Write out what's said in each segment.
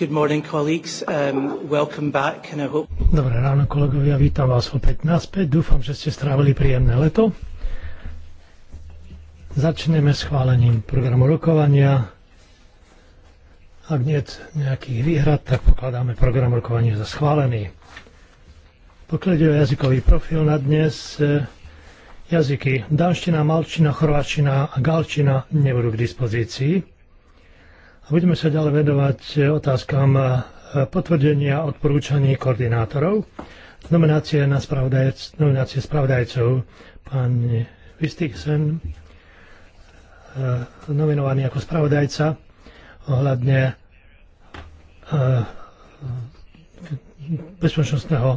Good morning, colleagues. Um, welcome back and I hope... Dobré ráno, kolegovia. Vítam vás opäť naspäť. Dúfam, že ste strávili príjemné leto. Začneme s chválením programu rokovania. Ak nie nejakých výhrad, tak pokladáme program rokovania za schválený. Pokiaľ o jazykový profil na dnes, eh, jazyky dánština, malčina, chorvačina a galčina nebudú k dispozícii a budeme sa ďalej vedovať otázkam eh, potvrdenia odporúčaní koordinátorov, nominácie, na spravodajc, nominácie spravodajcov pán Vistiksen, eh, nominovaný ako spravodajca ohľadne eh, bezpečnostného,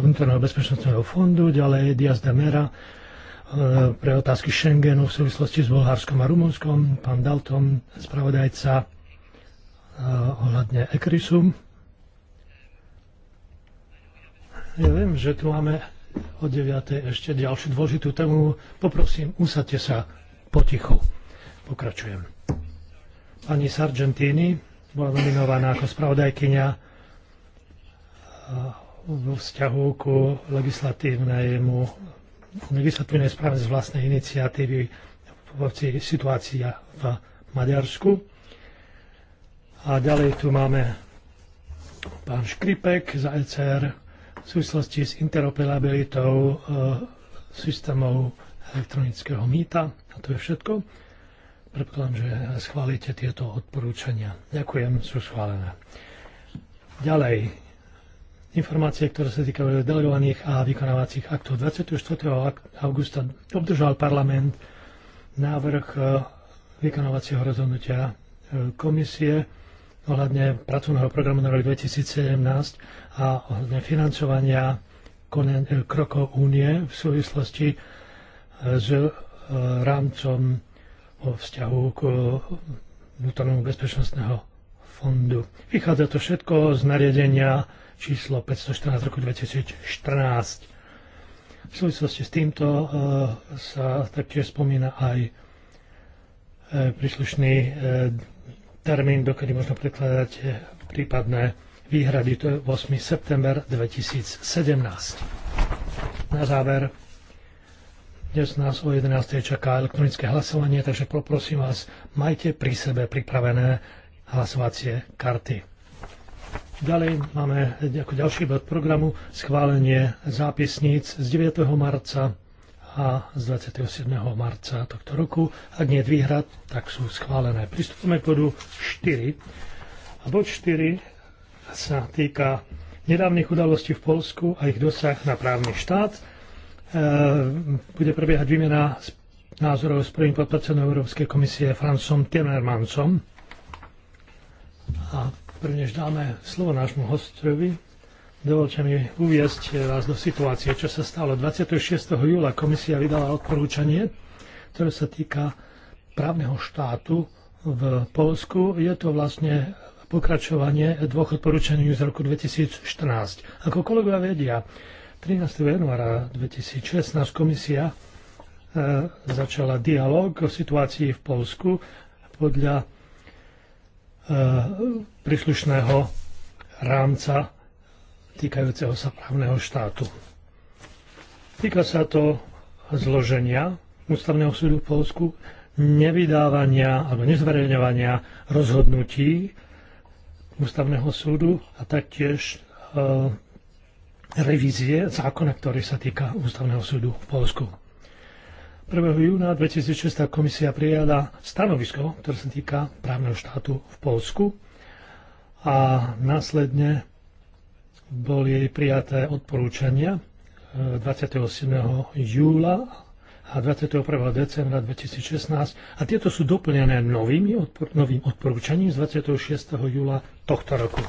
vnútorného bezpečnostného fondu, ďalej Diaz de Mera pre otázky Schengenu v súvislosti s Bulharskom a Rumunskom, pán Dalton, spravodajca Eh, ohľadne Ekrisu. Ja viem, že tu máme o 9. ešte ďalšiu dôležitú tému. Poprosím, usadte sa potichu. Pokračujem. Pani Sargentini bola nominovaná ako spravodajkyňa eh, v vzťahu ku legislatívnemu legislatívnej správe z vlastnej iniciatívy v situácii v Maďarsku. A ďalej tu máme pán Škripek za ECR v súvislosti s interoperabilitou e, systémov elektronického mýta. A to je všetko. Predpokladám, že schválite tieto odporúčania. Ďakujem, sú schválené. Ďalej, informácie, ktoré sa týkajú delegovaných a vykonávacích aktov. 24. augusta obdržal parlament návrh e, vykonávacieho rozhodnutia e, komisie ohľadne pracovného programu na rok 2017 a ohľadne financovania e, krokov únie v súvislosti e, s e, rámcom o vzťahu k vnútornému bezpečnostného fondu. Vychádza to všetko z nariadenia číslo 514 roku 2014. V súvislosti s týmto sa taktiež spomína aj príslušný termín, dokedy možno prekladať e, prípadné výhrady, to je 8. september 2017. Na záver, dnes nás o 11. čaká elektronické hlasovanie, takže poprosím vás, majte pri sebe pripravené hlasovacie karty. Ďalej máme ako ďalší bod programu schválenie zápisníc z 9. marca a z 27. marca tohto roku. Ak nie je výhrad, tak sú schválené. Pristupujeme k bodu 4. A bod 4 sa týka nedávnych udalostí v Polsku a ich dosah na právny štát. E, bude prebiehať výmena názorov s prvým podpredsedom Európskej komisie Francom Timmermansom. A prvnež dáme slovo nášmu hostovi, Dovolte mi uviesť eh, vás do situácie, čo sa stalo. 26. júla komisia vydala odporúčanie, ktoré sa týka právneho štátu v Polsku. Je to vlastne pokračovanie dvoch odporúčaní z roku 2014. Ako kolegovia vedia, 13. januára 2016 komisia eh, začala dialog o situácii v Polsku podľa eh, príslušného rámca týkajúceho sa právneho štátu. Týka sa to zloženia ústavného súdu v Polsku, nevydávania alebo nezverejňovania rozhodnutí ústavného súdu a taktiež e, revízie zákona, ktorý sa týka ústavného súdu v Polsku. 1. júna 2006 komisia prijala stanovisko, ktoré sa týka právneho štátu v Polsku a následne boli prijaté odporúčania 27. E, júla a 21. decembra 2016 a tieto sú doplnené novými odpor- novým odporúčaním z 26. júla tohto roku.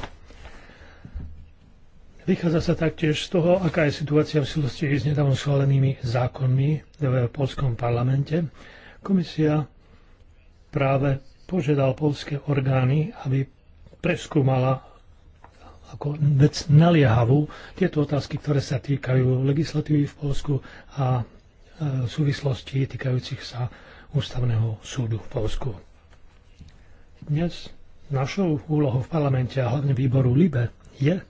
Vychádza sa taktiež z toho, aká je situácia v súvislosti s nedávno schválenými zákonmi v polskom parlamente. Komisia práve požiadal polské orgány, aby preskúmala ako vec naliehavú tieto otázky, ktoré sa týkajú legislatívy v Polsku a e, súvislosti týkajúcich sa ústavného súdu v Polsku. Dnes našou úlohou v parlamente a hlavne výboru LIBE je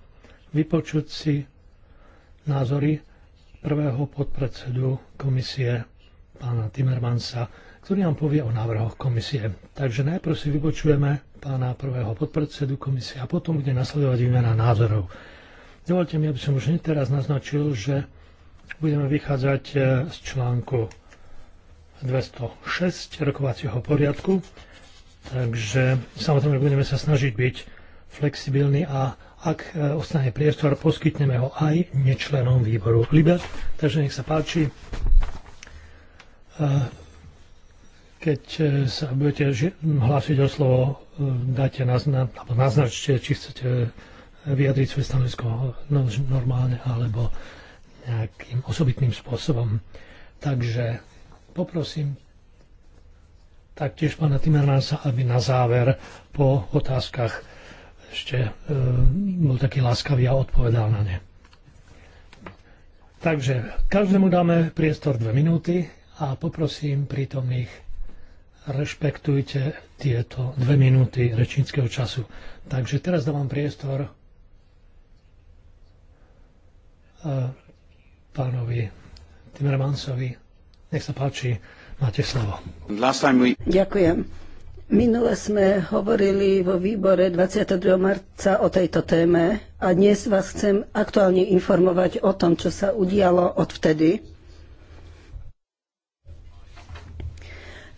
vypočuť si názory prvého podpredsedu komisie pána Timmermansa, ktorý nám povie o návrhoch komisie. Takže najprv si vypočujeme pána prvého podpredsedu komisie a potom bude nasledovať výmena názorov. Dovolte mi, aby som už teraz naznačil, že budeme vychádzať e, z článku 206 rokovacieho poriadku, takže samozrejme budeme sa snažiť byť flexibilní a ak e, ostane priestor, poskytneme ho aj nečlenom výboru Liber. Takže nech sa páči, e, keď sa budete hlásiť o slovo dáte naznač, alebo naznačte, či chcete vyjadriť svoje stanovisko no, normálne alebo nejakým osobitným spôsobom. Takže poprosím taktiež pána Timmermansa, aby na záver po otázkach ešte e, bol taký láskavý a odpovedal na ne. Takže každému dáme priestor dve minúty a poprosím prítomných rešpektujte tieto dve minúty rečníckého času. Takže teraz dávam priestor e, pánovi Timmermansovi. Nech sa páči, máte slovo. Ďakujem. Minule sme hovorili vo výbore 22. marca o tejto téme a dnes vás chcem aktuálne informovať o tom, čo sa udialo od vtedy.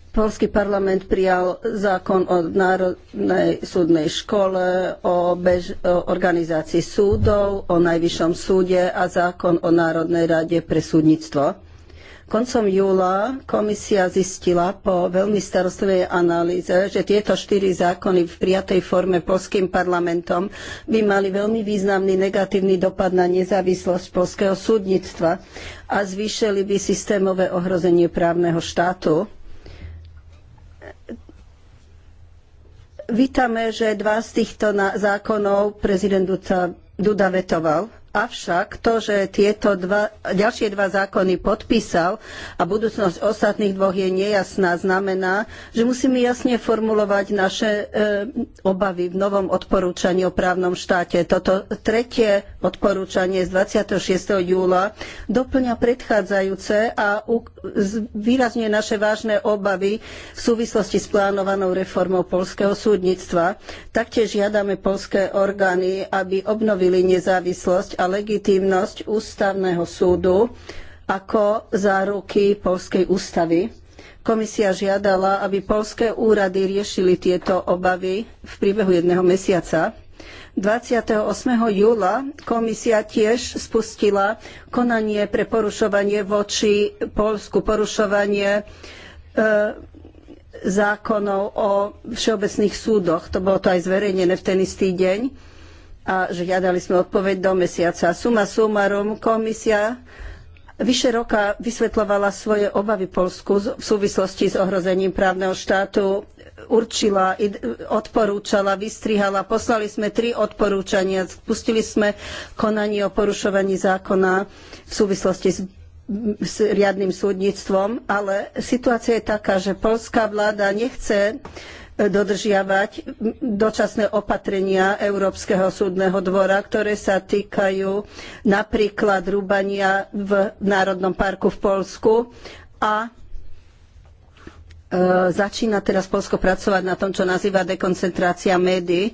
Polský parlament prijal zákon o Národnej súdnej škole, o, bež, o organizácii súdov, o Najvyššom súde a zákon o Národnej rade pre súdnictvo. Koncom júla komisia zistila po veľmi starostlivej analýze, že tieto štyri zákony v prijatej forme polským parlamentom by mali veľmi významný negatívny dopad na nezávislosť polského súdnictva a zvýšili by systémové ohrozenie právneho štátu Vítame, že dva z týchto zákonov prezident Duda vetoval. Avšak to, že tieto dva, ďalšie dva zákony podpísal a budúcnosť ostatných dvoch je nejasná, znamená, že musíme jasne formulovať naše e, obavy v novom odporúčaní o právnom štáte. Toto tretie odporúčanie z 26. júla doplňa predchádzajúce a u, naše vážne obavy v súvislosti s plánovanou reformou polského súdnictva. Taktiež žiadame polské orgány, aby obnovili nezávislosť, legitímnosť ústavného súdu ako záruky polskej ústavy. Komisia žiadala, aby polské úrady riešili tieto obavy v priebehu jedného mesiaca. 28. júla komisia tiež spustila konanie pre porušovanie voči Polsku, porušovanie e, zákonov o všeobecných súdoch. To bolo to aj zverejnené v ten istý deň a žiadali sme odpoveď do mesiaca. Suma sumarum, komisia vyše roka vysvetľovala svoje obavy Polsku v súvislosti s ohrozením právneho štátu, určila, odporúčala, vystrihala. Poslali sme tri odporúčania, spustili sme konanie o porušovaní zákona v súvislosti s s riadnym súdnictvom, ale situácia je taká, že polská vláda nechce dodržiavať dočasné opatrenia Európskeho súdneho dvora, ktoré sa týkajú napríklad rúbania v Národnom parku v Polsku a e, začína teraz Polsko pracovať na tom, čo nazýva dekoncentrácia médií.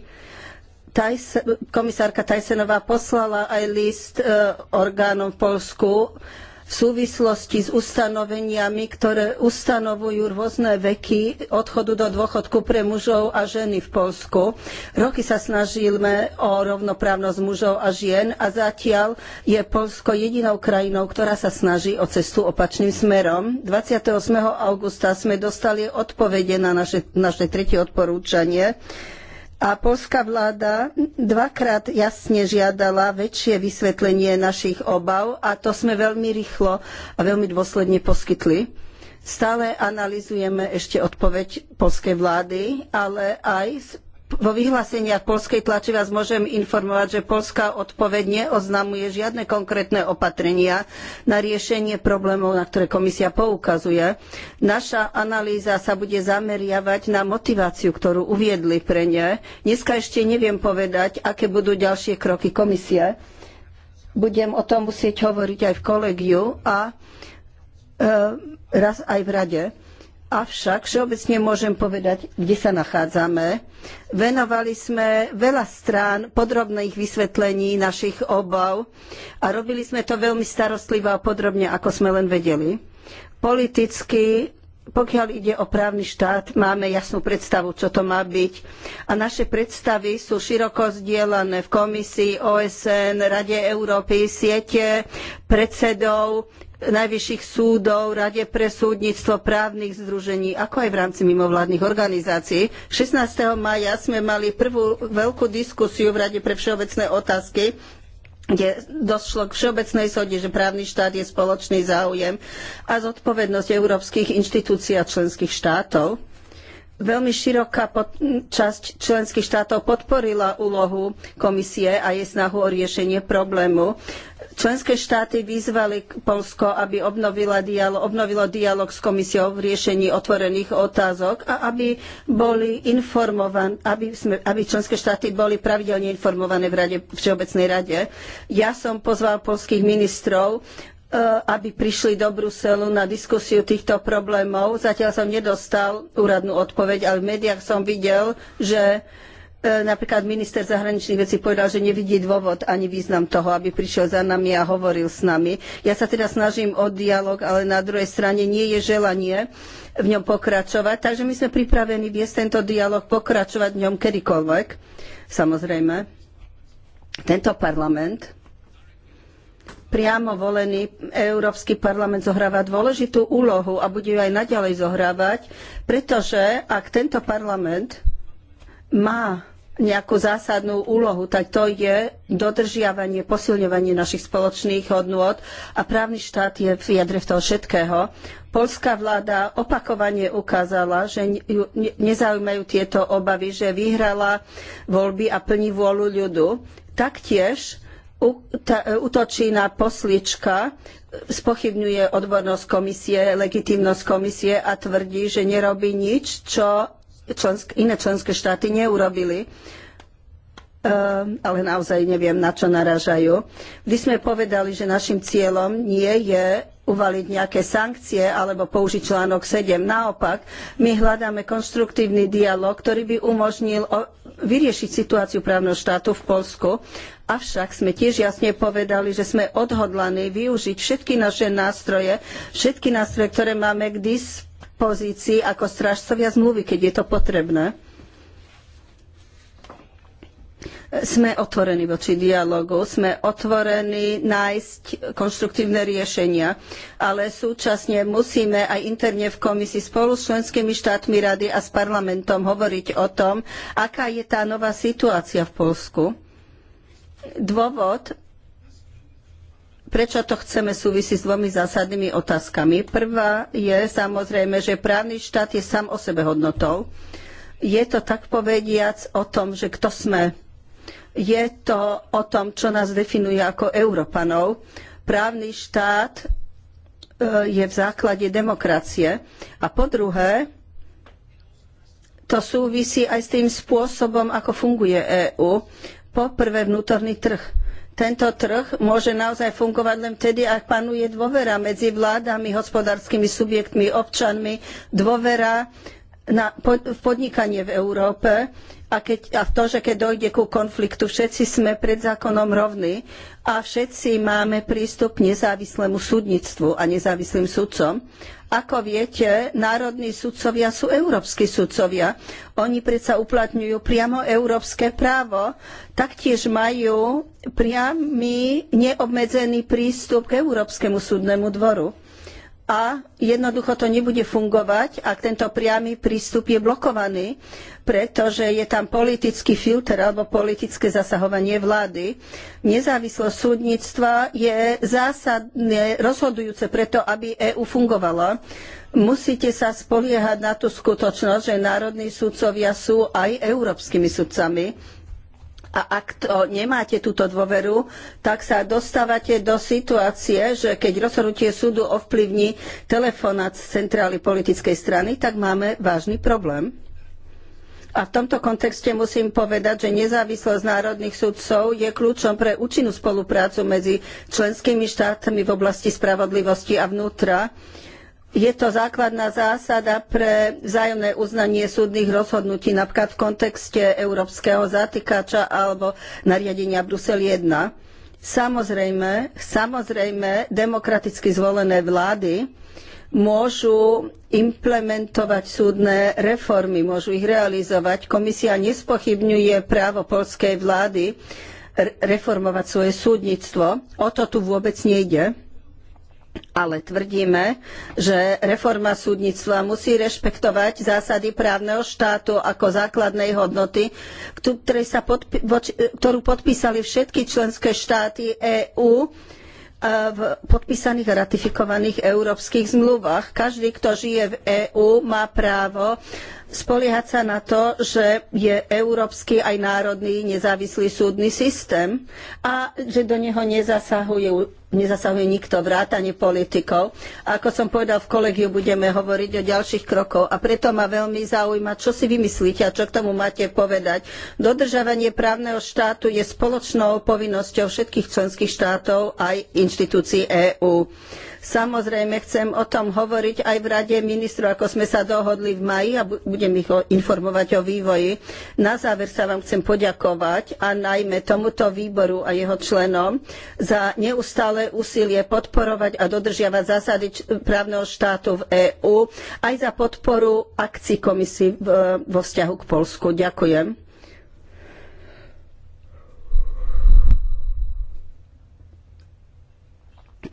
Tajs, komisárka Tajsenová poslala aj list e, orgánom v Polsku v súvislosti s ustanoveniami, ktoré ustanovujú rôzne veky odchodu do dôchodku pre mužov a ženy v Polsku. Roky sa snažíme o rovnoprávnosť mužov a žien a zatiaľ je Polsko jedinou krajinou, ktorá sa snaží o cestu opačným smerom. 28. augusta sme dostali odpovede na naše, naše tretie odporúčanie a polská vláda dvakrát jasne žiadala väčšie vysvetlenie našich obav a to sme veľmi rýchlo a veľmi dôsledne poskytli. Stále analizujeme ešte odpoveď polskej vlády, ale aj vo vyhláseniach polskej tlače vás môžem informovať, že polská odpoveď neoznamuje žiadne konkrétne opatrenia na riešenie problémov, na ktoré komisia poukazuje. Naša analýza sa bude zameriavať na motiváciu, ktorú uviedli pre ne. Dneska ešte neviem povedať, aké budú ďalšie kroky komisie. Budem o tom musieť hovoriť aj v kolegiu a e, raz aj v rade Avšak všeobecne môžem povedať, kde sa nachádzame. Venovali sme veľa strán podrobných vysvetlení našich obav a robili sme to veľmi starostlivo a podrobne, ako sme len vedeli. Politicky pokiaľ ide o právny štát, máme jasnú predstavu, čo to má byť. A naše predstavy sú široko zdieľané v komisii, OSN, Rade Európy, siete predsedov najvyšších súdov, Rade pre súdnictvo právnych združení, ako aj v rámci mimovládnych organizácií. 16. maja sme mali prvú veľkú diskusiu v Rade pre všeobecné otázky kde došlo k všeobecnej zhode, že právny štát je spoločný záujem a zodpovednosť európskych inštitúcií a členských štátov Veľmi široká časť členských štátov podporila úlohu komisie a jej snahu o riešenie problému. Členské štáty vyzvali Polsko, aby dialo, obnovilo dialog s komisiou v riešení otvorených otázok a aby, boli informovan, aby, sme, aby členské štáty boli pravidelne informované v rade, Všeobecnej rade. Ja som pozval polských ministrov E, aby prišli do Bruselu na diskusiu týchto problémov. Zatiaľ som nedostal úradnú odpoveď, ale v médiách som videl, že e, napríklad minister zahraničných vecí povedal, že nevidí dôvod ani význam toho, aby prišiel za nami a hovoril s nami. Ja sa teda snažím o dialog, ale na druhej strane nie je želanie v ňom pokračovať, takže my sme pripravení viesť tento dialog, pokračovať v ňom kedykoľvek. Samozrejme, tento parlament priamo volený Európsky parlament zohráva dôležitú úlohu a bude ju aj naďalej zohrávať, pretože ak tento parlament má nejakú zásadnú úlohu, tak to je dodržiavanie, posilňovanie našich spoločných hodnôt a právny štát je v jadre toho všetkého. Poľská vláda opakovane ukázala, že ju nezaujímajú tieto obavy, že vyhrala voľby a plní vôľu ľudu. Taktiež E, útočí na poslička, spochybňuje odbornosť komisie, legitimnosť komisie a tvrdí, že nerobí nič, čo člensk, iné členské štáty neurobili. Ehm, ale naozaj neviem, na čo naražajú. My sme povedali, že našim cieľom nie je uvaliť nejaké sankcie alebo použiť článok 7. Naopak, my hľadáme konštruktívny dialog, ktorý by umožnil vyriešiť situáciu právneho štátu v Polsku Avšak sme tiež jasne povedali, že sme odhodlaní využiť všetky naše nástroje, všetky nástroje, ktoré máme k dispozícii ako strážcovia zmluvy, keď je to potrebné. Sme otvorení voči dialogu, sme otvorení nájsť konštruktívne riešenia, ale súčasne musíme aj interne v komisii spolu s členskými štátmi rady a s parlamentom hovoriť o tom, aká je tá nová situácia v Polsku Dôvod, prečo to chceme súvisí s dvomi zásadnými otázkami. Prvá je samozrejme, že právny štát je sám o sebe hodnotou. Je to tak povediac o tom, že kto sme. Je to o tom, čo nás definuje ako Európanov. Právny štát e, je v základe demokracie. A po druhé, to súvisí aj s tým spôsobom, ako funguje EÚ. Poprvé vnútorný trh. Tento trh môže naozaj fungovať len vtedy, ak panuje dôvera medzi vládami, hospodárskymi subjektmi, občanmi, dôvera na, pod, v podnikanie v Európe a, keď, a to, že keď dojde ku konfliktu, všetci sme pred zákonom rovní a všetci máme prístup k nezávislému súdnictvu a nezávislým sudcom. Ako viete, národní sudcovia sú európski sudcovia. Oni predsa uplatňujú priamo európske právo, taktiež majú priamy neobmedzený prístup k Európskemu súdnemu dvoru a jednoducho to nebude fungovať, ak tento priamy prístup je blokovaný, pretože je tam politický filter alebo politické zasahovanie vlády. Nezávislosť súdnictva je zásadne rozhodujúce preto, aby EÚ fungovala. Musíte sa spoliehať na tú skutočnosť, že národní sudcovia sú aj európskymi sudcami a ak to nemáte túto dôveru, tak sa dostávate do situácie, že keď rozhodnutie súdu ovplyvní telefonát z centrály politickej strany, tak máme vážny problém. A v tomto kontexte musím povedať, že nezávislosť národných sudcov je kľúčom pre účinnú spoluprácu medzi členskými štátmi v oblasti spravodlivosti a vnútra. Je to základná zásada pre vzájomné uznanie súdnych rozhodnutí napríklad v kontexte európskeho zatýkača alebo nariadenia Brusel 1. Samozrejme, samozrejme, demokraticky zvolené vlády môžu implementovať súdne reformy, môžu ich realizovať. Komisia nespochybňuje právo poľskej vlády reformovať svoje súdnictvo. O to tu vôbec nejde ale tvrdíme, že reforma súdnictva musí rešpektovať zásady právneho štátu ako základnej hodnoty, ktorú podpísali všetky členské štáty EÚ e, v podpísaných a ratifikovaných európskych zmluvách. Každý, kto žije v EÚ, má právo spoliehať sa na to, že je európsky aj národný nezávislý súdny systém a že do neho nezasahuje, nezasahuje nikto vrátane politikov. A ako som povedal, v kolegiu budeme hovoriť o ďalších krokov a preto ma veľmi zaujíma, čo si vymyslíte a čo k tomu máte povedať. Dodržavanie právneho štátu je spoločnou povinnosťou všetkých členských štátov aj inštitúcií EÚ. Samozrejme chcem o tom hovoriť aj v Rade ministrov, ako sme sa dohodli v maji a budem ich informovať o vývoji. Na záver sa vám chcem poďakovať a najmä tomuto výboru a jeho členom za neustále úsilie podporovať a dodržiavať zásady právneho štátu v EÚ, aj za podporu akcií komisie vo vzťahu k Polsku. Ďakujem.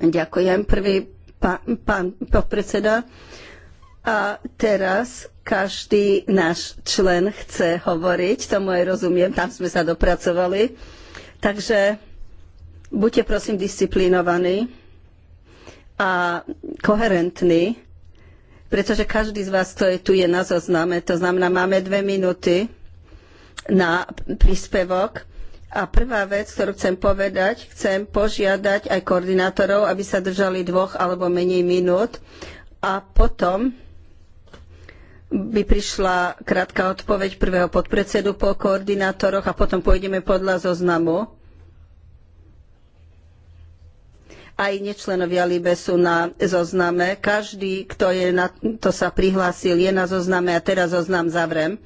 Ďakujem. Prvý pán, pán podpredseda. A teraz každý náš člen chce hovoriť, tomu aj rozumiem, tam sme sa dopracovali. Takže buďte prosím disciplinovaní a koherentní, pretože každý z vás, kto je tu, je na zozname. To znamená, máme dve minúty na príspevok a prvá vec, ktorú chcem povedať, chcem požiadať aj koordinátorov, aby sa držali dvoch alebo menej minút. A potom by prišla krátka odpoveď prvého podpredsedu po koordinátoroch a potom pôjdeme podľa zoznamu. Aj nečlenovia Libe sú na zozname. Každý, kto, je na, sa prihlásil, je na zozname a teraz zoznam zavrem.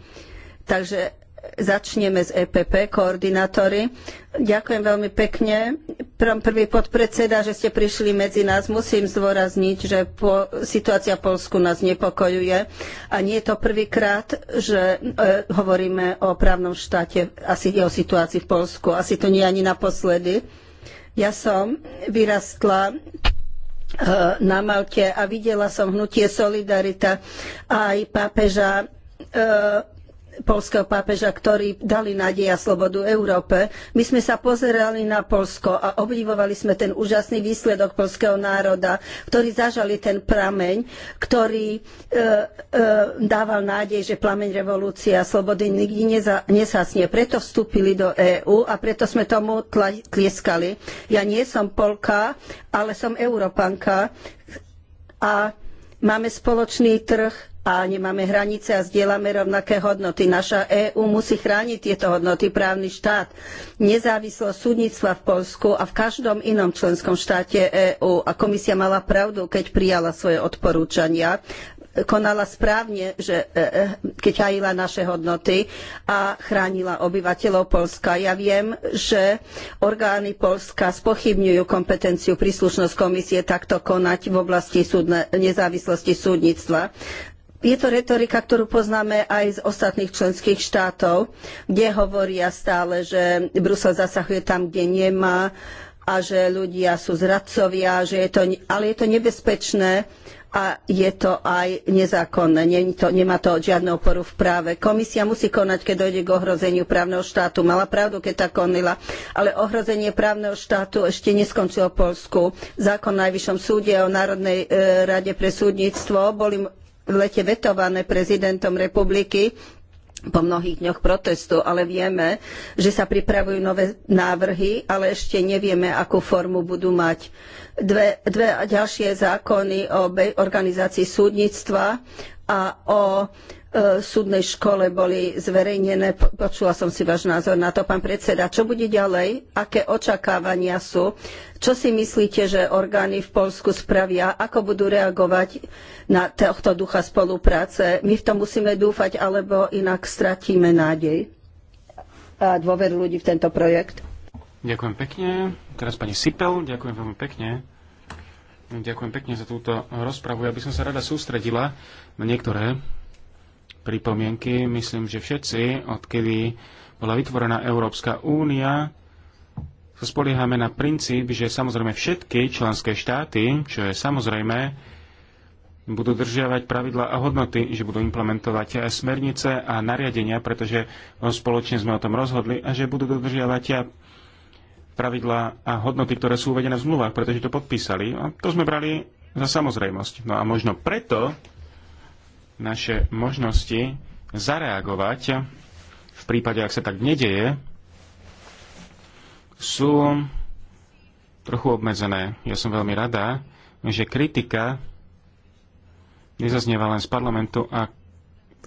Takže Začneme z EPP, koordinátory. Ďakujem veľmi pekne. Prvý podpredseda, že ste prišli medzi nás. Musím zdôrazniť, že po, situácia v Polsku nás nepokojuje. A nie je to prvýkrát, že e, hovoríme o právnom štáte, asi o situácii v Polsku. Asi to nie je ani naposledy. Ja som vyrastla e, na Malte a videla som hnutie Solidarita aj pápeža e, polského pápeža, ktorí dali nádej a slobodu Európe. My sme sa pozerali na Polsko a obdivovali sme ten úžasný výsledok polského národa, ktorý zažali ten prameň, ktorý e, e, dával nádej, že plameň revolúcie a slobody nikdy neza, nesasnie. Preto vstúpili do EÚ a preto sme tomu tlieskali. Ja nie som Polka, ale som Európanka a máme spoločný trh a nemáme hranice a zdieľame rovnaké hodnoty. Naša EÚ musí chrániť tieto hodnoty, právny štát, nezávislosť súdnictva v Poľsku a v každom inom členskom štáte EÚ. A komisia mala pravdu, keď prijala svoje odporúčania konala správne, že, e, e, keď hájila naše hodnoty a chránila obyvateľov Poľska. Ja viem, že orgány Poľska spochybňujú kompetenciu príslušnosť komisie takto konať v oblasti súdne, nezávislosti súdnictva je to retorika, ktorú poznáme aj z ostatných členských štátov, kde hovoria stále, že Brusel zasahuje tam, kde nemá a že ľudia sú zradcovia, že je to, ale je to nebezpečné a je to aj nezákonné. To, nemá to žiadnu oporu v práve. Komisia musí konať, keď dojde k ohrozeniu právneho štátu. Mala pravdu, keď tak konila, ale ohrozenie právneho štátu ešte neskončilo v Polsku. Zákon o Najvyššom súde o Národnej e, rade pre súdnictvo boli v lete vetované prezidentom republiky po mnohých dňoch protestu, ale vieme, že sa pripravujú nové návrhy, ale ešte nevieme, akú formu budú mať. Dve, dve ďalšie zákony o organizácii súdnictva a o E, súdnej škole boli zverejnené. Počula som si váš názor na to, pán predseda. Čo bude ďalej? Aké očakávania sú? Čo si myslíte, že orgány v Polsku spravia? Ako budú reagovať na tohto ducha spolupráce? My v tom musíme dúfať, alebo inak stratíme nádej a dôver ľudí v tento projekt. Ďakujem pekne. Teraz pani Sipel, ďakujem veľmi pekne. Ďakujem pekne za túto rozpravu. Ja by som sa rada sústredila na niektoré pripomienky. Myslím, že všetci, odkedy bola vytvorená Európska únia, sa spoliehame na princíp, že samozrejme všetky členské štáty, čo je samozrejme, budú držiavať pravidla a hodnoty, že budú implementovať smernice a nariadenia, pretože spoločne sme o tom rozhodli a že budú dodržiavať pravidla a hodnoty, ktoré sú uvedené v zmluvách, pretože to podpísali. A to sme brali za samozrejmosť. No a možno preto naše možnosti zareagovať v prípade, ak sa tak nedeje, sú trochu obmedzené. Ja som veľmi rada, že kritika nezaznieva len z parlamentu a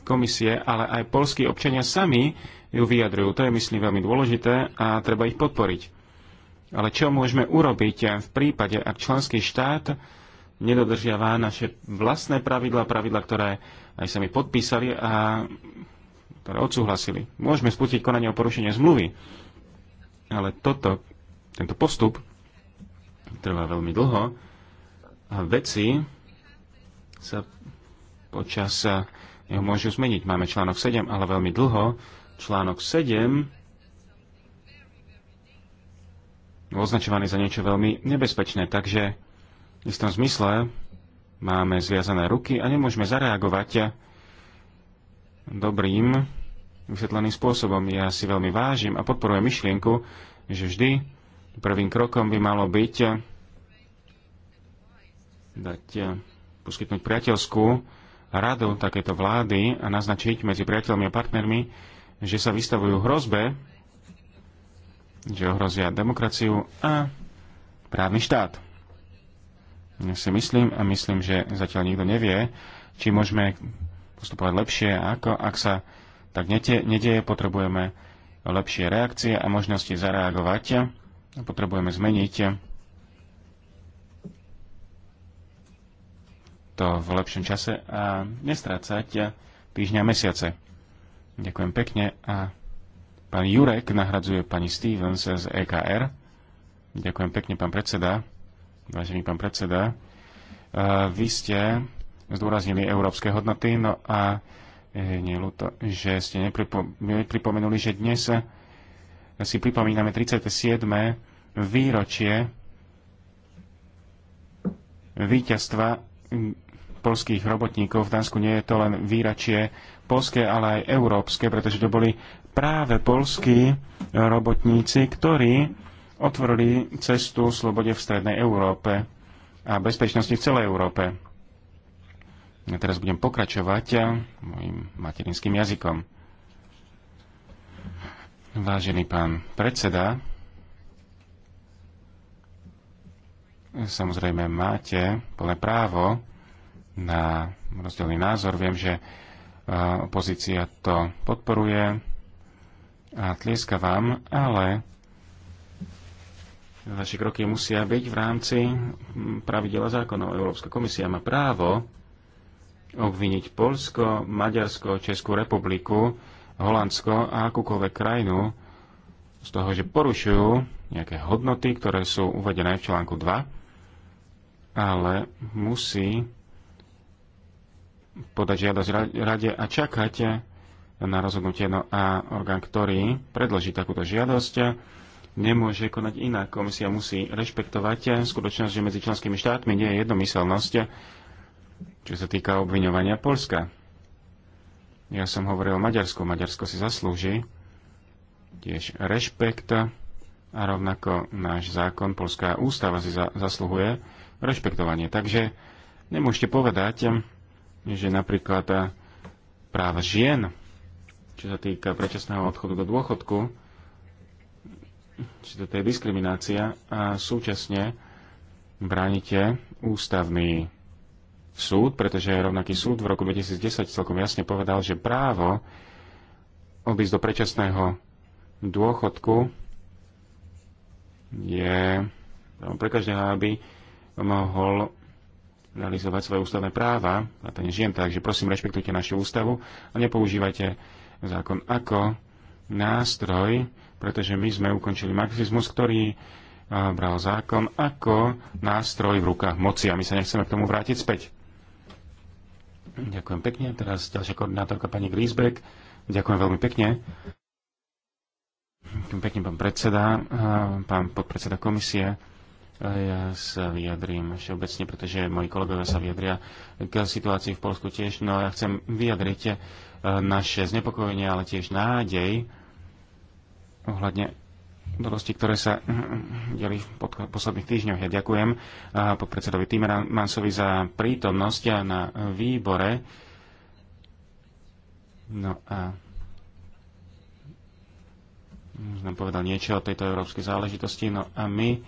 komisie, ale aj polskí občania sami ju vyjadrujú. To je, myslím, veľmi dôležité a treba ich podporiť. Ale čo môžeme urobiť v prípade, ak členský štát nedodržiava naše vlastné pravidla, pravidla, ktoré aj sa mi podpísali a ktoré odsúhlasili. Môžeme spustiť konanie o porušenie zmluvy, ale toto, tento postup trvá veľmi dlho a veci sa počas eh, jeho môžu zmeniť. Máme článok 7, ale veľmi dlho. Článok 7 označovaný za niečo veľmi nebezpečné, takže v istom zmysle máme zviazané ruky a nemôžeme zareagovať dobrým vysvetleným spôsobom. Ja si veľmi vážim a podporujem myšlienku, že vždy prvým krokom by malo byť dať, eh, poskytnúť priateľskú radu takéto vlády a naznačiť medzi priateľmi a partnermi, že sa vystavujú hrozbe, že ohrozia demokraciu a právny štát si myslím a myslím, že zatiaľ nikto nevie, či môžeme postupovať lepšie a ako, ak sa tak nete, nedieje, potrebujeme lepšie reakcie a možnosti zareagovať a potrebujeme zmeniť to v lepšom čase a nestrácať týždňa mesiace. Ďakujem pekne a pán Jurek nahradzuje pani Stevens z EKR. Ďakujem pekne, pán predseda. Vážený pán predseda, eh, vy ste zdôraznili európske hodnoty, no a eh, nie je ľúto, že ste nepripomenuli, že dnes si pripomíname 37. výročie víťazstva polských robotníkov. V Dánsku nie je to len výračie polské, ale aj európske, pretože to boli práve polskí robotníci, ktorí otvorili cestu slobode v strednej Európe a bezpečnosti v celej Európe. Ja teraz budem pokračovať mojim materinským jazykom. Vážený pán predseda, samozrejme máte plné právo na rozdielný názor. Viem, že e, opozícia to podporuje a tlieska vám, ale naše kroky musia byť v rámci pravidela zákonov. Európska komisia má právo obviniť Polsko, Maďarsko, Českú republiku, Holandsko a akúkoľvek krajinu z toho, že porušujú nejaké hodnoty, ktoré sú uvedené v článku 2, ale musí podať žiadosť rade a čakať na rozhodnutie. No a orgán, ktorý predloží takúto žiadosť, nemôže konať inak. Komisia musí rešpektovať skutočnosť, že medzi členskými štátmi nie je jednomyselnosť, čo sa týka obviňovania Polska. Ja som hovoril o Maďarsku. Maďarsko si zaslúži tiež rešpekt a rovnako náš zákon, Polská ústava si za, zasluhuje rešpektovanie. Takže nemôžete povedať, že napríklad práva žien, čo sa týka predčasného odchodu do dôchodku, či toto je diskriminácia a súčasne bránite ústavný súd, pretože rovnaký súd v roku 2010 celkom jasne povedal, že právo odísť do predčasného dôchodku je pre každého, aby mohol realizovať svoje ústavné práva, a to nežijem tak, že prosím, rešpektujte našu ústavu a nepoužívajte zákon ako nástroj pretože my sme ukončili marxizmus, ktorý eh, bral zákon ako nástroj v rukách moci a my sa nechceme k tomu vrátiť späť. Ďakujem pekne. Teraz ďalšia koordinátorka pani Griesbeck. Ďakujem veľmi pekne. Ďakujem pekne, pán predseda, eh, pán podpredseda komisie. Eh, ja sa vyjadrím všeobecne, pretože moji kolegovia sa vyjadria k situácii v Polsku tiež. No ja chcem vyjadriť naše znepokojenie, ale tiež nádej ohľadne udalosti, ktoré sa eh, eh, deli v posledných týždňoch. Ja ďakujem eh, podpredsedovi Timermansovi za prítomnosť na výbore. No a nám povedal niečo o tejto európskej záležitosti. No a my e,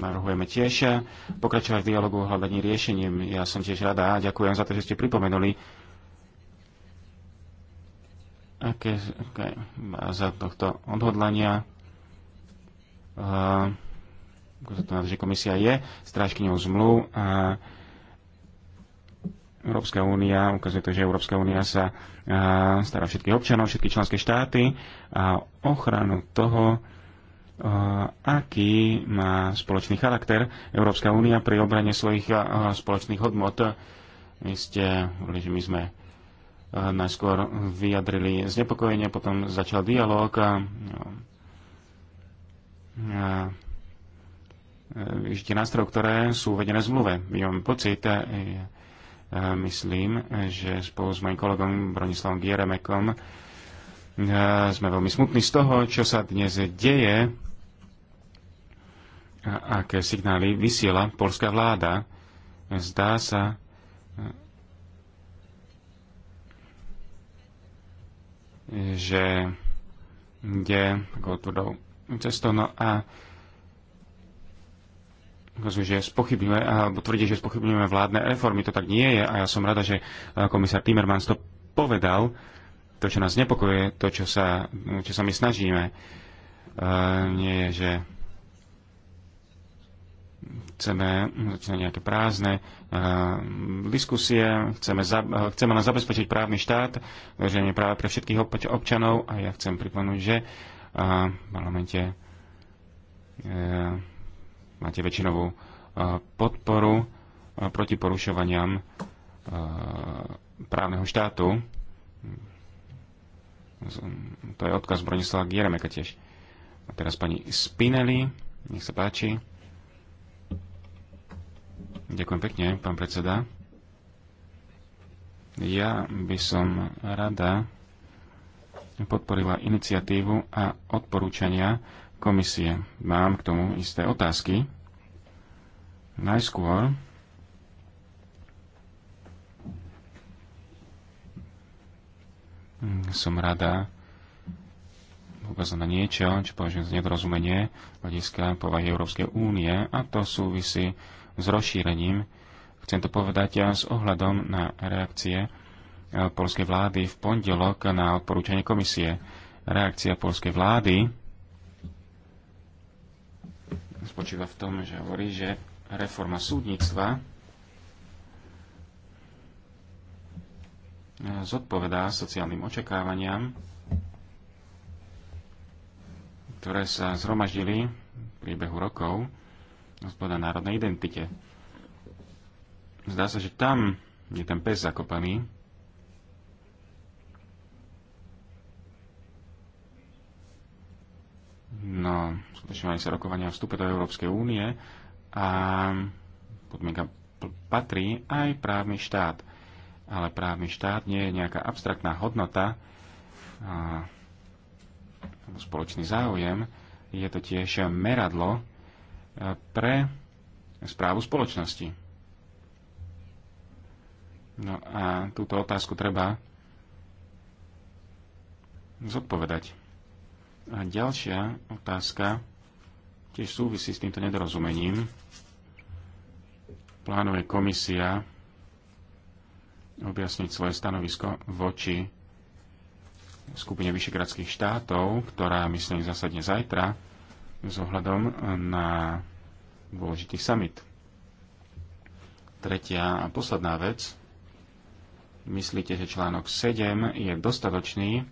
navrhujeme tiež pokračovať v dialogu o hľadaní riešením. Ja som tiež rada a ďakujem za to, že ste pripomenuli aké, aké za tohto odhodlania uh, že komisia je strážkyňou zmluv a Európska únia, ukazuje to, že Európska únia sa eh, stará všetkých občanov, všetky členské štáty a ochranu toho, eh, aký má spoločný charakter Európska únia pri obrane svojich spoločných hodnot. Vy ste že my sme najskôr vyjadrili znepokojenie, potom začal dialog a, a ešte nástrojov, ktoré sú uvedené v zmluve. Ja mám pocit, a, e, e, myslím, že spolu s mojim kolegom Bronislavom Gieremekom e, sme veľmi smutní z toho, čo sa dnes deje a aké signály vysiela polská vláda. Zdá sa, že ide takou tvrdou cestou. No a že spochybňuje, alebo tvrdí, že spochybňujeme vládne reformy. To tak nie je a ja som rada, že e, komisár Timmermans to povedal. To, čo nás nepokojuje, to, čo sa, čo sa my snažíme, e, nie je, že chceme začínať nejaké prázdne eh, diskusie, chceme, za, eh, chceme len zabezpečiť právny štát, dodržanie práva pre všetkých občanov a ja chcem pripomenúť, že eh, v parlamente máte väčšinovú podporu proti porušovaniam právneho štátu. To je odkaz Bronislava Gieremeka tiež. A teraz pani Spinelli, nech sa páči. Ďakujem pekne, pán predseda. Ja by som rada podporila iniciatívu a odporúčania komisie. Mám k tomu isté otázky. Najskôr som rada ukázať na niečo, čo považujem za nedorozumenie hľadiska povahy Európskej únie a to súvisí s rozšírením. Chcem to povedať ja s ohľadom na reakcie e, polskej vlády v pondelok na odporúčanie komisie. Reakcia polskej vlády spočíva v tom, že hovorí, že reforma súdnictva zodpovedá sociálnym očakávaniam, ktoré sa zhromaždili v priebehu rokov zboda národnej identite. Zdá sa, že tam je ten pes zakopaný. No, skutočne sa rokovania o vstupe do Európskej únie a podmienka patrí aj právny štát. Ale právny štát nie je nejaká abstraktná hodnota, a, spoločný záujem, je to tiež meradlo, pre správu spoločnosti. No a túto otázku treba zodpovedať. A ďalšia otázka tiež súvisí s týmto nedorozumením. Plánuje komisia objasniť svoje stanovisko voči skupine vyšegradských štátov, ktorá, myslím, zasadne zajtra, s ohľadom na dôležitý summit. Tretia a posledná vec. Myslíte, že článok 7 je dostatočný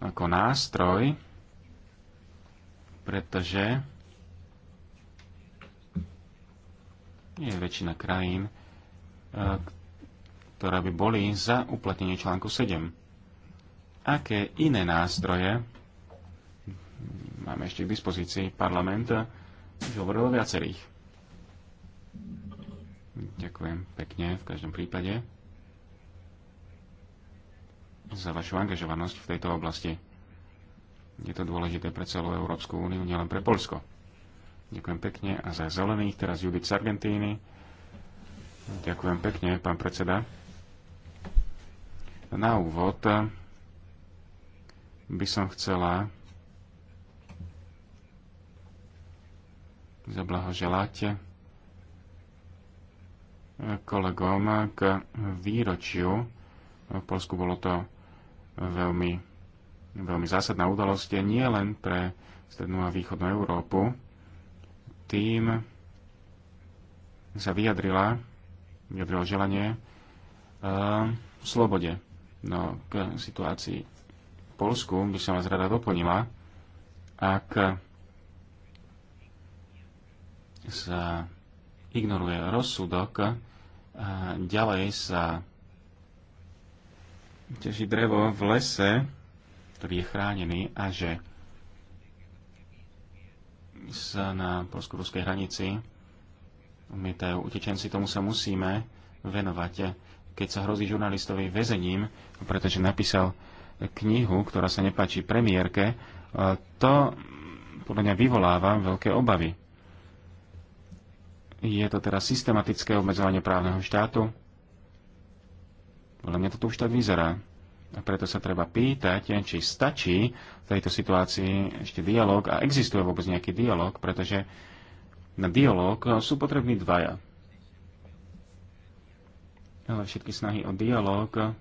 ako nástroj, pretože je väčšina krajín, eh, ktoré by boli za uplatnenie článku 7. Aké iné nástroje máme ešte k dispozícii parlament, už hovoril o viacerých. Ďakujem pekne v každom prípade za vašu angažovanosť v tejto oblasti. Je to dôležité pre celú Európsku úniu, nielen pre Polsko. Ďakujem pekne a za zelených teraz Judith z Argentíny. Ďakujem pekne, pán predseda. Na úvod by som chcela zablahoželať kolegom k výročiu. V Polsku bolo to veľmi, veľmi zásadná udalosť, nie len pre strednú a východnú Európu. Tým sa vyjadrila, vyjadrilo želanie uh, e, v slobode. No, k situácii v Polsku by som vás rada doplnila, ak sa ignoruje rozsudok a ďalej sa ťaží drevo v lese, ktorý je chránený a že sa na polsko-ruskej hranici umietajú utečenci, tomu sa musíme venovať. Keď sa hrozí žurnalistovi väzením, pretože napísal knihu, ktorá sa nepáči premiérke, to podľa mňa vyvoláva veľké obavy je to teda systematické obmedzovanie právneho štátu. Podľa mňa to tu už tak vyzerá. A preto sa treba pýtať, či stačí v tejto situácii ešte dialog a existuje vôbec nejaký dialog, pretože na dialog sú potrební dvaja. Ale všetky snahy o dialog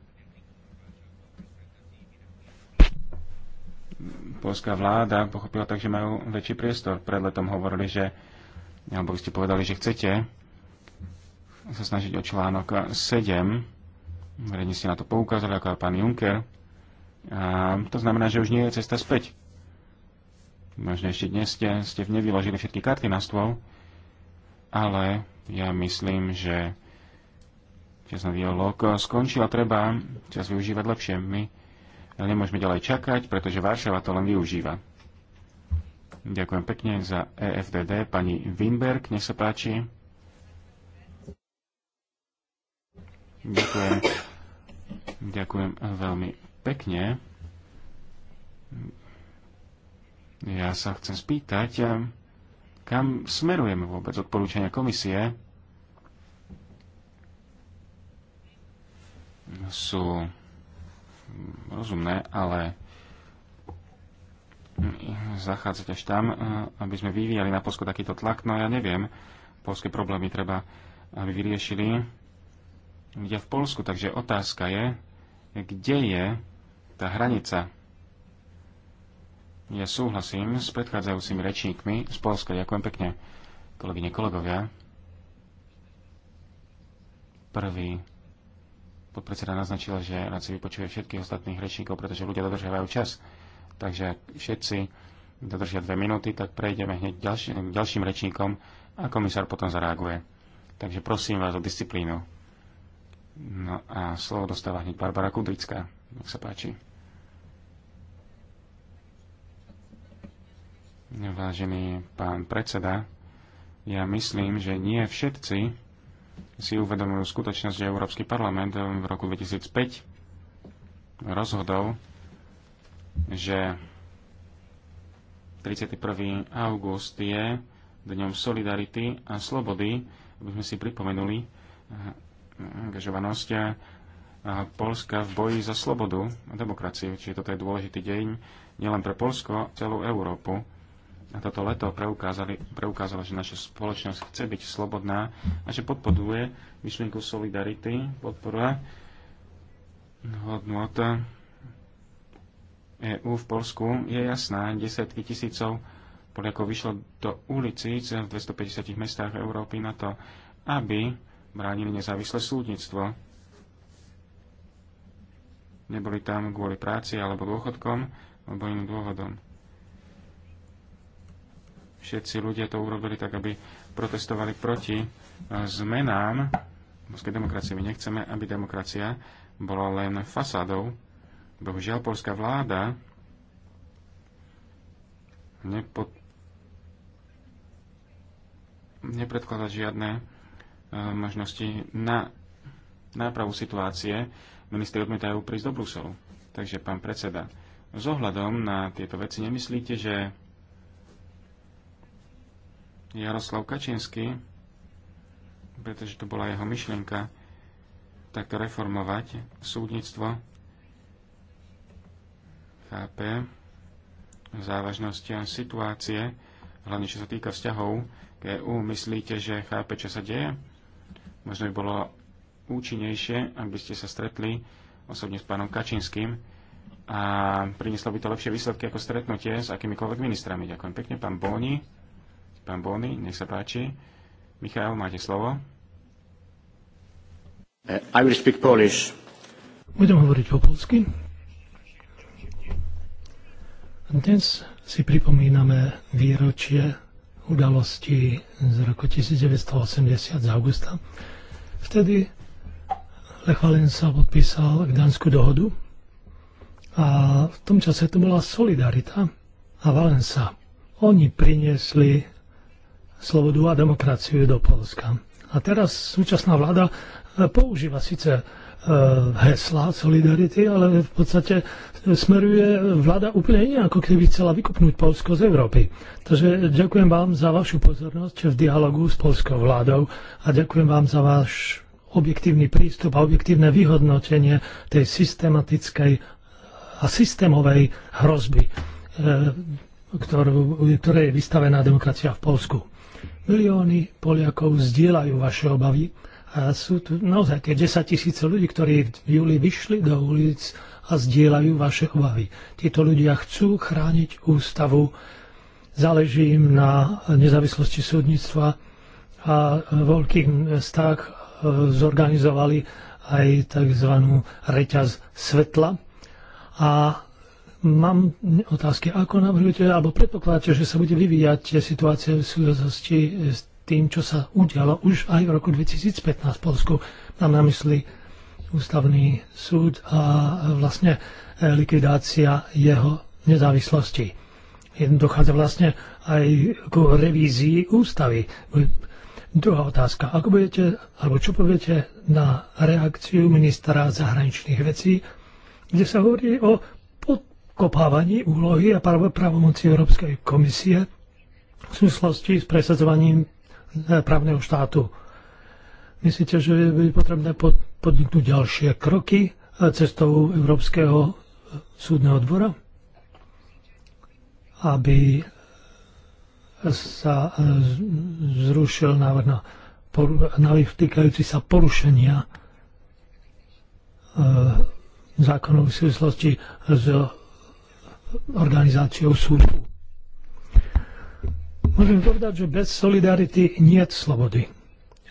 polská vláda pochopila tak, že majú väčší priestor. Pred letom hovorili, že alebo vy ste povedali, že chcete sa snažiť o článok 7, verejne ste na to poukázali, ako aj pán Juncker, a to znamená, že už nie je cesta späť. Možno ešte dnes ste, ste nevyložili všetky karty na stôl, ale ja myslím, že časný dialog skončil a treba čas využívať lepšie. My nemôžeme ďalej čakať, pretože Varšava to len využíva. Ďakujem pekne za EFDD. Pani Wimberg, nech sa páči. Ďakujem. Ďakujem veľmi pekne. Ja sa chcem spýtať, kam smerujeme vôbec odporúčania komisie? Sú rozumné, ale zachádzať až tam, eh, aby sme vyvíjali na Polsku takýto tlak. No ja neviem, polské problémy treba, aby vyriešili ľudia v Polsku. Takže otázka je, kde je tá hranica? Ja súhlasím s predchádzajúcimi rečníkmi z Polska. Ďakujem pekne, kolegyne, kolegovia. Prvý podpredseda naznačila, že rád si vypočuje všetkých ostatných rečníkov, pretože ľudia dodržiavajú čas. Takže ak všetci dodržia dve minúty, tak prejdeme hneď ďalším, ďalším rečníkom a komisár potom zareaguje. Takže prosím vás o disciplínu. No a slovo dostáva hneď Barbara Kudrická. Nech sa páči. Vážený pán predseda, ja myslím, že nie všetci si uvedomujú skutočnosť, že Európsky parlament v roku 2005 rozhodol že 31. august je dňom solidarity a slobody, aby sme si pripomenuli eh, angažovanosť eh, Polska v boji za slobodu a demokraciu. Čiže toto je dôležitý deň nielen pre Polsko, celú Európu. A toto leto preukázalo, že naša spoločnosť chce byť slobodná a že podporuje myšlienku solidarity, podporuje hodnota EU v Polsku je jasná. Desiatky tisícov Poliakov vyšlo do ulicí v 250 mestách Európy na to, aby bránili nezávislé súdnictvo. Neboli tam kvôli práci alebo dôchodkom alebo iným dôvodom. Všetci ľudia to urobili tak, aby protestovali proti e, zmenám. Moskej demokracie my nechceme, aby demokracia bola len fasádou Bohužiaľ, polská vláda nepo... nepredkladá žiadne e, možnosti na nápravu situácie. Ministri odmietajú prísť do Bruselu. Takže, pán predseda, s ohľadom na tieto veci nemyslíte, že Jaroslav Kačinsky, pretože to bola jeho myšlienka, takto reformovať súdnictvo, chápe závažnosť situácie, hlavne čo sa týka vzťahov k EU. Myslíte, že chápe, čo sa deje? Možno by bolo účinnejšie, aby ste sa stretli osobne s pánom Kačinským a prinieslo by to lepšie výsledky ako stretnutie s akýmikoľvek ministrami. Ďakujem pekne. Pán Bóni, pán Bóni, nech sa páči. Michal, máte slovo. Uh, I will speak Polish. Budem hovoriť po polsky. Dnes si pripomíname výročie udalosti z roku 1980 z augusta. Vtedy Lech Valensa podpísal Gdanskú dohodu a v tom čase to bola Solidarita a Valensa. Oni priniesli slobodu a demokraciu do Polska. A teraz súčasná vláda používa síce Eh, hesla solidarity, ale v podstate smeruje vláda úplne iné, ako keby chcela vykopnúť Polsko z Európy. Takže ďakujem vám za vašu pozornosť v dialogu s polskou vládou a ďakujem vám za váš objektívny prístup a objektívne vyhodnotenie tej systematickej a systémovej hrozby, eh, ktorú, ktorej je vystavená demokracia v Polsku. Milióny Poliakov zdieľajú vaše obavy a sú tu naozaj tie 10 tisíce ľudí, ktorí v júli vyšli do ulic a zdieľajú vaše obavy. Títo ľudia chcú chrániť ústavu, záleží im na nezávislosti súdnictva a v veľkých mestách zorganizovali aj tzv. reťaz svetla. A mám otázky, ako navrhujete, alebo predpokladáte, že sa bude vyvíjať situácia v súvislosti s tým, čo sa udialo už aj v roku 2015 v Polsku. Mám na mysli ústavný súd a e, vlastne e, likvidácia jeho nezávislosti. Dochádza vlastne aj k revízii ústavy. Druhá otázka. Ako budete, alebo čo poviete na reakciu ministra zahraničných vecí, kde sa hovorí o podkopávaní úlohy a právomoci Európskej komisie v súvislosti s presadzovaním právneho štátu. Myslíte, že je potrebné podniknúť ďalšie kroky e, cestou Európskeho e, súdneho dvora, aby e, sa zrušil návrh na návrh týkajúci sa porušenia zákonov v súvislosti s organizáciou súdu. Môžem povedať, že bez solidarity nie je slobody.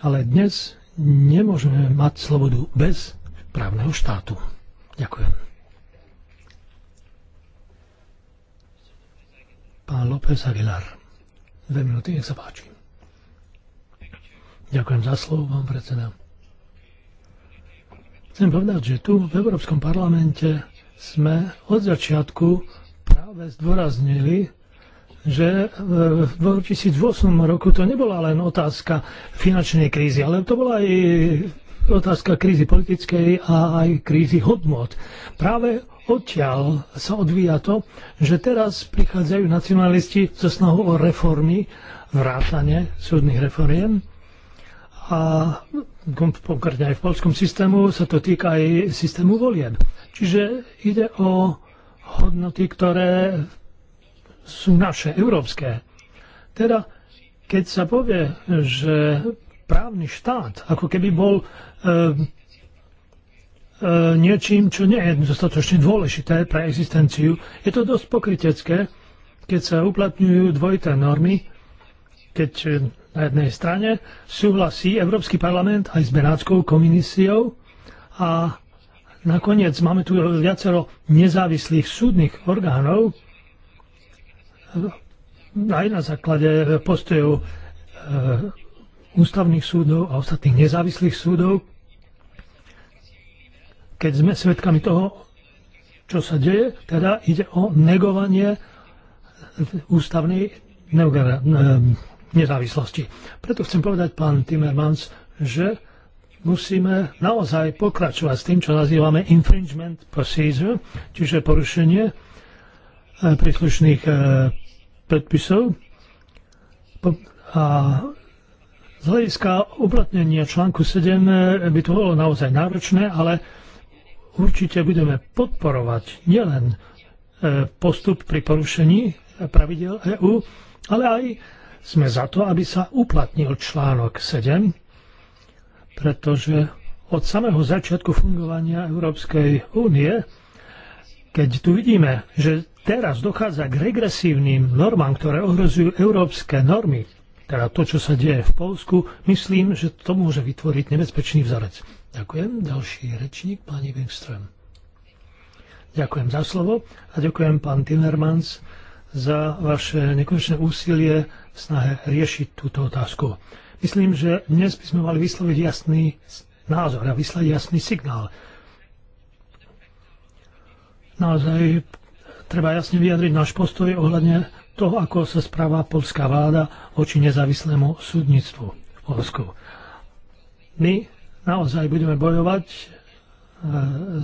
Ale dnes nemôžeme mať slobodu bez právneho štátu. Ďakujem. Pán López Aguilar. Dve minúty, nech sa páči. Ďakujem za slovo, pán predseda. Chcem povedať, že tu v Európskom parlamente sme od začiatku práve zdôraznili že e, v 2008 roku to nebola len otázka finančnej krízy, ale to bola aj otázka krízy politickej a aj krízy hodnot. Práve odtiaľ sa odvíja to, že teraz prichádzajú nacionalisti so snahou o reformy, vrátane súdnych reformiem a konkrétne aj v polskom systému sa to týka aj systému volieb. Čiže ide o hodnoty, ktoré sú naše, európske. Teda, keď sa povie, že právny štát, ako keby bol e, e, niečím, čo nie je dostatočne dôležité pre existenciu, je to dosť pokrytecké, keď sa uplatňujú dvojité normy, keď eh, na jednej strane súhlasí Európsky parlament aj s Benátskou komisiou a nakoniec máme tu viacero nezávislých súdnych orgánov, aj na základe postojov eh, ústavných súdov a ostatných nezávislých súdov, keď sme svedkami toho, čo sa deje, teda ide o negovanie ústavnej eh, nezávislosti. Preto chcem povedať, pán Timmermans, že musíme naozaj pokračovať s tým, čo nazývame infringement procedure, čiže porušenie eh, príslušných predpisov a z hľadiska uplatnenia článku 7 eh, by to bolo naozaj náročné, ale určite budeme podporovať nielen eh, postup pri porušení eh, pravidel EÚ, ale aj sme za to, aby sa uplatnil článok 7, pretože od samého začiatku fungovania Európskej únie, keď tu vidíme, že teraz dochádza k regresívnym normám, ktoré ohrozujú európske normy, teda to, čo sa deje v Polsku, myslím, že to môže vytvoriť nebezpečný vzorec. Ďakujem. Ďalší rečník, pani Wengström. Ďakujem za slovo a ďakujem pán Timmermans za vaše nekonečné úsilie v snahe riešiť túto otázku. Myslím, že dnes by sme mali vysloviť jasný názor a vyslať jasný signál. Naozaj treba jasne vyjadriť náš postoj ohľadne toho, ako sa správa polská vláda voči nezávislému súdnictvu v Polsku. My naozaj budeme bojovať e,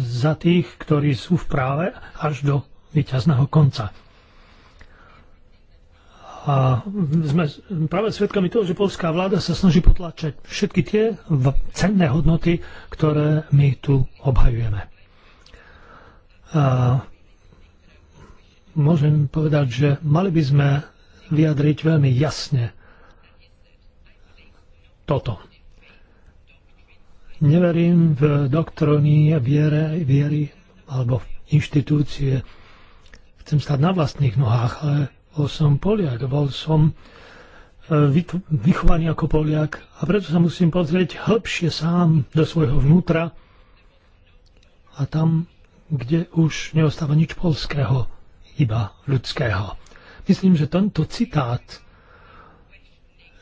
za tých, ktorí sú v práve až do vyťazného konca. A sme práve svedkami toho, že polská vláda sa snaží potlačať všetky tie cenné hodnoty, ktoré my tu obhajujeme. A môžem povedať, že mali by sme vyjadriť veľmi jasne toto. Neverím v doktrony, viere, viery alebo v inštitúcie. Chcem stať na vlastných nohách, ale bol som Poliak, bol som e, vychovaný ako Poliak a preto sa musím pozrieť hĺbšie sám do svojho vnútra a tam, kde už neostáva nič polského iba ľudského. Myslím, že tento citát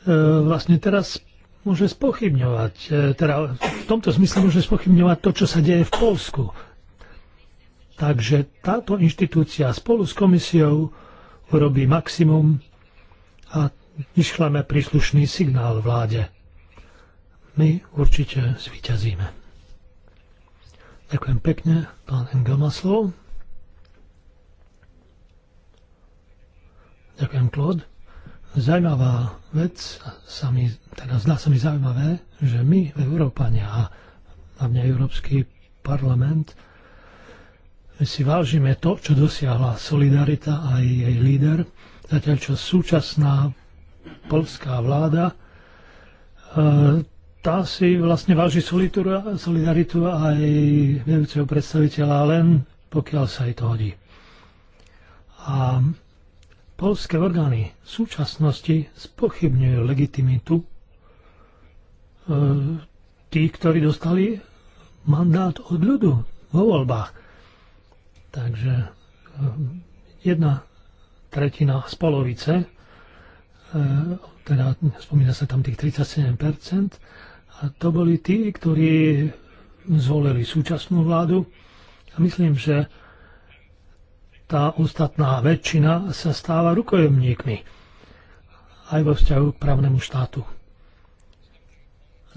e, vlastne teraz môže spochybňovať, e, teda v tomto zmysle môže spochybňovať to, čo sa deje v Polsku. Takže táto inštitúcia spolu s komisiou urobí maximum a vyšleme príslušný signál vláde. My určite zvíťazíme. Ďakujem pekne, pán Engelmaslov. Ďakujem, Claude. Zajímavá vec, sa mi, teda zdá sa mi zaujímavé, že my, Európania a hlavne Európsky parlament, si vážime to, čo dosiahla Solidarita a jej líder, zatiaľ čo súčasná polská vláda e, tá si vlastne váži solidaritu a jej vedúceho predstaviteľa len pokiaľ sa jej to hodí. A polské orgány v súčasnosti spochybňujú legitimitu e, tých, ktorí dostali mandát od ľudu vo voľbách. Takže e, jedna tretina z polovice, e, teda spomína sa tam tých 37%, a to boli tí, ktorí zvolili súčasnú vládu. A myslím, že tá ostatná väčšina sa stáva rukojemníkmi aj vo vzťahu k právnemu štátu.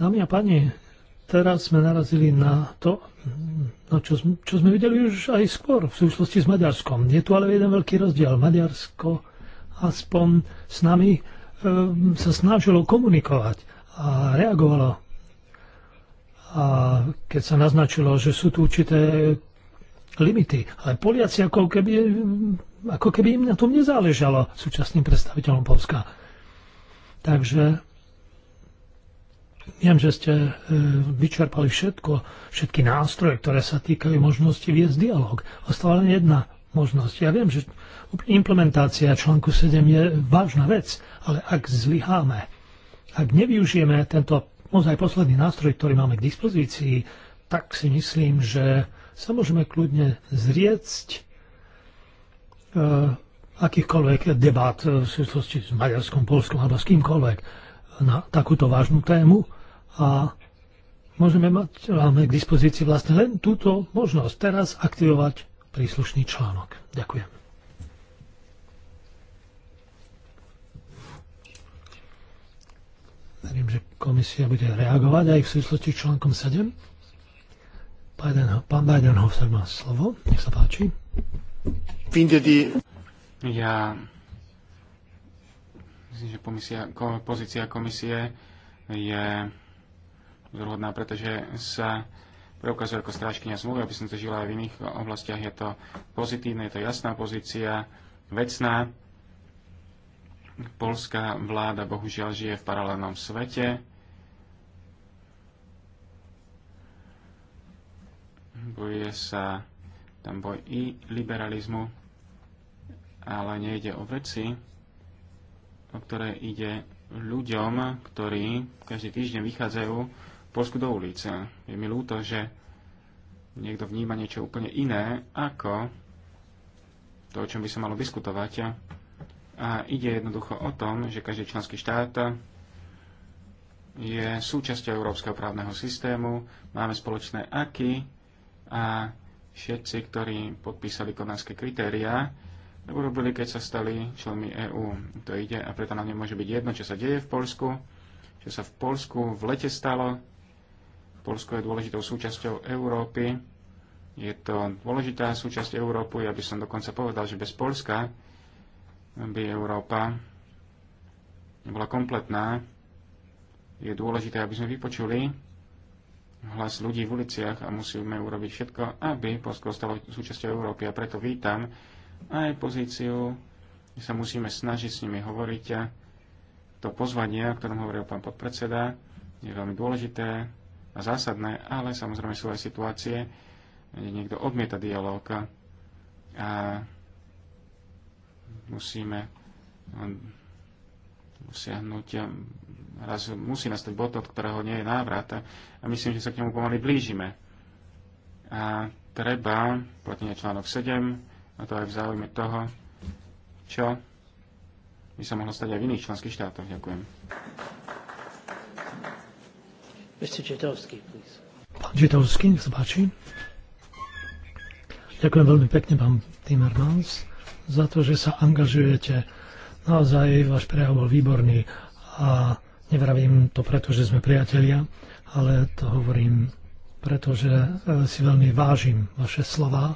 Dámy a páni, teraz sme narazili na to, no čo, čo sme videli už aj skôr v súvislosti s Maďarskom. Je tu ale jeden veľký rozdiel. Maďarsko aspoň s nami e, sa snažilo komunikovať a reagovalo. A keď sa naznačilo, že sú tu určité limity. Ale Poliaci ako keby, ako keby im na tom nezáležalo súčasným predstaviteľom Polska. Takže viem, že ste e, vyčerpali všetko, všetky nástroje, ktoré sa týkajú možnosti viesť dialog. Ostala len jedna možnosť. Ja viem, že implementácia článku 7 je vážna vec, ale ak zlyháme, ak nevyužijeme tento mozaj posledný nástroj, ktorý máme k dispozícii, tak si myslím, že sa môžeme kľudne zriecť eh, akýchkoľvek debát v súvislosti s Maďarskom, Polskom alebo s kýmkoľvek na takúto vážnu tému a môžeme mať, máme k dispozícii vlastne len túto možnosť teraz aktivovať príslušný článok. Ďakujem. Verím, že komisia bude reagovať aj v súvislosti s článkom 7. Biden, pán Bidenhofer má slovo. Nech sa páči. Ja myslím, že pomisia, pozícia komisie je zhodná, pretože sa preukazuje ako strážkynia zmluvy, aby som to žila aj v iných oblastiach. Je to pozitívne, je to jasná pozícia, vecná. Polská vláda bohužiaľ žije v paralelnom svete bojuje sa tam boj i liberalizmu, ale nejde o veci, o ktoré ide ľuďom, ktorí každý týždeň vychádzajú v Polsku do ulice. Je mi ľúto, že niekto vníma niečo úplne iné ako to, o čom by sa malo diskutovať. A ide jednoducho o tom, že každý členský štát je súčasťou európskeho právneho systému, máme spoločné aky, a všetci, ktorí podpísali konanské kritériá, urobili, keď sa stali členmi EÚ. To ide a preto nám nemôže byť jedno, čo sa deje v Polsku, čo sa v Polsku v lete stalo. Polsko je dôležitou súčasťou Európy. Je to dôležitá súčasť Európy, aby som dokonca povedal, že bez Polska by Európa nebola kompletná. Je dôležité, aby sme vypočuli hlas ľudí v uliciach a musíme urobiť všetko, aby Polsko stalo súčasťou Európy. A preto vítam aj pozíciu, že sa musíme snažiť s nimi hovoriť. A to pozvanie, o ktorom hovoril pán podpredseda, je veľmi dôležité a zásadné, ale samozrejme sú aj situácie, kde niekto odmieta dialóg. a musíme dosiahnuť raz musí nastať bod, od ktorého nie je návrat a myslím, že sa k nemu pomaly blížime. A treba, platenie článok 7, a to aj v záujme toho, čo by sa mohlo stať aj v iných členských štátoch. Ďakujem. Mr. Četovský, please. Četovský, nech sa páči. Ďakujem veľmi pekne, pán Timmermans, za to, že sa angažujete. Naozaj váš prejav bol výborný a Nevravím to preto, že sme priatelia, ale to hovorím preto, že e, si veľmi vážim vaše slova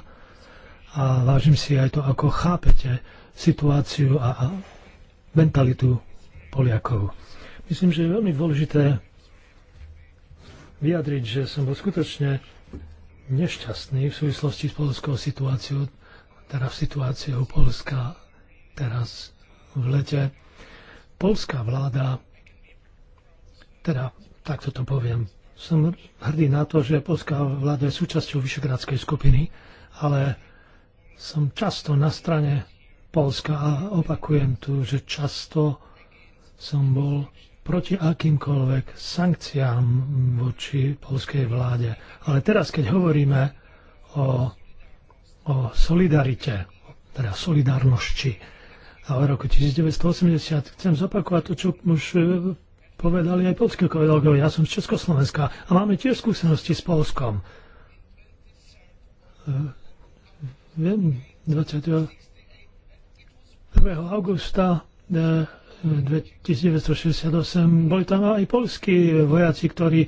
a vážim si aj to, ako chápete situáciu a mentalitu Poliakov. Myslím, že je veľmi dôležité vyjadriť, že som bol skutočne nešťastný v súvislosti s polskou situáciou, teraz situáciou Polska teraz v lete. Polská vláda teda, takto to poviem. Som hrdý na to, že polská vláda je súčasťou Vyšegrádskej skupiny, ale som často na strane Polska a opakujem tu, že často som bol proti akýmkoľvek sankciám voči polskej vláde. Ale teraz, keď hovoríme o, o solidarite, teda solidárnosti a o roku 1980, chcem zopakovať to, čo už povedali aj polské kolegovia. Ja som z Československa a máme tiež skúsenosti s Polskom. E, viem, 21. augusta 1968 e, boli tam aj polskí vojaci, ktorí e,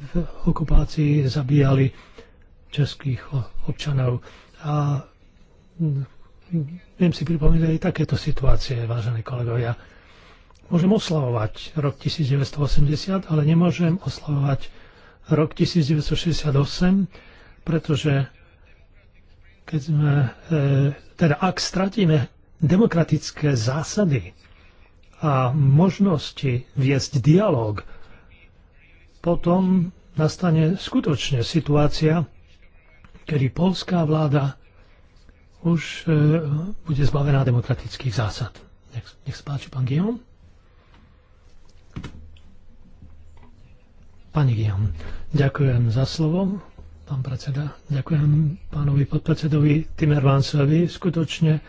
v okupácii zabíjali českých občanov. A viem si pripomínať aj takéto situácie, vážení kolegovia. Môžem oslavovať rok 1980, ale nemôžem oslavovať rok 1968, pretože keď sme, e, teda ak stratíme demokratické zásady a možnosti viesť dialog, potom nastane skutočne situácia, kedy polská vláda už e, bude zbavená demokratických zásad. Nech, nech sa páči, pán Guillaume. Pani Gian, ďakujem za slovo. Pán predseda, ďakujem pánovi podpredsedovi Timmermansovi. Skutočne e,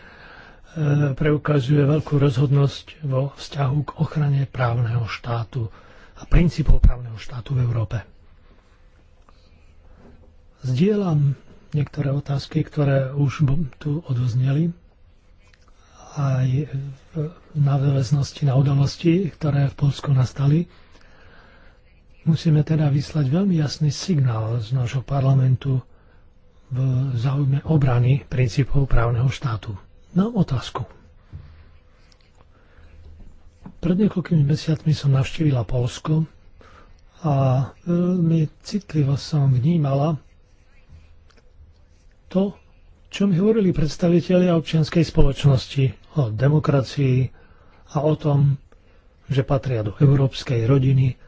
preukazuje veľkú rozhodnosť vo vzťahu k ochrane právneho štátu a princípov právneho štátu v Európe. Zdieľam niektoré otázky, ktoré už tu odozneli aj v náväznosti na udalosti, ktoré v Polsku nastali. Musíme teda vyslať veľmi jasný signál z nášho parlamentu v záujme obrany princípov právneho štátu. Na otázku. Pred niekoľkými mesiacmi som navštívila Polsko a veľmi citlivo som vnímala to, čo mi hovorili predstavitelia občianskej spoločnosti o demokracii a o tom, že patria do európskej rodiny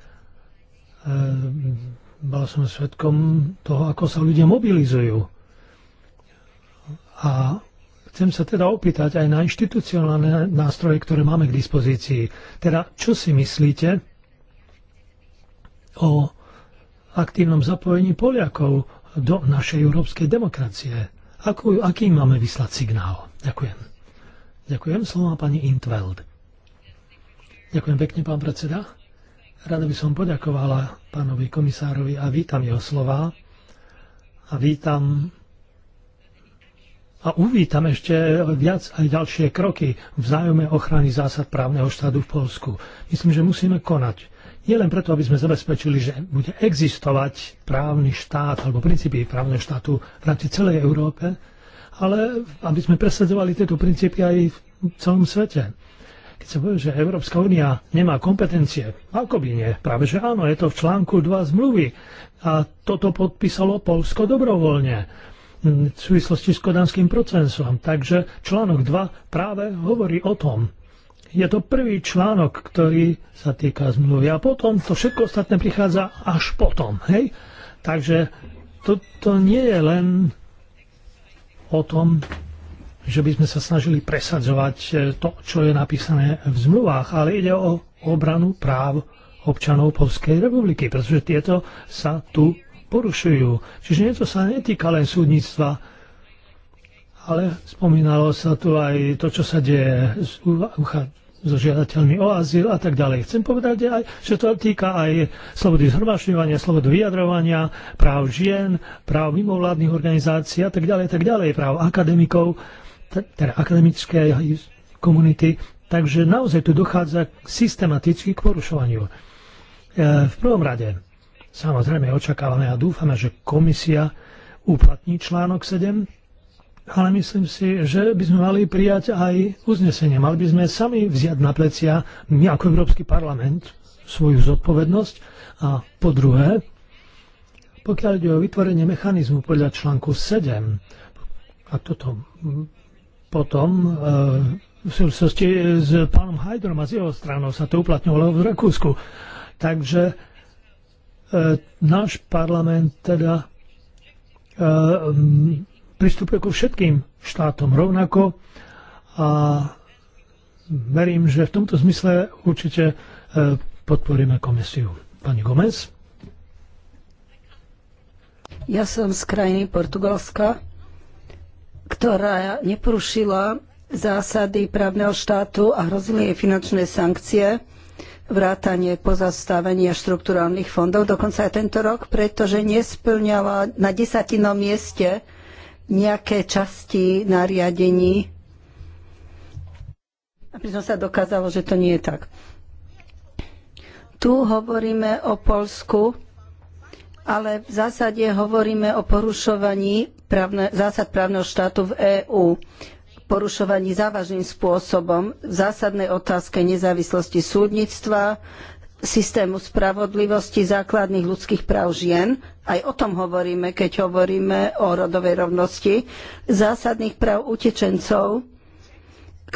Ehm, bol som svetkom toho, ako sa ľudia mobilizujú. A chcem sa teda opýtať aj na inštitucionálne nástroje, ktoré máme k dispozícii. Teda, čo si myslíte o aktívnom zapojení Poliakov do našej európskej demokracie? Ako, aký máme vyslať signál? Ďakujem. Ďakujem. Slovo má pani Intveld. Ďakujem pekne, pán predseda. Rada by som poďakovala pánovi komisárovi a vítam jeho slova a vítam a uvítam ešte viac aj ďalšie kroky v zájome ochrany zásad právneho štátu v Polsku. Myslím, že musíme konať. Nie len preto, aby sme zabezpečili, že bude existovať právny štát alebo princípy právneho štátu v rámci celej Európe, ale aby sme presadzovali tieto princípy aj v celom svete. Keď sa povie, že Európska únia nemá kompetencie, ako by nie? Práve, že áno, je to v článku 2 zmluvy. A toto podpísalo Polsko dobrovoľne v súvislosti s kodanským procesom. Takže článok 2 práve hovorí o tom. Je to prvý článok, ktorý sa týka zmluvy a potom to všetko ostatné prichádza až potom. Hej? Takže toto nie je len o tom, že by sme sa snažili presadzovať e, to, čo je napísané v zmluvách, ale ide o obranu práv občanov Polskej republiky, pretože tieto sa tu porušujú. Čiže to sa netýka len súdnictva, ale spomínalo sa tu aj to, čo sa deje s so žiadateľmi o azyl a tak ďalej. Chcem povedať, aj, že to týka aj slobody zhromažďovania, slobody vyjadrovania, práv žien, práv mimovládnych organizácií a tak ďalej, tak ďalej, práv akademikov teda akademické komunity, takže naozaj tu dochádza systematicky k porušovaniu. E, v prvom rade, samozrejme, očakávame a dúfame, že komisia uplatní článok 7, ale myslím si, že by sme mali prijať aj uznesenie. Mali by sme sami vziať na plecia, my ako Európsky parlament, svoju zodpovednosť. A po druhé, pokiaľ ide o vytvorenie mechanizmu podľa článku 7, a toto potom eh, v súvislosti s pánom Hajdrom a z jeho stranou sa to uplatňovalo v Rakúsku. Takže eh, náš parlament teda eh, pristupuje ku všetkým štátom rovnako a verím, že v tomto zmysle určite podporíme komisiu. Pani Gomez? Ja som z krajiny Portugalska ktorá neporušila zásady právneho štátu a hrozili jej finančné sankcie, vrátanie pozastavenia štrukturálnych fondov, dokonca aj tento rok, pretože nesplňala na desatinom mieste nejaké časti nariadení. A pritom sa dokázalo, že to nie je tak. Tu hovoríme o Polsku, ale v zásade hovoríme o porušovaní právne, zásad právneho štátu v EÚ porušovaní závažným spôsobom v zásadnej otázke nezávislosti súdnictva, systému spravodlivosti základných ľudských práv žien. Aj o tom hovoríme, keď hovoríme o rodovej rovnosti, zásadných práv utečencov,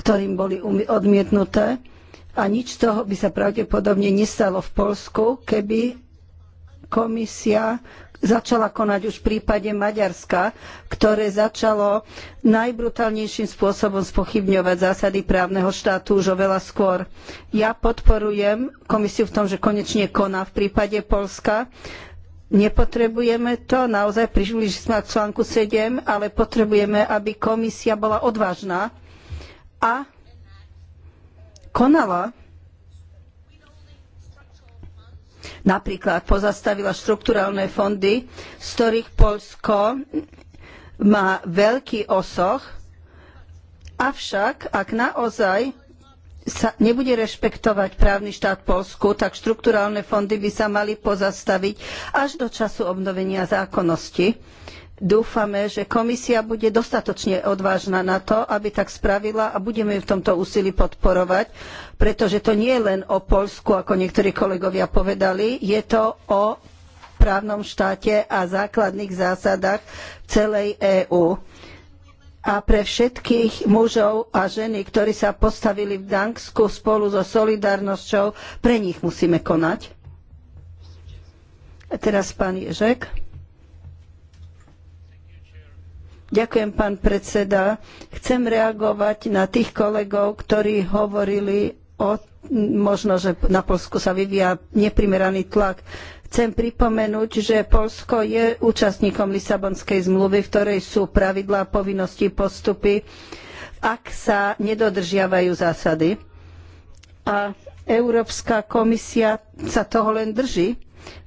ktorým boli odmietnuté. A nič z toho by sa pravdepodobne nestalo v Polsku, keby komisia začala konať už v prípade Maďarska, ktoré začalo najbrutálnejším spôsobom spochybňovať zásady právneho štátu už oveľa skôr. Ja podporujem komisiu v tom, že konečne koná v prípade Polska. Nepotrebujeme to, naozaj prišli sme k článku 7, ale potrebujeme, aby komisia bola odvážna a konala Napríklad pozastavila štrukturálne fondy, z ktorých Polsko má veľký osoch, avšak ak naozaj sa nebude rešpektovať právny štát Polsku, tak štrukturálne fondy by sa mali pozastaviť až do času obnovenia zákonnosti Dúfame, že komisia bude dostatočne odvážna na to, aby tak spravila a budeme ju v tomto úsilí podporovať, pretože to nie je len o Poľsku, ako niektorí kolegovia povedali, je to o právnom štáte a základných zásadách celej EÚ a pre všetkých mužov a ženy, ktorí sa postavili v Dánsku spolu so solidárnosťou, pre nich musíme konať. A teraz pán Ježek. Ďakujem, pán predseda. Chcem reagovať na tých kolegov, ktorí hovorili o možno, že na Polsku sa vyvíja neprimeraný tlak. Chcem pripomenúť, že Polsko je účastníkom Lisabonskej zmluvy, v ktorej sú pravidlá, povinnosti, postupy, ak sa nedodržiavajú zásady. A Európska komisia sa toho len drží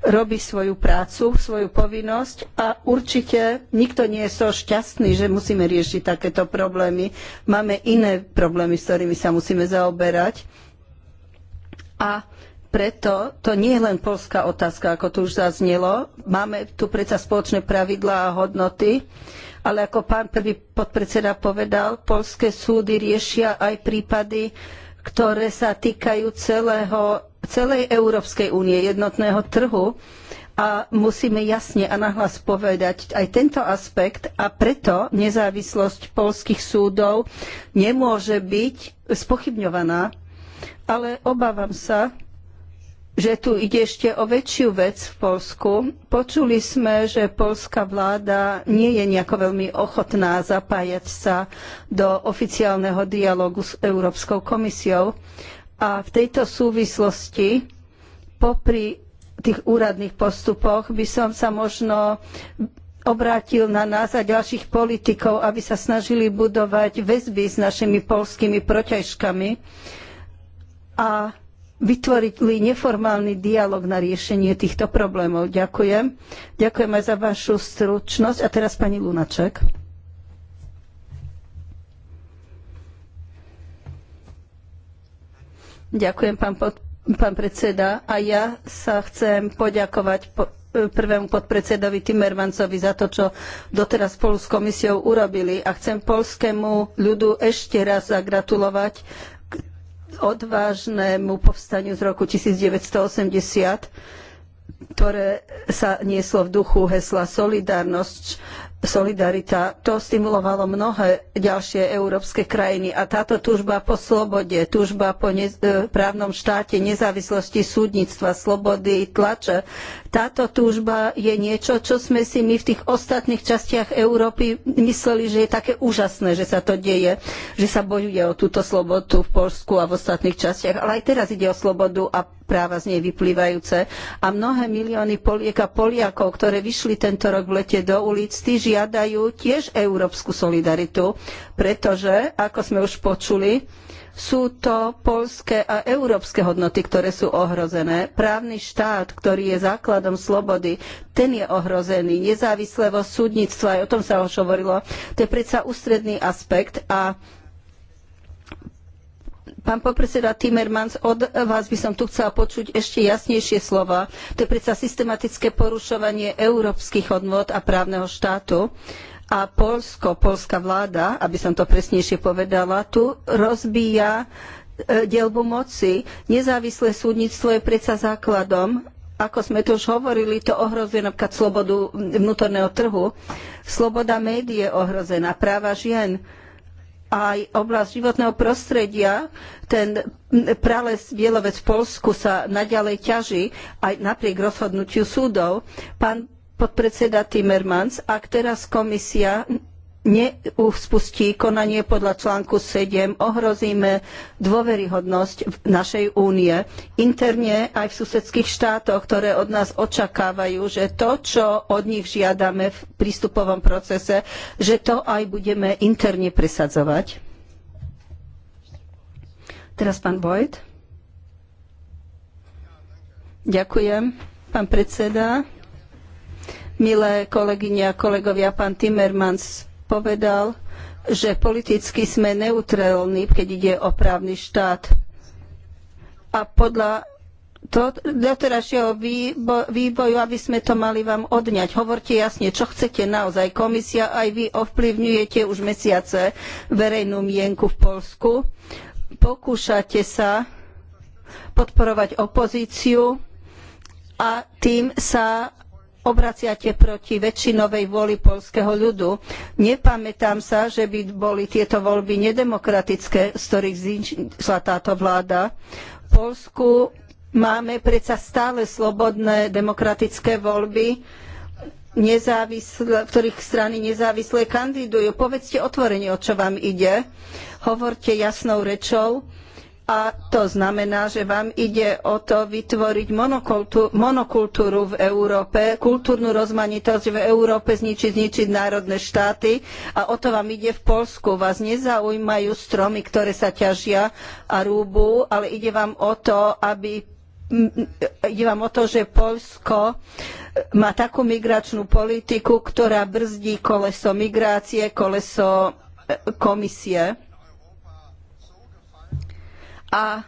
robí svoju prácu, svoju povinnosť a určite nikto nie je so šťastný, že musíme riešiť takéto problémy. Máme iné problémy, s ktorými sa musíme zaoberať. A preto to nie je len polská otázka, ako tu už zaznelo. Máme tu predsa spoločné pravidlá a hodnoty, ale ako pán prvý podpredseda povedal, polské súdy riešia aj prípady, ktoré sa týkajú celého celej Európskej únie, jednotného trhu a musíme jasne a nahlas povedať aj tento aspekt a preto nezávislosť poľských súdov nemôže byť spochybňovaná. Ale obávam sa, že tu ide ešte o väčšiu vec v Polsku. Počuli sme, že polská vláda nie je nejako veľmi ochotná zapájať sa do oficiálneho dialogu s Európskou komisiou. A v tejto súvislosti popri tých úradných postupoch by som sa možno obrátil na nás a ďalších politikov, aby sa snažili budovať väzby s našimi poľskými protiažkami a vytvorili neformálny dialog na riešenie týchto problémov. Ďakujem. Ďakujem aj za vašu stručnosť. A teraz pani Lunaček. Ďakujem, pán, pod, pán predseda. A ja sa chcem poďakovať po, prvému podpredsedovi Timmermansovi za to, čo doteraz spolu s komisiou urobili. A chcem polskému ľudu ešte raz zagratulovať k odvážnemu povstaniu z roku 1980 ktoré sa nieslo v duchu hesla Solidarnosť solidarita, to stimulovalo mnohé ďalšie európske krajiny a táto túžba po slobode, túžba po ne, e, právnom štáte, nezávislosti súdnictva, slobody, tlače, táto túžba je niečo, čo sme si my v tých ostatných častiach Európy mysleli, že je také úžasné, že sa to deje, že sa bojuje o túto slobodu v Polsku a v ostatných častiach. Ale aj teraz ide o slobodu a práva z nej vyplývajúce. A mnohé milióny Poliek a Poliakov, ktoré vyšli tento rok v lete do ulic, tí žiadajú tiež európsku solidaritu, pretože, ako sme už počuli, sú to poľské a európske hodnoty, ktoré sú ohrozené. Právny štát, ktorý je základom slobody, ten je ohrozený. Nezávislé vo súdnictva, aj o tom sa už hovorilo, to je predsa ústredný aspekt a Pán popredseda Timmermans, od vás by som tu chcela počuť ešte jasnejšie slova. To je predsa systematické porušovanie európskych hodnôt a právneho štátu. A Polsko, polská vláda, aby som to presnejšie povedala, tu rozbíja e, delbu moci. Nezávislé súdnictvo je predsa základom ako sme tu už hovorili, to ohrozuje napríklad slobodu vnútorného trhu. Sloboda médií je ohrozená, práva žien, aj oblasť životného prostredia, ten prales Bielovec v Polsku sa naďalej ťaží, aj napriek rozhodnutiu súdov. Pán podpredseda Timmermans, ak teraz komisia neuspustí konanie podľa článku 7, ohrozíme dôveryhodnosť našej únie interne aj v susedských štátoch, ktoré od nás očakávajú, že to, čo od nich žiadame v prístupovom procese, že to aj budeme interne presadzovať. Teraz pán Boyd. Ďakujem, pán predseda. Milé kolegyne a kolegovia, pán Timmermans povedal, že politicky sme neutrálni, keď ide o právny štát. A podľa to, doterajšieho vývoju, aby sme to mali vám odňať. Hovorte jasne, čo chcete naozaj. Komisia aj vy ovplyvňujete už mesiace verejnú mienku v Polsku. Pokúšate sa podporovať opozíciu a tým sa obraciate proti väčšinovej vôli poľského ľudu. Nepamätám sa, že by boli tieto voľby nedemokratické, z ktorých zničila táto vláda. V Polsku máme predsa stále slobodné demokratické voľby, v ktorých strany nezávisle kandidujú. Povedzte otvorene, o čo vám ide. Hovorte jasnou rečou a to znamená, že vám ide o to vytvoriť monokultúru v Európe, kultúrnu rozmanitosť v Európe, zničiť, zničiť národné štáty a o to vám ide v Polsku. Vás nezaujímajú stromy, ktoré sa ťažia a rúbu, ale ide vám o to, aby ide vám o to, že Poľsko má takú migračnú politiku, ktorá brzdí koleso migrácie, koleso e, komisie a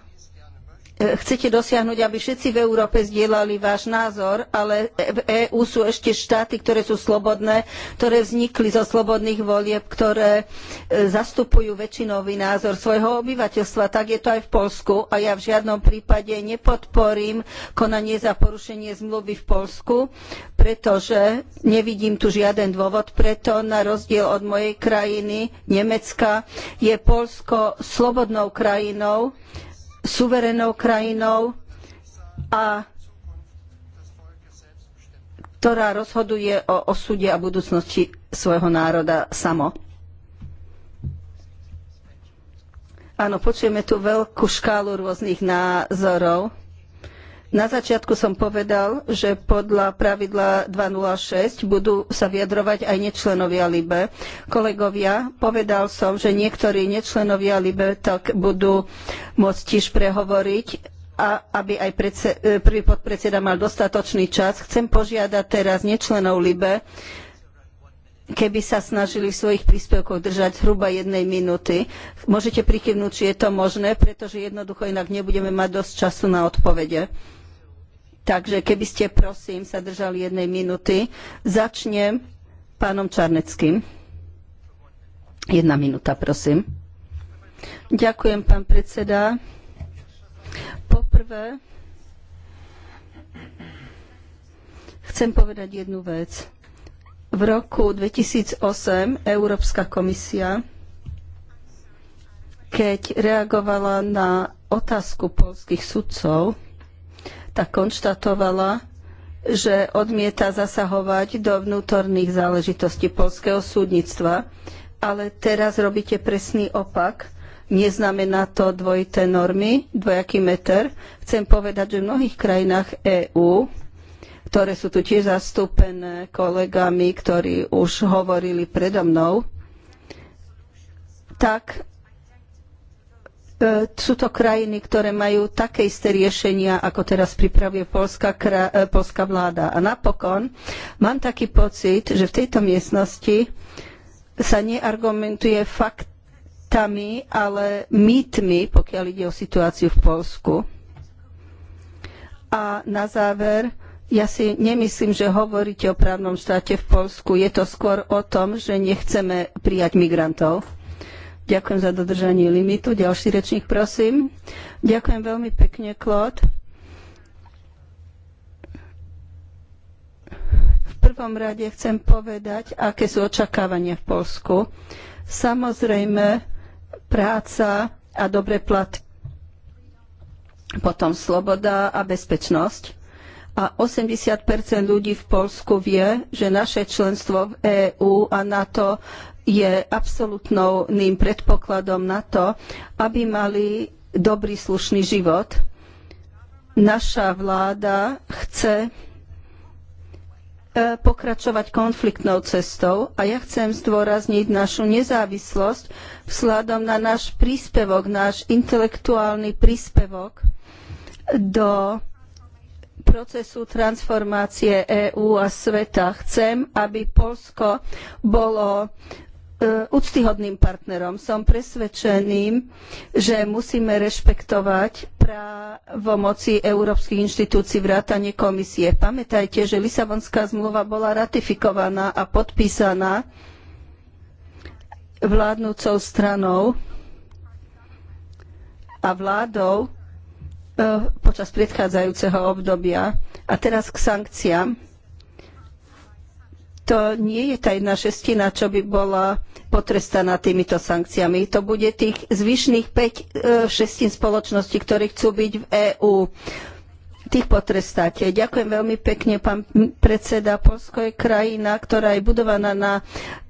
E, chcete dosiahnuť, aby všetci v Európe zdieľali váš názor, ale v EÚ sú ešte štáty, ktoré sú slobodné, ktoré vznikli zo slobodných volieb, ktoré e, zastupujú väčšinový názor svojho obyvateľstva. Tak je to aj v Polsku a ja v žiadnom prípade nepodporím konanie za porušenie zmluvy v Polsku, pretože nevidím tu žiaden dôvod, preto na rozdiel od mojej krajiny, Nemecka, je Polsko slobodnou krajinou, suverenou krajinou a ktorá rozhoduje o osude a budúcnosti svojho národa samo. Áno, počujeme tu veľkú škálu rôznych názorov. Na začiatku som povedal, že podľa pravidla 206 budú sa vyjadrovať aj nečlenovia LIBE. Kolegovia, povedal som, že niektorí nečlenovia LIBE tak budú môcť tiež prehovoriť a aby aj e, prvý podpredseda mal dostatočný čas. Chcem požiadať teraz nečlenov LIBE, keby sa snažili v svojich príspevkoch držať zhruba jednej minúty. Môžete prikyvnúť, či je to možné, pretože jednoducho inak nebudeme mať dosť času na odpovede. Takže keby ste, prosím, sa držali jednej minúty. Začnem pánom Čarneckým. Jedna minúta, prosím. Ďakujem, pán predseda. Poprvé chcem povedať jednu vec. V roku 2008 Európska komisia, keď reagovala na otázku polských sudcov, tak konštatovala, že odmieta zasahovať do vnútorných záležitostí polského súdnictva, ale teraz robíte presný opak. Neznamená to dvojité normy, dvojaký meter. Chcem povedať, že v mnohých krajinách EÚ ktoré sú tu tiež zastúpené kolegami, ktorí už hovorili predo mnou, tak E, sú to krajiny, ktoré majú také isté riešenia, ako teraz pripravuje polská, e, polská vláda. A napokon mám taký pocit, že v tejto miestnosti sa neargumentuje faktami, ale mýtmi, pokiaľ ide o situáciu v Polsku. A na záver, ja si nemyslím, že hovoríte o právnom štáte v Polsku. Je to skôr o tom, že nechceme prijať migrantov. Ďakujem za dodržanie limitu. Ďalší rečník, prosím. Ďakujem veľmi pekne, Klod. V prvom rade chcem povedať, aké sú očakávania v Polsku. Samozrejme, práca a dobre plat, potom sloboda a bezpečnosť. A 80 ľudí v Polsku vie, že naše členstvo v EÚ a NATO je absolútnym predpokladom na to, aby mali dobrý, slušný život. Naša vláda chce e, pokračovať konfliktnou cestou a ja chcem zdôrazniť našu nezávislosť vzhľadom na náš príspevok, náš intelektuálny príspevok do procesu transformácie EÚ a sveta. Chcem, aby Polsko bolo E, úctyhodným partnerom. Som presvedčený, že musíme rešpektovať právomoci európskych inštitúcií vrátane komisie. Pamätajte, že Lisabonská zmluva bola ratifikovaná a podpísaná vládnúcou stranou a vládou e, počas predchádzajúceho obdobia. A teraz k sankciám to nie je tá jedna šestina, čo by bola potrestaná týmito sankciami. To bude tých zvyšných 5 e, šestín spoločností, ktorí chcú byť v EÚ. Tých potrestáte. Ďakujem veľmi pekne, pán predseda. Polsko je krajina, ktorá je budovaná na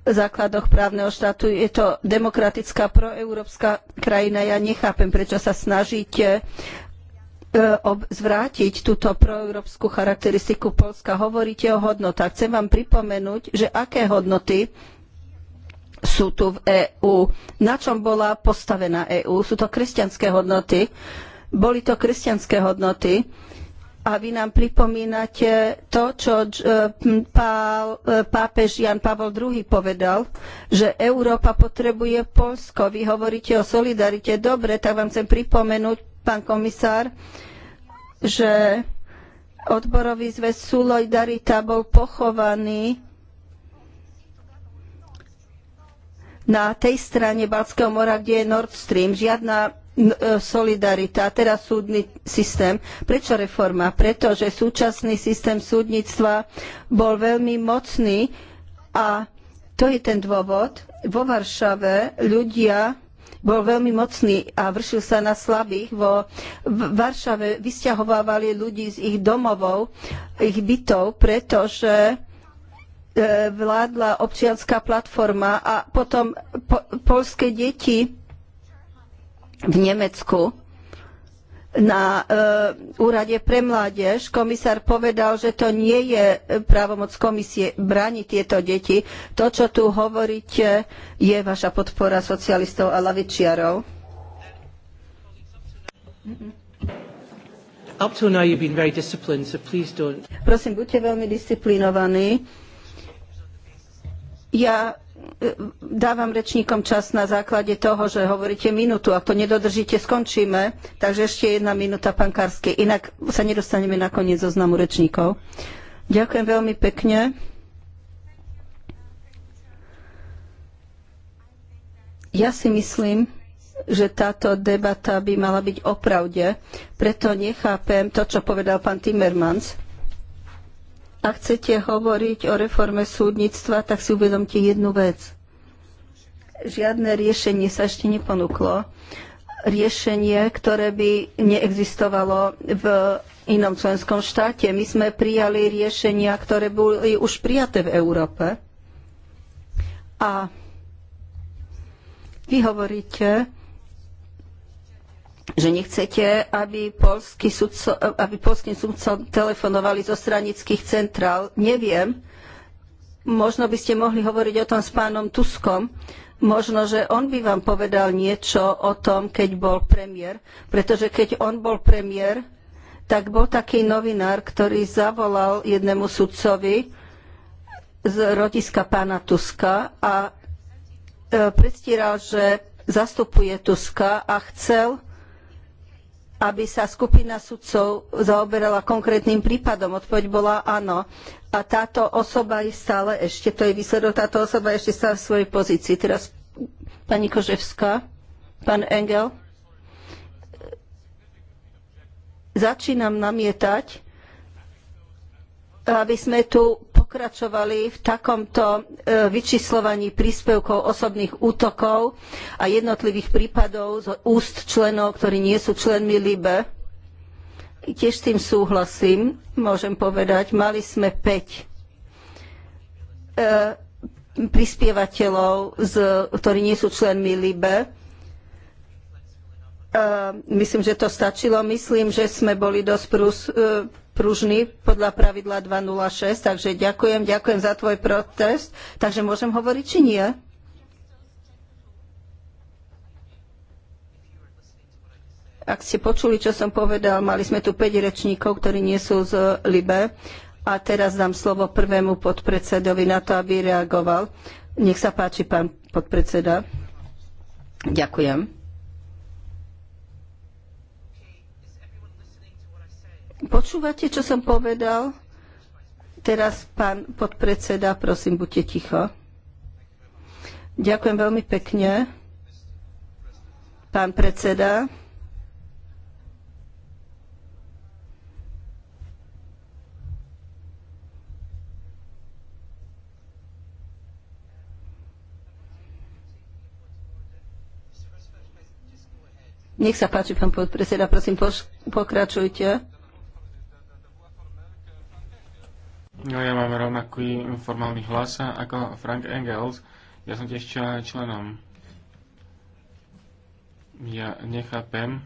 základoch právneho štátu. Je to demokratická proeurópska krajina. Ja nechápem, prečo sa snažíte zvrátiť túto proeurópsku charakteristiku Polska. Hovoríte o hodnotách. Chcem vám pripomenúť, že aké hodnoty sú tu v EÚ, na čom bola postavená EÚ. Sú to kresťanské hodnoty. Boli to kresťanské hodnoty. A vy nám pripomínate to, čo e, e, pápež Jan Pavol II povedal, že Európa potrebuje Polsko. Vy hovoríte o solidarite. Dobre, tak vám chcem pripomenúť pán komisár, že odborový zväz Solidarita bol pochovaný na tej strane Baltského mora, kde je Nord Stream. Žiadna e, solidarita, teda súdny systém. Prečo reforma? Pretože súčasný systém súdnictva bol veľmi mocný a to je ten dôvod. Vo Varšave ľudia bol veľmi mocný a vršil sa na slabých. Vo Varšave vysťahovávali ľudí z ich domovov, ich bytov, pretože e, vládla občianská platforma a potom po, poľské deti v Nemecku na e, úrade pre mládež. Komisár povedal, že to nie je právomoc komisie brániť tieto deti. To, čo tu hovoríte, je vaša podpora socialistov a lavičiarov. Prosím, buďte veľmi disciplinovaní. Ja dávam rečníkom čas na základe toho, že hovoríte minútu. Ak to nedodržíte, skončíme. Takže ešte jedna minúta, pán Karsky. Inak sa nedostaneme na koniec zoznamu rečníkov. Ďakujem veľmi pekne. Ja si myslím, že táto debata by mala byť o pravde, preto nechápem to, čo povedal pán Timmermans a chcete hovoriť o reforme súdnictva, tak si uvedomte jednu vec. Žiadne riešenie sa ešte neponúklo. Riešenie, ktoré by neexistovalo v inom členskom štáte. My sme prijali riešenia, ktoré boli už prijaté v Európe. A vy hovoríte, že nechcete, aby, polský sudco, aby polským sudcom telefonovali zo stranických centrál. Neviem. Možno by ste mohli hovoriť o tom s pánom Tuskom. Možno, že on by vám povedal niečo o tom, keď bol premiér. Pretože keď on bol premiér, tak bol taký novinár, ktorý zavolal jednému sudcovi z rodiska pána Tuska a e, predstieral, že zastupuje Tuska a chcel aby sa skupina sudcov zaoberala konkrétnym prípadom. Odpoveď bola áno. A táto osoba je stále ešte, to je výsledok, táto osoba je ešte stále v svojej pozícii. Teraz pani Koževská, pán Engel. Začínam namietať, aby sme tu pokračovali v takomto e, vyčíslovaní príspevkov osobných útokov a jednotlivých prípadov z úst členov, ktorí nie sú členmi LIBE. Tiež s tým súhlasím, môžem povedať. Mali sme 5 e, prispievateľov, ktorí nie sú členmi LIBE myslím, že to stačilo. Myslím, že sme boli dosť prús, e, pružný podľa pravidla 206, takže ďakujem, ďakujem za tvoj protest. Takže môžem hovoriť, či nie? Ak ste počuli, čo som povedal, mali sme tu 5 rečníkov, ktorí nie sú z Libe. A teraz dám slovo prvému podpredsedovi na to, aby reagoval. Nech sa páči, pán podpredseda. Ďakujem. Počúvate, čo som povedal? Teraz pán podpredseda, prosím, buďte ticho. Ďakujem veľmi pekne. Pán predseda. Nech sa páči, pán podpredseda, prosím, pokračujte. No ja mám rovnaký formálny hlas ako Frank Engels. Ja som tiež členom. Ja nechápem.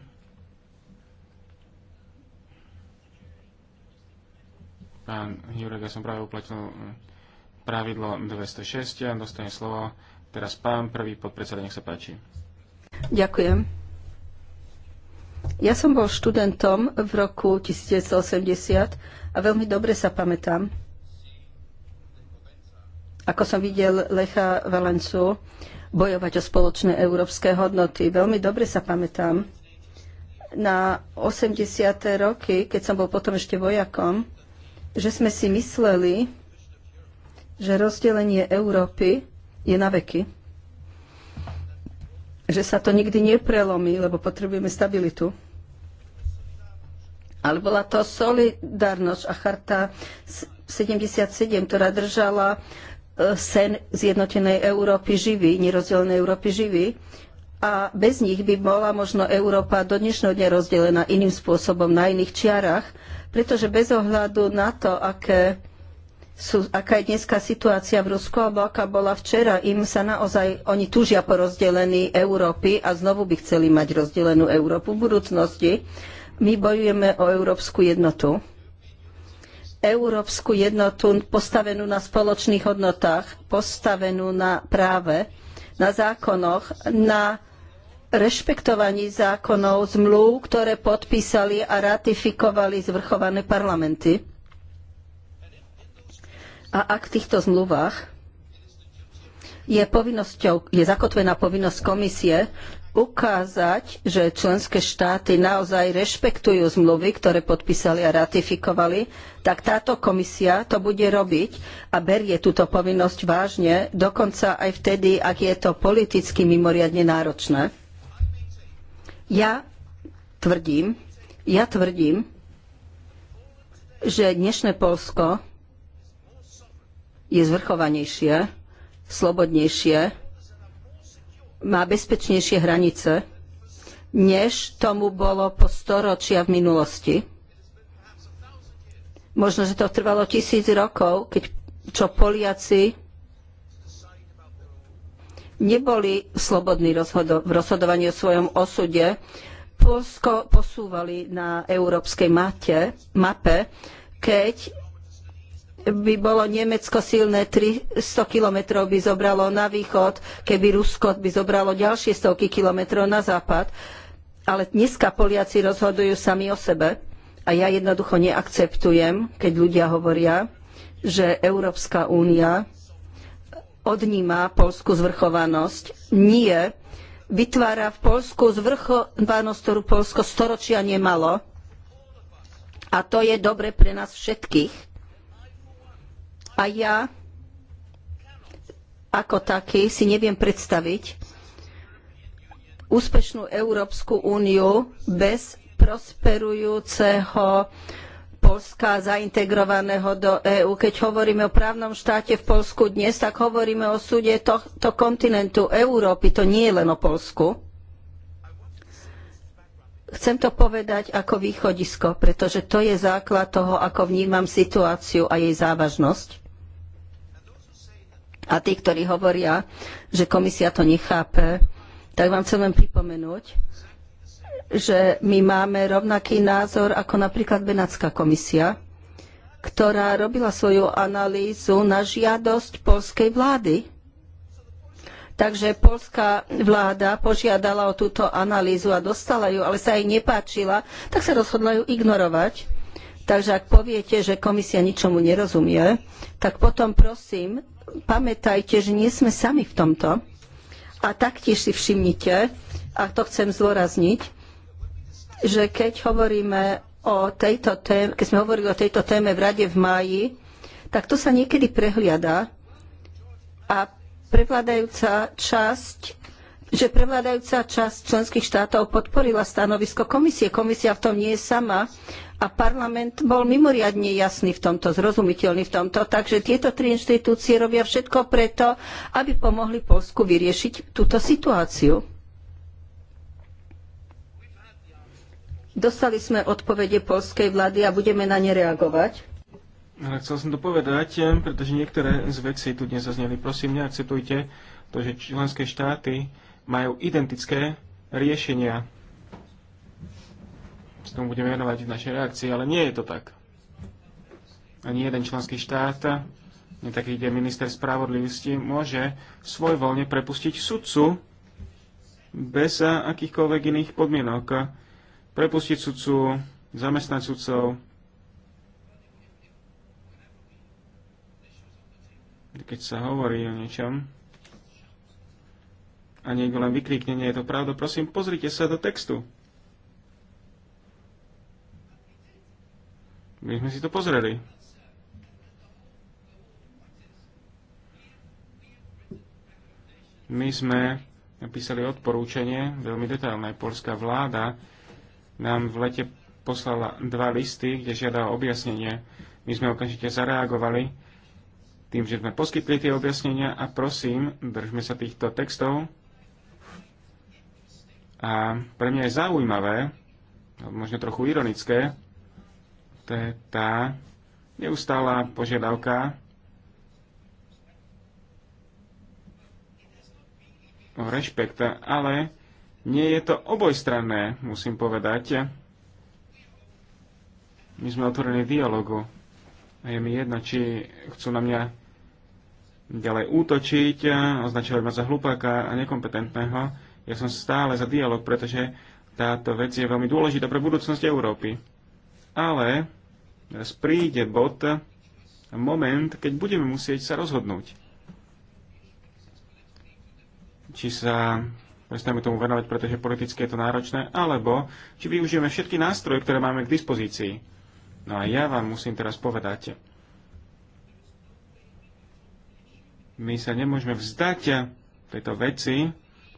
Pán Jurek, ja som práve uplatnil eh, pravidlo 206 a dostane slovo teraz pán prvý podpredseda, nech sa páči. Ďakujem. Ja som bol študentom v roku 1980 a veľmi dobre sa pamätám, ako som videl Lecha Valencu, bojovať o spoločné európske hodnoty. Veľmi dobre sa pamätám na 80. roky, keď som bol potom ešte vojakom, že sme si mysleli, že rozdelenie Európy je na veky. Že sa to nikdy neprelomí, lebo potrebujeme stabilitu. Ale bola to solidarnosť a charta 77, ktorá držala sen zjednotenej Európy živý, nerozdelenej Európy živý. A bez nich by bola možno Európa do dnešného dňa rozdelená iným spôsobom, na iných čiarach, pretože bez ohľadu na to, aké sú, aká je dneska situácia v Rusku alebo aká bola včera, im sa naozaj, oni túžia po rozdelení Európy a znovu by chceli mať rozdelenú Európu v budúcnosti. My bojujeme o európsku jednotu európsku jednotu postavenú na spoločných hodnotách, postavenú na práve, na zákonoch, na rešpektovaní zákonov, zmluv, ktoré podpísali a ratifikovali zvrchované parlamenty. A ak v týchto zmluvách je, povinnosťou je zakotvená povinnosť komisie ukázať, že členské štáty naozaj rešpektujú zmluvy, ktoré podpísali a ratifikovali, tak táto komisia to bude robiť a berie túto povinnosť vážne, dokonca aj vtedy, ak je to politicky mimoriadne náročné. Ja tvrdím, ja tvrdím, že dnešné Polsko je zvrchovanejšie, slobodnejšie, má bezpečnejšie hranice, než tomu bolo po storočia v minulosti. Možno, že to trvalo tisíc rokov, keď čo Poliaci neboli slobodní rozhodo- v rozhodovaní o svojom osude. Polsko posúvali na európskej mate, mape, keď by bolo Nemecko silné, 300 kilometrov by zobralo na východ, keby Rusko by zobralo ďalšie stovky kilometrov na západ. Ale dneska Poliaci rozhodujú sami o sebe. A ja jednoducho neakceptujem, keď ľudia hovoria, že Európska únia odníma Polsku zvrchovanosť. Nie. Vytvára v Polsku zvrchovanosť, ktorú Polsko storočia nemalo. A to je dobre pre nás všetkých a ja ako taký si neviem predstaviť úspešnú Európsku úniu bez prosperujúceho Polska zaintegrovaného do EÚ. Keď hovoríme o právnom štáte v Polsku dnes, tak hovoríme o súde tohto kontinentu Európy. To nie je len o Polsku. Chcem to povedať ako východisko, pretože to je základ toho, ako vnímam situáciu a jej závažnosť. A tí, ktorí hovoria, že komisia to nechápe, tak vám chcem len pripomenúť, že my máme rovnaký názor ako napríklad Benátska komisia, ktorá robila svoju analýzu na žiadosť polskej vlády. Takže polská vláda požiadala o túto analýzu a dostala ju, ale sa jej nepáčila, tak sa rozhodla ju ignorovať. Takže ak poviete, že komisia ničomu nerozumie, tak potom prosím, pamätajte, že nie sme sami v tomto. A taktiež si všimnite, a to chcem zdôrazniť, že keď hovoríme o tejto téme, keď sme hovorili o tejto téme v Rade v máji, tak to sa niekedy prehliada a prevládajúca časť že prevládajúca časť členských štátov podporila stanovisko komisie. Komisia v tom nie je sama a parlament bol mimoriadne jasný v tomto, zrozumiteľný v tomto. Takže tieto tri inštitúcie robia všetko preto, aby pomohli Polsku vyriešiť túto situáciu. Dostali sme odpovede polskej vlády a budeme na ne reagovať. Ale chcel som to povedať, eh, pretože niektoré z vecí tu dnes zazneli. Prosím, neakceptujte to, že členské štáty majú identické riešenia. S tomu budeme venovať v našej reakcii, ale nie je to tak. Ani jeden členský štát, nie taký, kde minister spravodlivosti, môže svoj voľne prepustiť sudcu bez akýchkoľvek iných podmienok. Prepustiť sudcu, zamestnať sudcov, keď sa hovorí o niečom, a niekto len vykrikne, nie je to pravda, prosím, pozrite sa do textu. My sme si to pozreli. My sme napísali odporúčanie, veľmi detailné. Polská vláda nám v lete poslala dva listy, kde žiadala objasnenie. My sme okamžite zareagovali tým, že sme poskytli tie objasnenia a prosím, držme sa týchto textov a pre mňa je zaujímavé, možno trochu ironické, to je tá neustála požiadavka o rešpekt, ale nie je to obojstranné, musím povedať. My sme otvorení dialogu. A je mi jedno, či chcú na mňa ďalej útočiť, označovať ma za hlupáka a nekompetentného, ja som stále za dialog, pretože táto vec je veľmi dôležitá pre budúcnosť Európy. Ale teraz príde bod, moment, keď budeme musieť sa rozhodnúť. Či sa prestaneme tomu venovať, pretože politicky je to náročné, alebo či využijeme všetky nástroje, ktoré máme k dispozícii. No a ja vám musím teraz povedať, my sa nemôžeme vzdať tejto veci,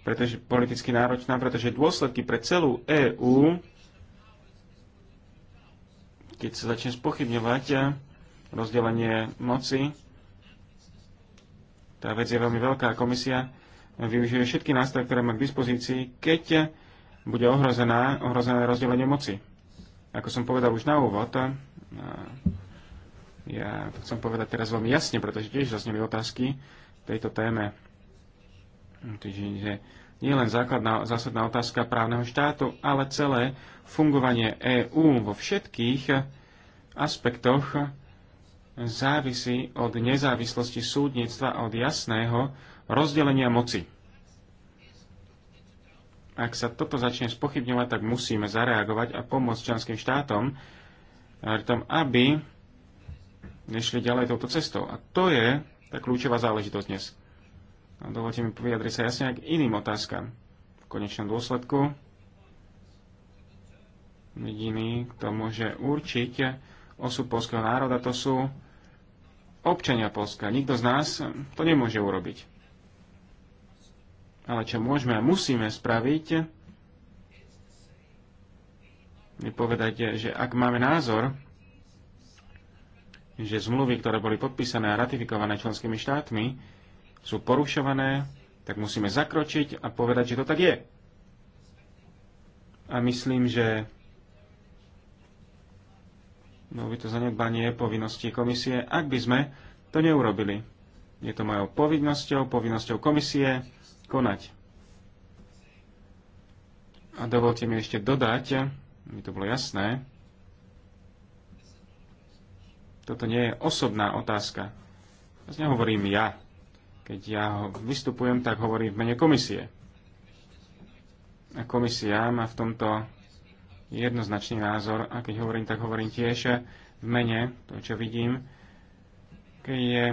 pretože politicky náročná, pretože dôsledky pre celú EÚ, keď sa začne spochybňovať rozdelenie moci, tá vec je veľmi veľká. Komisia využije všetky nástroje, ktoré má k dispozícii, keď bude ohrozená, ohrozené rozdelenie moci. Ako som povedal už na úvod, ja to chcem povedať teraz veľmi jasne, pretože tiež zazneli otázky tejto téme. Čiže hm, nie len základná, zásadná otázka právneho štátu, ale celé fungovanie EÚ vo všetkých aspektoch závisí od nezávislosti súdnictva a od jasného rozdelenia moci. Ak sa toto začne spochybňovať, tak musíme zareagovať a pomôcť členským štátom, eh, aby nešli ďalej touto cestou. A to je tá kľúčová záležitosť dnes. Dovolte mi vyjadriť sa jasne k iným otázkam. V konečnom dôsledku jediný, kto môže určiť osud polského národa, to sú občania Polska. Nikto z nás to nemôže urobiť. Ale čo môžeme a musíme spraviť, je povedať, že ak máme názor, že zmluvy, ktoré boli podpísané a ratifikované členskými štátmi, sú porušované, tak musíme zakročiť a povedať, že to tak je. A myslím, že bolo no, by to zanedbanie povinností komisie, ak by sme to neurobili. Je to mojou povinnosťou, povinnosťou komisie konať. A dovolte mi ešte dodať, aby to bolo jasné, toto nie je osobná otázka. Teraz nehovorím ja keď ja vystupujem, tak hovorím v mene komisie. A komisia má v tomto jednoznačný názor a keď hovorím, tak hovorím tiež v mene, to čo vidím, keď je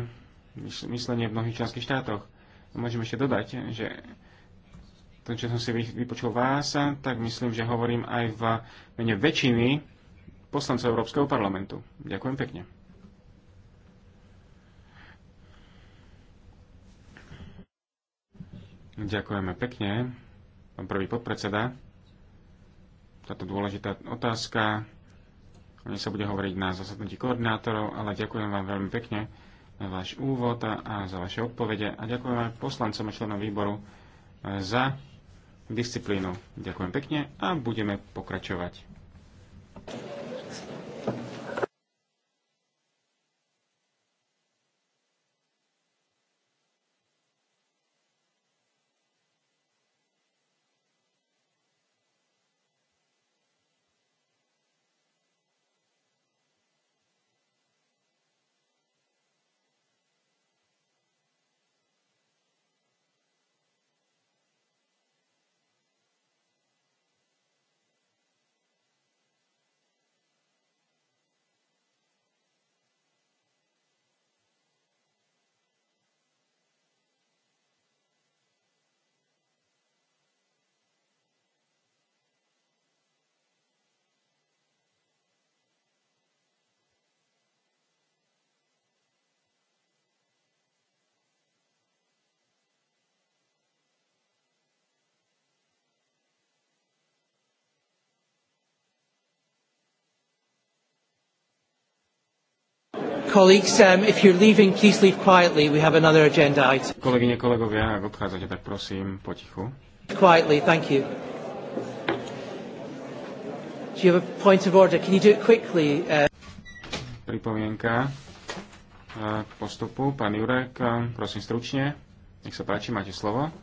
myslenie v mnohých členských štátoch. Môžeme môžem ešte dodať, že to, čo som si vypočul vás, tak myslím, že hovorím aj v mene väčšiny poslancov Európskeho parlamentu. Ďakujem pekne. Ďakujeme pekne. Pán prvý podpredseda, táto dôležitá otázka, o nej sa bude hovoriť na zasadnutí koordinátorov, ale ďakujem vám veľmi pekne za váš úvod a za vaše odpovede a ďakujem aj poslancom a členom výboru e, za disciplínu. Ďakujem pekne a budeme pokračovať. colleagues, um, if you're leaving, please leave quietly. We have another agenda item. Kolegyne, kolegovia, ak odchádzate, tak prosím, potichu. Quietly, thank you. Do you have a point of order? Can you do it quickly? Uh... Pripomienka uh, k postupu. Pán Jurek, uh, prosím stručne. Nech sa páči, máte slovo.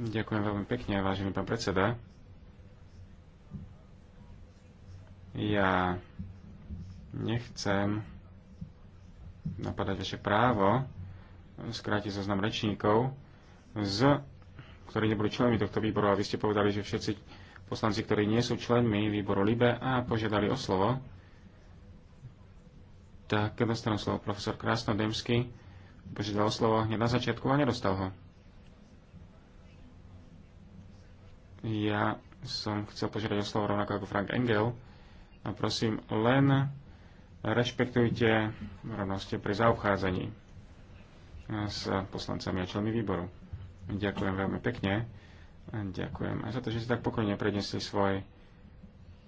Ďakujem veľmi pekne, vážený pán predseda. Ja nechcem napadať vaše právo skrátiť zoznam rečníkov, z, ktorí neboli členmi tohto výboru a vy ste povedali, že všetci poslanci, ktorí nie sú členmi výboru LIBE a požiadali o slovo, tak dostanú slovo profesor Krásno-Demsky, požiadal slovo hneď na začiatku a nedostal ho. Ja som chcel požiadať o slovo rovnako ako Frank Engel, a prosím, len rešpektujte rovnosti pri zaobchádzaní s poslancami a členmi výboru. Ďakujem veľmi pekne. Ďakujem aj za to, že ste tak pokojne prednesli svoj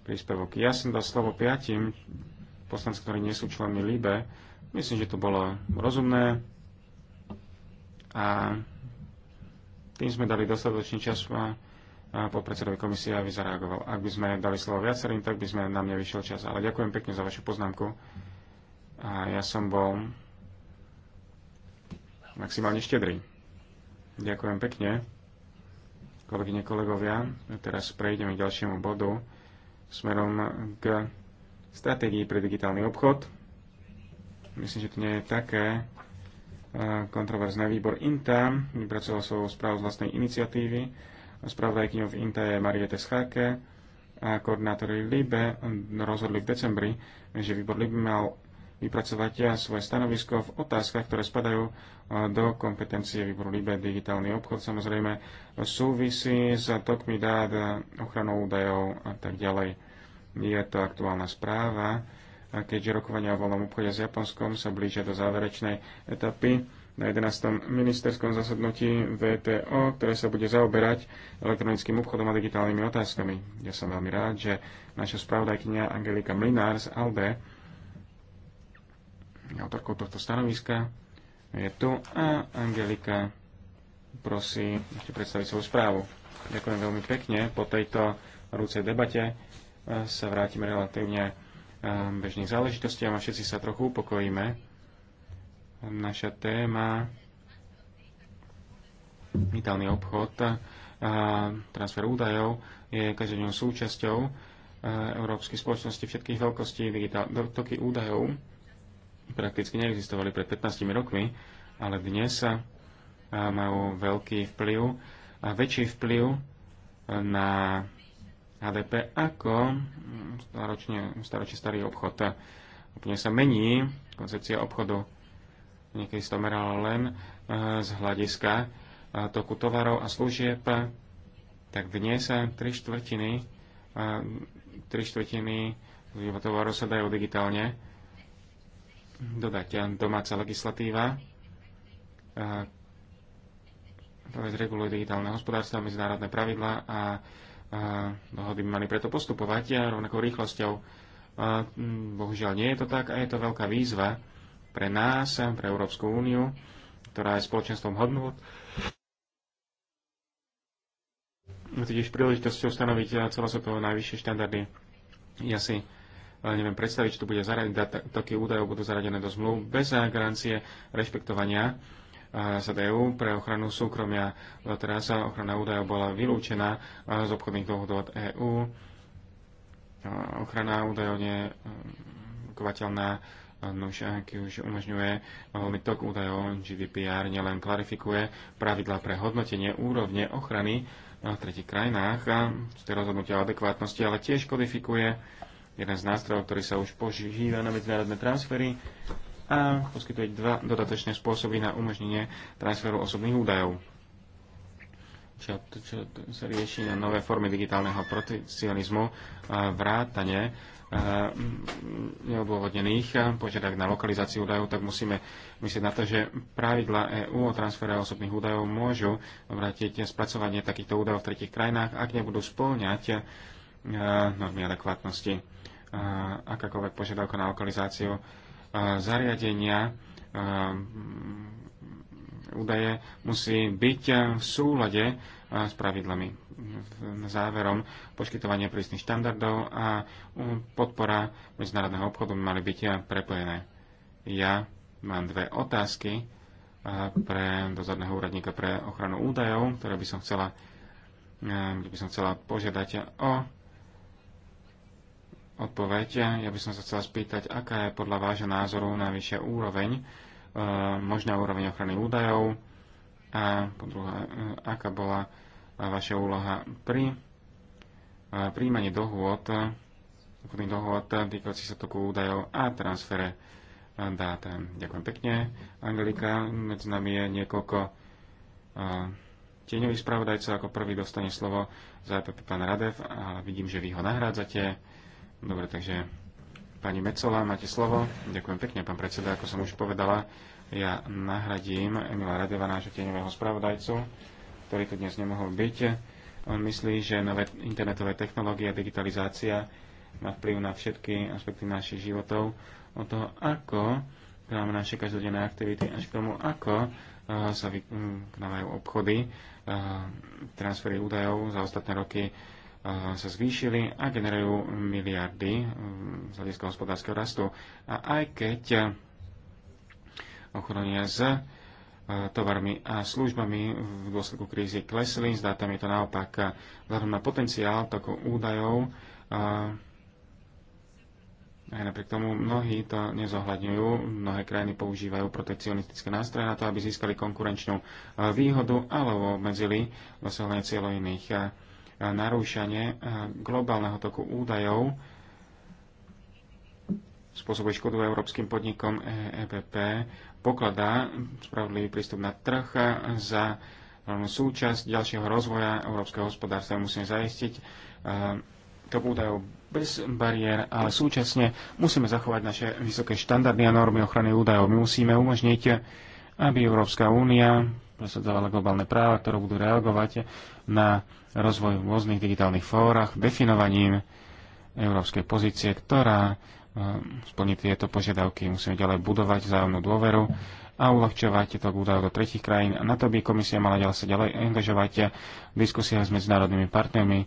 príspevok. Ja som dal slovo piatim poslancom, ktorí nie sú členmi LIBE. Myslím, že to bolo rozumné a tým sme dali dostatočný čas podpredsedovi komisie, aby zareagoval. Ak by sme dali slovo viacerým, tak by sme mne nevyšiel čas. Ale ďakujem pekne za vašu poznámku. A ja som bol maximálne štedrý. Ďakujem pekne. Kolegyne, kolegovia, teraz prejdeme k ďalšiemu bodu smerom k stratégii pre digitálny obchod. Myslím, že to nie je také e, kontroverzné. Výbor INTA vypracoval svoju správu z vlastnej iniciatívy Spravodajkyňou v INTA je Mariete Schake a koordinátori LIBE rozhodli v decembri, že výbor LIBE mal vypracovať svoje stanovisko v otázkach, ktoré spadajú eh, do kompetencie výboru LIBE. Digitálny obchod samozrejme súvisí s tokmi dát, ochranou údajov a tak ďalej. Je to aktuálna správa, keďže rokovania o voľnom obchode s Japonskom sa blížia do záverečnej etapy na 11. ministerskom zasadnutí VTO, ktoré sa bude zaoberať elektronickým obchodom a digitálnymi otázkami. Ja som veľmi rád, že naša spravodajkynia Angelika Mlinár z ALDE, autorkou tohto stanoviska, je tu a Angelika prosí ešte predstaviť svoju správu. Ďakujem veľmi pekne. Po tejto rúcej debate e, sa vrátime relatívne e, bežných záležitostiam a všetci sa trochu upokojíme naša téma vitálny obchod a transfer údajov je každodennou súčasťou európskej spoločnosti všetkých veľkostí. toky údajov prakticky neexistovali pred 15 rokmi, ale dnes sa majú veľký vplyv a väčší vplyv na HDP ako staročne, staročne starý obchod. Úplne sa mení koncepcia obchodu Niekedy sa to meralo len eh, z hľadiska eh, toku tovarov a služieb, tak dnes sa tri štvrtiny, eh, tri štvrtiny tovarov sa dajú digitálne dodať. Domáca legislatíva reguluje digitálne hospodárstvo, medzinárodné pravidla a dohody by mali preto postupovať a rovnakou rýchlosťou. Bohužiaľ nie je to tak a je to veľká výzva pre nás, pre Európsku úniu, ktorá je spoločenstvom hodnot. Tiež príležitosťou stanoviť celosvetovo najvyššie štandardy. Ja si e, neviem predstaviť, či tu bude zaradené, také údajov budú zaradené do zmluv bez e, garancie rešpektovania ZEU e pre ochranu súkromia. Teraz ochrana údajov bola vylúčená z obchodných dohodov od EÚ. Ochrana údajov je kovateľná Nuž, aký už umožňuje veľmi eh, tok údajov, GDPR nielen klarifikuje pravidla pre hodnotenie úrovne ochrany eh, v tretich krajinách a tej rozhodnutia o adekvátnosti, ale tiež kodifikuje jeden z nástrojov, ktorý sa už požíva na medzinárodné transfery a poskytuje dva dodatočné spôsoby na umožnenie transferu osobných údajov čo, čo sa rieši na nové formy digitálneho protekcionizmu, vrátane mm, neodôvodnených požiadavok na lokalizáciu údajov, tak musíme myslieť na to, že pravidla EÚ o transfere osobných údajov môžu vrátiť spracovanie takýchto údajov v tretich krajinách, ak nebudú spĺňať normy adekvátnosti. Akákoľvek požiadavka na lokalizáciu zariadenia údaje musí byť eh, v súlade eh, s pravidlami. Záverom, poskytovanie prísnych štandardov a podpora medzinárodného obchodu by mali byť eh, prepojené. Ja mám dve otázky pre dozorného úradníka pre ochranu údajov, ktoré by som chcela, kde by som chcela požiadať o odpoveď. Ja by som sa chcela spýtať, aká je podľa vášho názoru najvyššia úroveň možná úroveň ochrany údajov a po druhé, e, aká bola e, vaša úloha pri e, príjmaní dohôd, obchodných dohôd týkajúcich sa toku údajov a transfere dát. Ďakujem pekne. Angelika, medzi nami je niekoľko tieňových spravodajcov. Ako prvý dostane slovo za EPP pán Radev, a vidím, že vy ho nahrádzate. Dobre, takže Pani Mecola, máte slovo. Ďakujem pekne, pán predseda. Ako som už povedala, ja nahradím Emila Radeva, nášho tieňového spravodajcu, ktorý tu dnes nemohol byť. On myslí, že nové internetové technológie a digitalizácia má vplyv na všetky aspekty našich životov, O toho, ako máme naše každodenné aktivity, až k tomu, ako eh, sa vyknávajú obchody, eh, transfery údajov za ostatné roky sa zvýšili a generujú miliardy z hľadiska hospodárskeho rastu. A aj keď ochronia s tovarmi a službami v dôsledku krízy klesli, zdá tam je to naopak vzhľadom na potenciál toku údajov. Aj napriek tomu mnohí to nezohľadňujú. Mnohé krajiny používajú protekcionistické nástroje na to, aby získali konkurenčnú výhodu alebo obmedzili dosahovanie cieľov iných narúšanie globálneho toku údajov spôsobuje škodu európskym podnikom EPP, e pokladá spravodlivý prístup na trh za súčasť ďalšieho rozvoja európskeho hospodárstva. Musíme zaistiť to údajov bez bariér, ale súčasne musíme zachovať naše vysoké štandardy a normy ochrany údajov. My musíme umožniť, aby Európska únia presadzovala globálne práva, ktoré budú reagovať na rozvoj v rôznych digitálnych fórach, definovaním európskej pozície, ktorá e, splní tieto požiadavky. Musíme ďalej budovať vzájomnú dôveru a uľahčovať tieto údajov do tretich krajín. A na to by komisia mala ďalej sa ďalej angažovať v diskusiách s medzinárodnými partnermi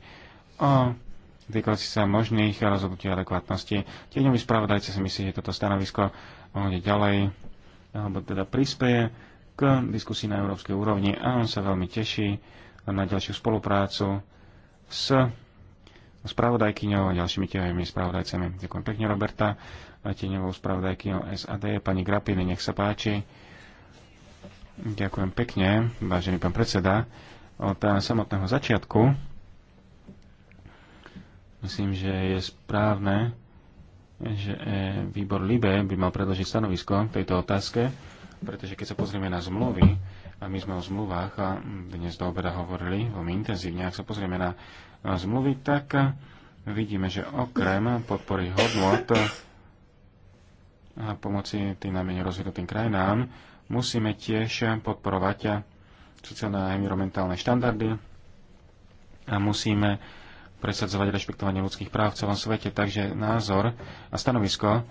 o týkajúci sa možných rozhodnutí adekvátnosti. Tieňový spravodajca si myslí, že toto stanovisko ide ďalej, alebo teda prispieje k diskusii na európskej úrovni a on sa veľmi teší na ďalšiu spoluprácu s spravodajkyňou a ďalšími tieňovými spravodajcami. Ďakujem pekne, Roberta. A tieňovou spravodajkyňou SAD, pani Grapiny, nech sa páči. Ďakujem pekne, vážený pán predseda. Od samotného začiatku myslím, že je správne, že eh, výbor LIBE by mal predložiť stanovisko tejto otázke pretože keď sa pozrieme na zmluvy, a my sme o zmluvách a dnes do obeda hovorili veľmi intenzívne, ak sa pozrieme na zmluvy, tak vidíme, že okrem podpory hodnot a pomoci tým najmenej rozvinutým krajinám, musíme tiež podporovať sociálne a environmentálne štandardy a musíme presadzovať rešpektovanie ľudských práv v celom svete. Takže názor a stanovisko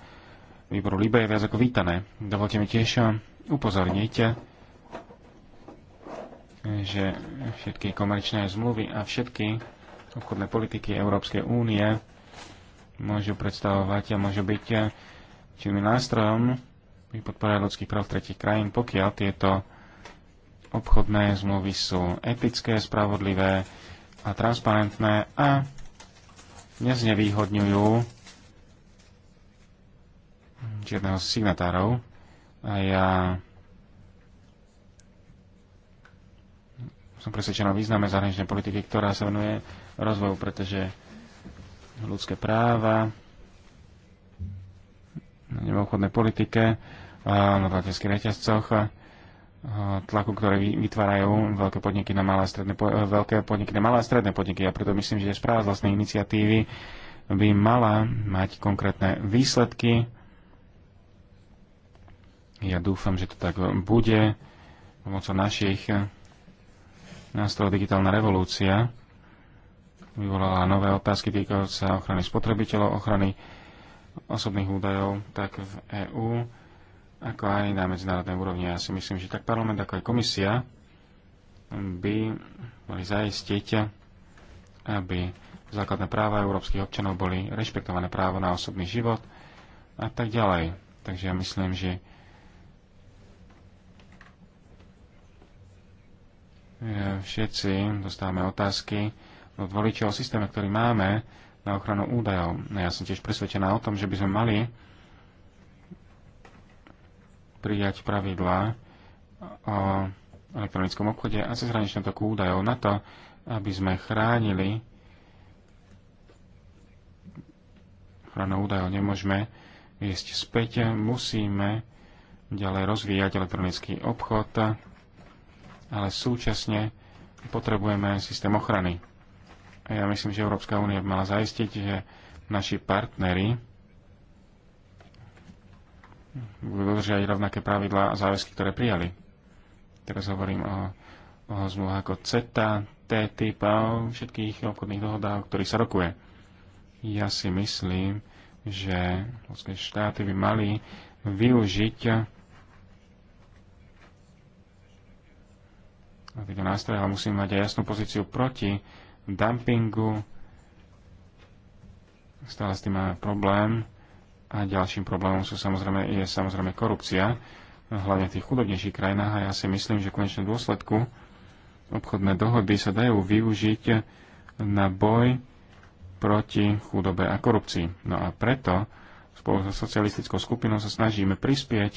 výboru LIBE je viac ako vítané. Dovolte mi tiež upozorniť, že všetky komerčné zmluvy a všetky obchodné politiky Európskej únie môžu predstavovať a môžu byť činným nástrojom pri podpore ľudských práv tretich krajín, pokiaľ tieto obchodné zmluvy sú etické, spravodlivé a transparentné a neznevýhodňujú jedného z signatárov a ja som presvedčený o význame zahraničnej politiky, ktorá sa venuje rozvoju, pretože ľudské práva, neobchodnej politike, na latinských reťazcoch, tlaku, ktoré vytvárajú veľké podniky na malé a stredné, veľké podniky na malé a stredné podniky. A preto myslím, že správa z vlastnej iniciatívy by mala mať konkrétne výsledky ja dúfam, že to tak bude pomocou našich nástrojov digitálna revolúcia vyvolala nové otázky týkajúce sa ochrany spotrebiteľov, ochrany osobných údajov, tak v EÚ, ako aj na medzinárodnej úrovni. Ja si myslím, že tak parlament, ako aj komisia by mali zaistiť, aby základné práva európskych občanov boli rešpektované právo na osobný život a tak ďalej. Takže ja myslím, že E, všetci dostávame otázky od voličov o systéme, ktorý máme na ochranu údajov. No ja som tiež presvedčená o tom, že by sme mali prijať pravidlá o elektronickom obchode a cezhraničnom toku údajov na to, aby sme chránili ochranu údajov. Nemôžeme ísť späť, musíme ďalej rozvíjať elektronický obchod ale súčasne potrebujeme systém ochrany. A ja myslím, že Európska únia mala zaistiť, že naši partnery budú dodržiať rovnaké pravidlá a záväzky, ktoré prijali. Teraz hovorím o, o zmluvách ako CETA, TTIP a o všetkých obchodných dohodách, o ktorých sa rokuje. Ja si myslím, že štáty by mali využiť tieto nástroje, ale musíme mať aj jasnú pozíciu proti dumpingu. Stále s tým máme problém. A ďalším problémom sú samozrejme, je samozrejme korupcia, hlavne v tých chudobnejších krajinách. A ja si myslím, že v konečnom dôsledku obchodné dohody sa dajú využiť na boj proti chudobe a korupcii. No a preto spolu so socialistickou skupinou sa snažíme prispieť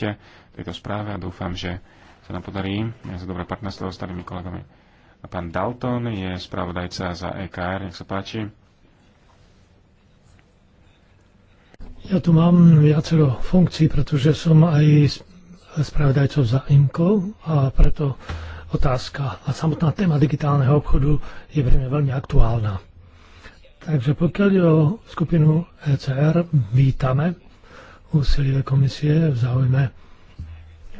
tejto správe a dúfam, že sa nám podarí ja sa dobré partnerstvo s starými kolegami. A pán Dalton je spravodajca za EKR, nech sa páči. Ja tu mám viacero funkcií, pretože som aj spravodajcov za IMCO a preto otázka a samotná téma digitálneho obchodu je pre mňa veľmi aktuálna. Takže pokiaľ je o skupinu ECR, vítame úsilie komisie v záujme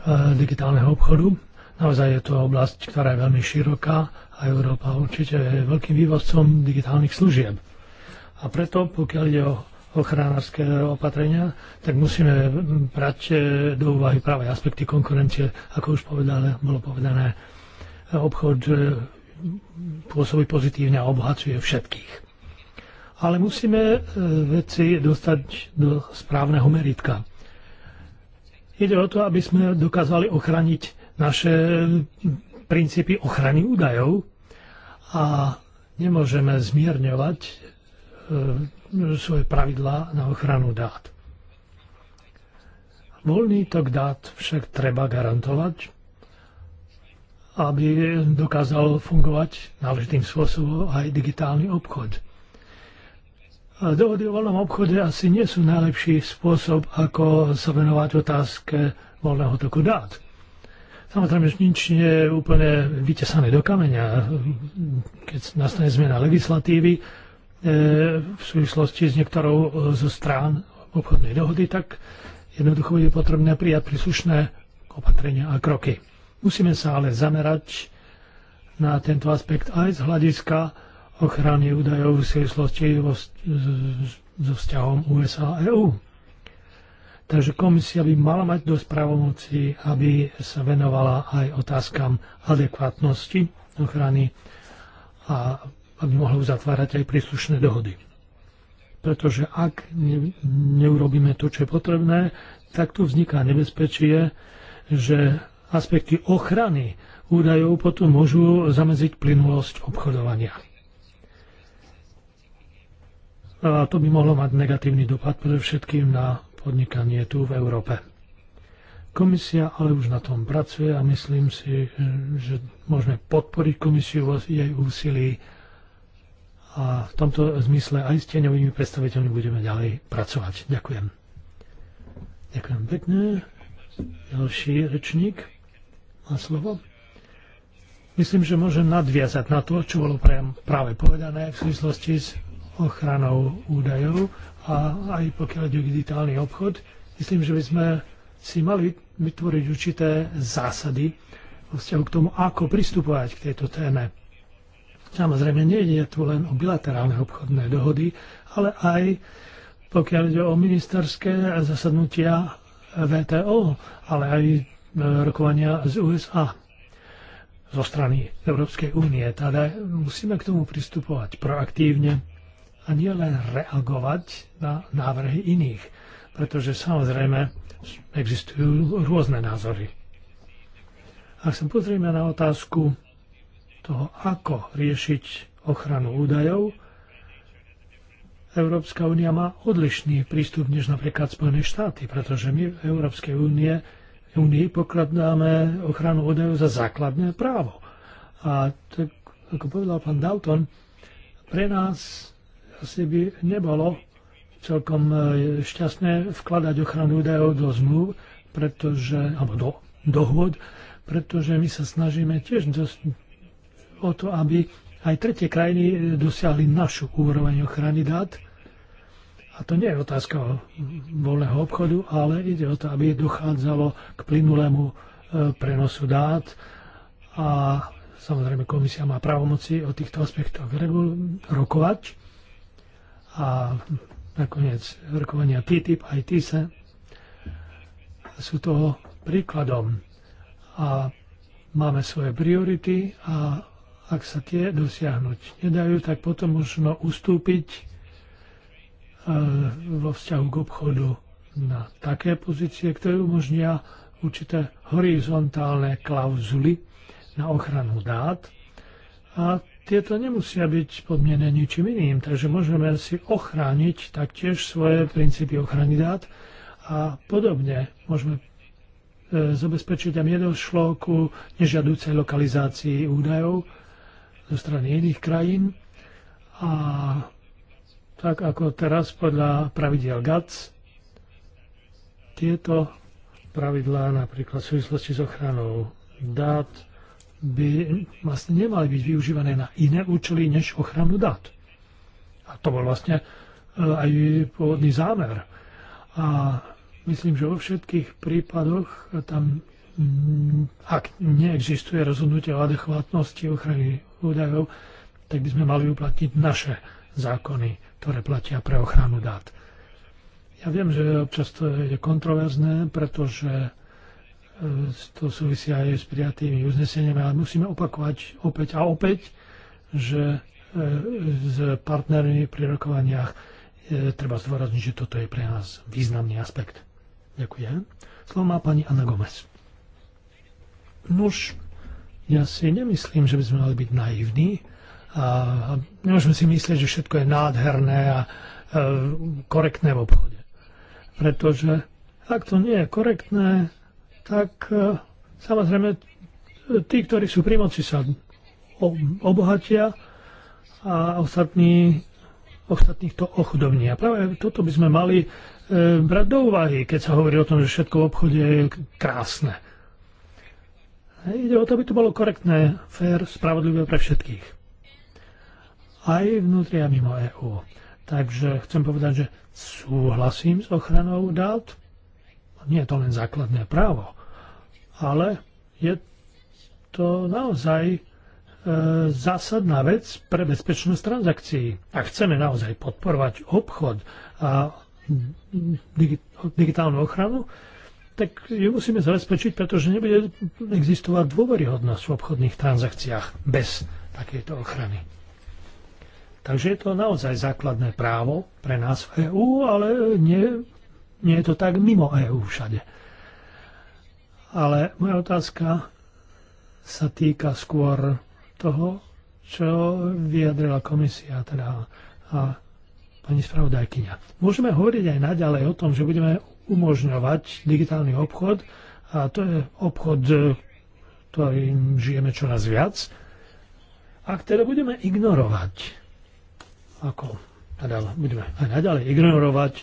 E, digitálneho obchodu. Naozaj je to oblasť, ktorá je veľmi široká a Európa určite je veľkým vývozcom digitálnych služieb. A preto, pokiaľ ide o ochranárske opatrenia, tak musíme brať e, do úvahy práve aspekty konkurencie, ako už povedané, bolo povedané. E, obchod pôsobí pozitívne a obohacuje všetkých. Ale musíme veci dostať do správneho meritka. Ide o to, aby sme dokázali ochraniť naše princípy ochrany údajov a nemôžeme zmierňovať e, svoje pravidlá na ochranu dát. Voľný tok dát však treba garantovať, aby dokázal fungovať náležitým spôsobom aj digitálny obchod. Dohody o voľnom obchode asi nie sú najlepší spôsob, ako sa venovať otázke voľného toku dát. Samozrejme, že nič nie je úplne vytesané do kameňa. Keď nastane zmena legislatívy e, v súvislosti s niektorou e, zo strán obchodnej dohody, tak jednoducho je potrebné prijať príslušné opatrenia a kroky. Musíme sa ale zamerať na tento aspekt aj z hľadiska ochrany údajov v súvislosti so vzťahom USA a EU. Takže komisia by mala mať dosť pravomocí, aby sa venovala aj otázkam adekvátnosti ochrany a aby mohla uzatvárať aj príslušné dohody. Pretože ak neurobíme to, čo je potrebné, tak tu vzniká nebezpečie, že aspekty ochrany údajov potom môžu zameziť plynulosť obchodovania. A to by mohlo mať negatívny dopad predovšetkým na podnikanie tu v Európe. Komisia ale už na tom pracuje a myslím si, že môžeme podporiť komisiu vo jej úsilí a v tomto zmysle aj s tieňovými predstaviteľmi budeme ďalej pracovať. Ďakujem. Ďakujem pekne. Ďalší rečník má slovo. Myslím, že môžem nadviazať na to, čo bolo práve povedané v súvislosti s ochranou údajov a aj pokiaľ ide digitálny obchod, myslím, že by sme si mali vytvoriť určité zásady vo vzťahu k tomu, ako pristupovať k tejto téme. Samozrejme, nejde tu len o bilaterálne obchodné dohody, ale aj pokiaľ ide o ministerské zasadnutia VTO, ale aj e, rokovania z USA zo strany Európskej únie. Teda musíme k tomu pristupovať proaktívne a nielen reagovať na návrhy iných, pretože samozrejme existujú rôzne názory. Ak sa pozrieme na otázku toho, ako riešiť ochranu údajov, Európska únia má odlišný prístup než napríklad Spojené štáty, pretože my v Európskej únie, Unii pokladáme ochranu údajov za základné právo. A tak, ako povedal pán Dalton, pre nás asi by nebolo celkom e, šťastné vkladať ochranu údajov do zmluv, pretože, alebo do dohôd, pretože my sa snažíme tiež o to, aby aj tretie krajiny e, dosiahli našu úroveň ochrany dát. A to nie je otázka o voľného obchodu, ale ide o to, aby dochádzalo k plynulému e, prenosu dát a samozrejme komisia má právomoci o týchto aspektoch rokovať a nakoniec rokovania TTIP aj TISE sú toho príkladom. A máme svoje priority a ak sa tie dosiahnuť nedajú, tak potom možno ustúpiť e, vo vzťahu k obchodu na také pozície, ktoré umožnia určité horizontálne klauzuly na ochranu dát a tieto nemusia byť podmienené ničím iným, takže môžeme si ochrániť taktiež svoje princípy ochrany dát a podobne. Môžeme e, zabezpečiť, aby nedošlo ku nežiaducej lokalizácii údajov zo strany iných krajín a tak ako teraz podľa pravidel GATS, tieto pravidlá napríklad v súvislosti s ochranou dát by vlastne nemali byť využívané na iné účely než ochranu dát. A to bol vlastne e, aj pôvodný zámer. A myslím, že vo všetkých prípadoch tam, mm, ak neexistuje rozhodnutie o adekvátnosti ochrany údajov, tak by sme mali uplatniť naše zákony, ktoré platia pre ochranu dát. Ja viem, že občas to je kontroverzné, pretože to súvisí aj s prijatými uzneseniami, ale musíme opakovať opäť a opäť, že e, s partnermi pri rokovaniach e, treba zdôrazniť, že toto je pre nás významný aspekt. Ďakujem. Slovo má pani Anna Gomez. Nuž, ja si nemyslím, že by sme mali byť naivní a, nemôžeme si myslieť, že všetko je nádherné a e, korektné v obchode. Pretože ak to nie je korektné, tak e, samozrejme tí, ktorí sú pri moci, sa obohatia a ostatní, ostatných to ochudobní. A práve toto by sme mali e, brať do úvahy, keď sa hovorí o tom, že všetko v obchode je krásne. Ide o to, aby to bolo korektné, fér, spravodlivé pre všetkých. Aj vnútri a mimo EÚ. Takže chcem povedať, že súhlasím s ochranou dát, nie je to len základné právo, ale je to naozaj e, zásadná vec pre bezpečnosť transakcií. Ak chceme naozaj podporovať obchod a digitálnu ochranu, tak ju musíme zabezpečiť, pretože nebude existovať dôveryhodnosť v obchodných transakciách bez takejto ochrany. Takže je to naozaj základné právo pre nás v EÚ, ale nie nie je to tak mimo EÚ všade. Ale moja otázka sa týka skôr toho, čo vyjadrila komisia, teda a pani spravodajkyňa. Môžeme hovoriť aj naďalej o tom, že budeme umožňovať digitálny obchod a to je obchod, ktorým žijeme čoraz viac. A ktoré budeme ignorovať, ako teda budeme aj naďalej ignorovať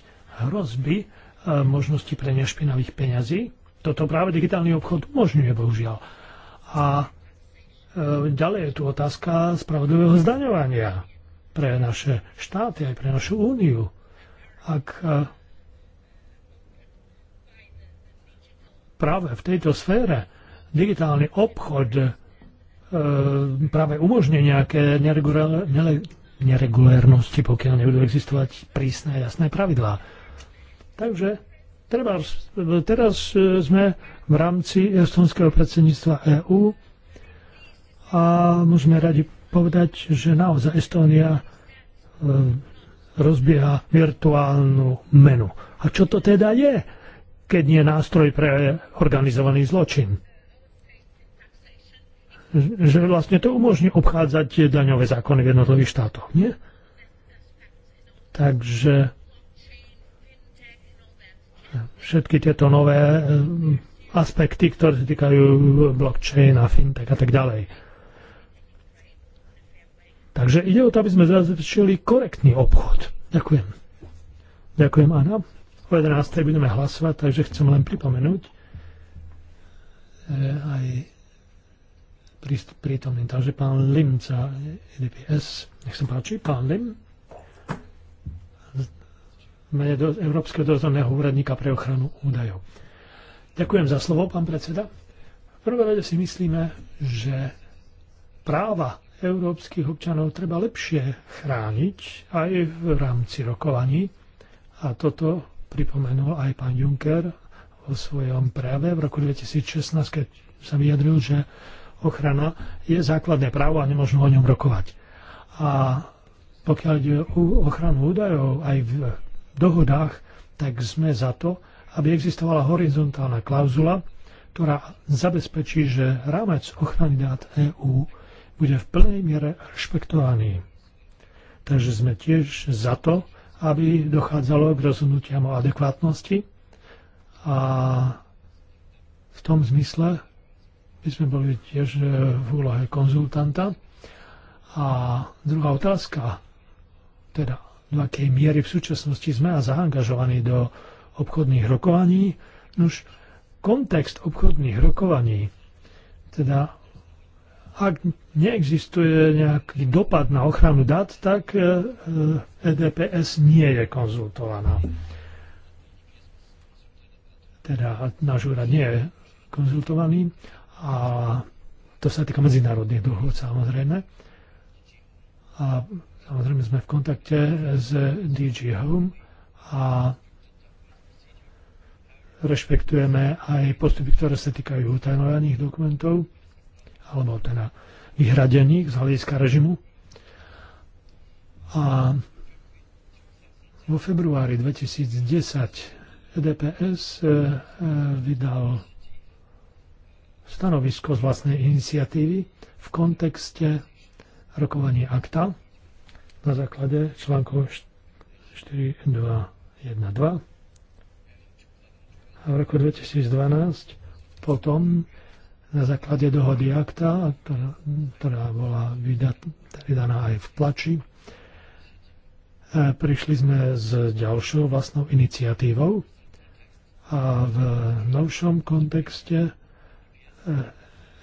hrozby, možnosti pre nešpinavých peňazí. Toto práve digitálny obchod umožňuje, bohužiaľ. A e, ďalej je tu otázka spravodlivého zdaňovania pre naše štáty, aj pre našu úniu. Ak e, práve v tejto sfére digitálny obchod e, práve umožňuje nejaké neregulárnosti, pokiaľ nebudú existovať prísne a jasné pravidlá. Takže treba, teraz e, sme v rámci estonského predsedníctva EÚ a môžeme radi povedať, že naozaj Estónia e, rozbieha virtuálnu menu. A čo to teda je, keď nie nástroj pre organizovaný zločin? Že vlastne to umožní obchádzať daňové zákony v jednotlivých štátoch, nie? Takže všetky tieto nové eh, aspekty, ktoré sa týkajú blockchain a fintech a tak ďalej. Takže ide o to, aby sme zaznačili korektný obchod. Ďakujem. Ďakujem, Anna. O 11. budeme hlasovať, takže chcem len pripomenúť eh, aj prítomným. Takže pán Lim za EDPS. Nech sa páči, pán Lim mene do, Európskeho dozorného úradníka pre ochranu údajov. Ďakujem za slovo, pán predseda. V prvé rade si myslíme, že práva európskych občanov treba lepšie chrániť aj v rámci rokovaní. A toto pripomenul aj pán Juncker vo svojom práve v roku 2016, keď sa vyjadril, že ochrana je základné právo a nemôžno o ňom rokovať. A pokiaľ ide o ochranu údajov aj v dohodách, tak sme za to, aby existovala horizontálna klauzula, ktorá zabezpečí, že rámec ochrany dát EÚ bude v plnej miere rešpektovaný. Takže sme tiež za to, aby dochádzalo k rozhodnutiam o adekvátnosti a v tom zmysle my sme boli tiež e, v úlohe konzultanta. A druhá otázka, teda do akej miery v súčasnosti sme a zaangažovaní do obchodných rokovaní. Už kontext obchodných rokovaní, teda ak neexistuje nejaký dopad na ochranu dát, tak EDPS e, e nie je konzultovaná. Teda náš úrad nie je konzultovaný a to sa týka medzinárodných dohôd samozrejme. A Samozrejme sme v kontakte s DG Home a rešpektujeme aj postupy, ktoré sa týkajú utajnovaných dokumentov alebo teda vyhradených z hľadiska režimu. A vo februári 2010 EDPS e, vydal stanovisko z vlastnej iniciatívy v kontekste rokovania akta na základe článku 4212. A v roku 2012 potom na základe dohody akta, ktorá, ktorá bola vydaná aj v plači, e, prišli sme s ďalšou vlastnou iniciatívou a v novšom kontexte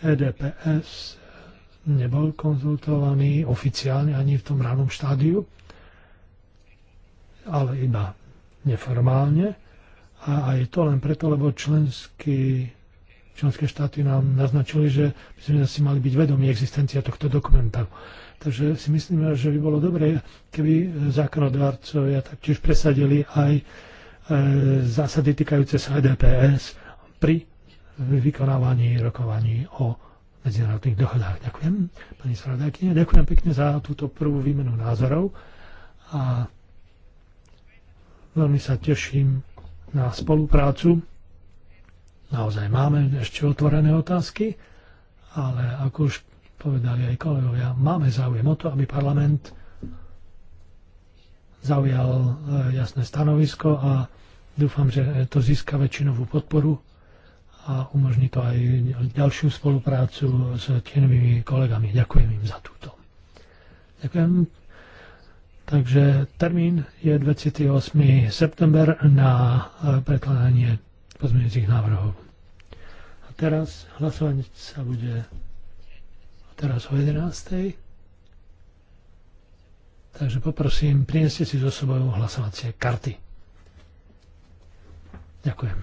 EDPS e nebol konzultovaný oficiálne ani v tom ranom štádiu, ale iba neformálne. A aj to len preto, lebo členský, členské štáty nám naznačili, že by sme si mali byť vedomi existencia tohto dokumenta. Takže si myslíme, že by bolo dobré, keby zákonodárcovia taktiež presadili aj e, zásady týkajúce sa EDPS pri vykonávaní rokovaní o medzinárodných dohodách. Ďakujem, pani spravodajkyne. Ďakujem pekne za túto prvú výmenu názorov a veľmi sa teším na spoluprácu. Naozaj máme ešte otvorené otázky, ale ako už povedali aj kolegovia, máme záujem o to, aby parlament zaujal eh, jasné stanovisko a dúfam, že to získa väčšinovú podporu a umožní to aj ďalšiu spoluprácu s tienovými kolegami. Ďakujem im za túto. Ďakujem. Takže termín je 28. september na e, prekladanie pozmeňujúcich návrhov. A teraz hlasovanie sa bude teraz o 11. Takže poprosím, prineste si zo sebou hlasovacie karty. Ďakujem.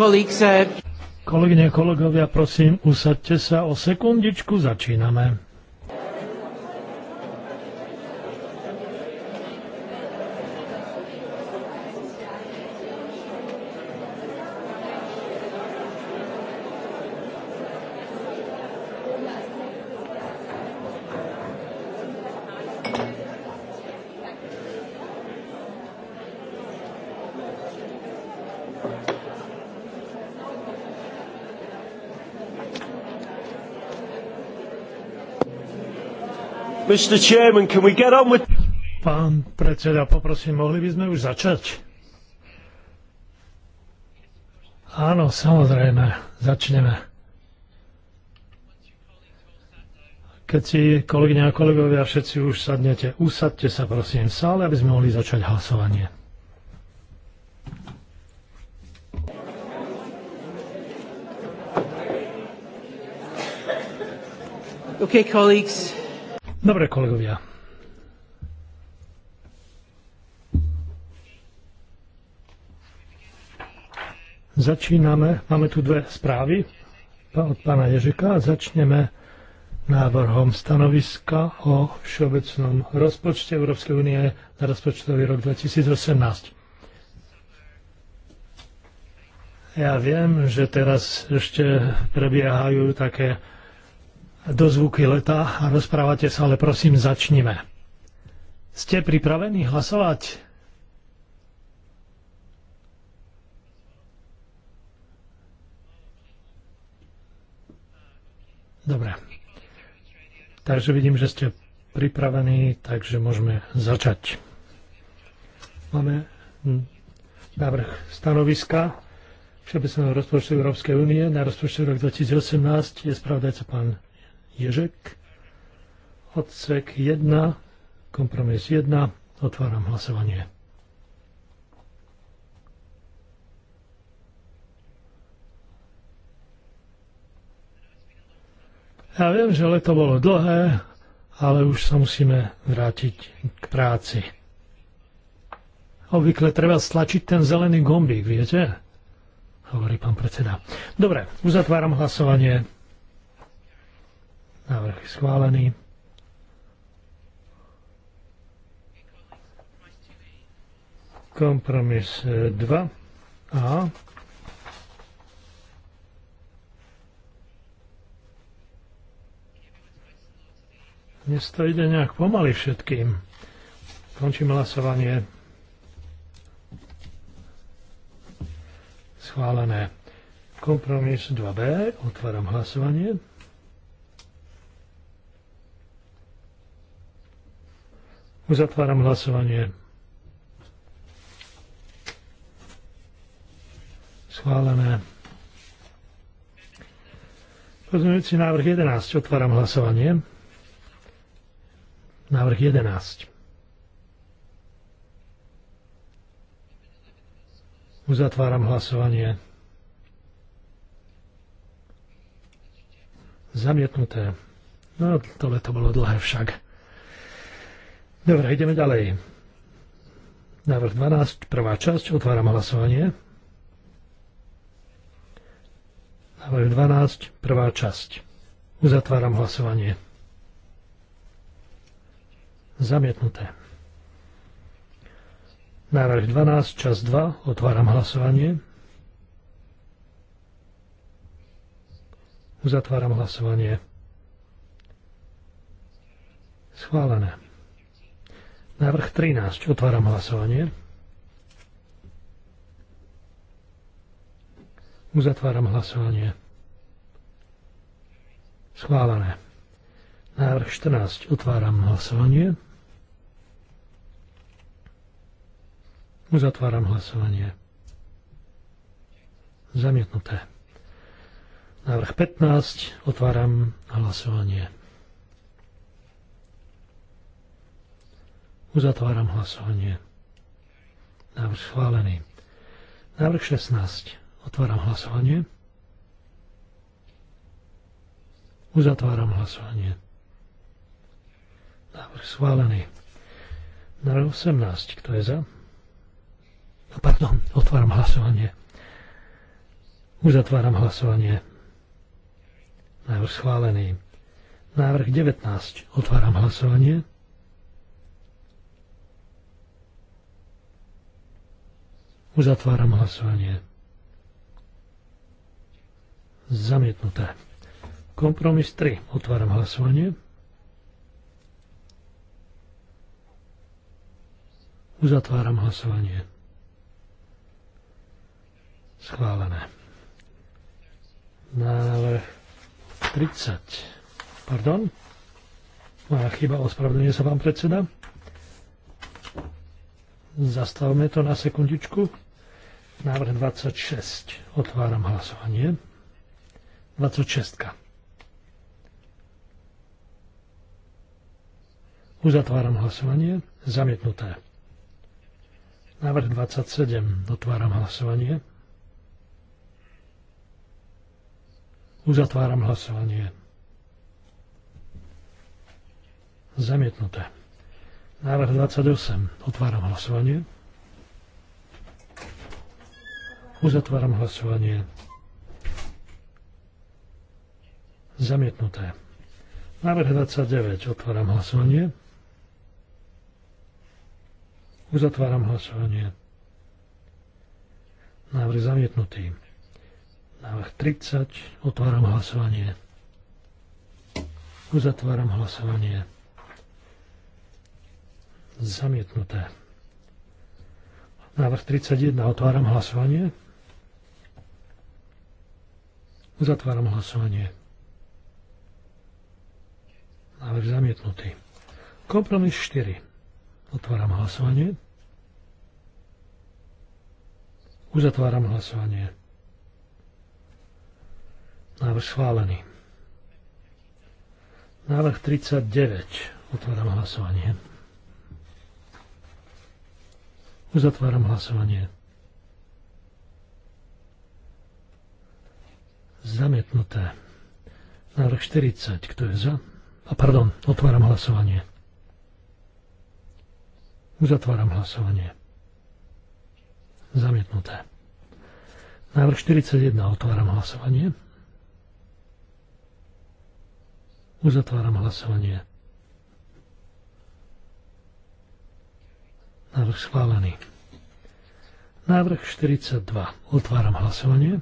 Uh, Kolegyne, kolegovia, prosím, usaďte sa o sekundičku, začíname. Mr. Chairman, can we get on with... Pán predseda, poprosím, mohli by sme už začať? Áno, samozrejme, začneme. Keď si kolegyne a kolegovia všetci už sadnete, usadte sa prosím v sále, aby sme mohli začať hlasovanie. Okay, colleagues, Dobre, kolegovia. Začíname, máme tu dve správy od pána Ježika. Začneme návrhom stanoviska o všeobecnom rozpočte Európskej únie na rozpočtový rok 2018. Ja viem, že teraz ešte prebiehajú také zvuky leta a rozprávate sa, ale prosím, začnime. Ste pripravení hlasovať? Dobre. Takže vidím, že ste pripravení, takže môžeme začať. Máme návrh stanoviska Všeobecného rozpočtu Európskej únie na rozpočtu rok 2018. Je spravdajca pán Ježek, odsek 1, kompromis 1, otváram hlasovanie. Ja viem, že leto bolo dlhé, ale už sa musíme vrátiť k práci. Obvykle treba stlačiť ten zelený gombík, viete? Hovorí pán predseda. Dobre, uzatváram hlasovanie. Návrh je schválený. Kompromis 2. E, A. Dnes to ide nejak pomaly všetkým. Končím hlasovanie. Schválené. Kompromis 2b. Otváram hlasovanie. Uzatváram hlasovanie. Schválené. Pozmeňujúci návrh 11. Otváram hlasovanie. Návrh 11. Uzatváram hlasovanie. Zamietnuté. No, tohle to bolo dlhé však. Dobre, ideme ďalej. Návrh 12, prvá časť, otváram hlasovanie. Návrh 12, prvá časť. Uzatváram hlasovanie. Zamietnuté. Návrh 12, čas 2, otváram hlasovanie. Uzatváram hlasovanie. Schválené. Návrh 13. Otváram hlasovanie. Uzatváram hlasovanie. Schválené. Návrh 14. Otváram hlasovanie. Uzatváram hlasovanie. Zamietnuté. Návrh 15. Otváram hlasovanie. Uzatváram hlasovanie. Návrh schválený. Návrh 16. Otváram hlasovanie. Uzatváram hlasovanie. Návrh schválený. Návrh 18. Kto je za? No, pardon, otváram hlasovanie. Uzatváram hlasovanie. Návrh schválený. Návrh 19. Otváram hlasovanie. Uzatváram hlasovanie. Zamietnuté. Kompromis 3. Otváram hlasovanie. Uzatváram hlasovanie. Schválené. Návrh 30. Pardon. Moja chyba, ospravedlňuje sa vám predseda. Zastavme to na sekundičku. Návrh 26. Otváram hlasovanie. 26. Uzatváram hlasovanie. Zamietnuté. Návrh 27. Otváram hlasovanie. Uzatváram hlasovanie. Zamietnuté. Návrh 28. Otváram hlasovanie. Uzatváram hlasovanie. Zamietnuté. Návrh 29. Otváram hlasovanie. Uzatváram hlasovanie. Návrh zamietnutý. Návrh 30. Otváram hlasovanie. Uzatváram hlasovanie. Zamietnuté. Návrh 31. Otváram hlasovanie. Uzatváram hlasovanie. Návrh zamietnutý. Kompromis 4. Otváram hlasovanie. Uzatváram hlasovanie. Návrh schválený. Návrh 39. Otváram hlasovanie. Uzatváram hlasovanie. Zamietnuté. Návrh 40. Kto je za? A pardon, otváram hlasovanie. Uzatváram hlasovanie. Zamietnuté. Návrh 41. Otváram hlasovanie. Uzatváram hlasovanie. Návrh schválený. Návrh 42. Otváram hlasovanie.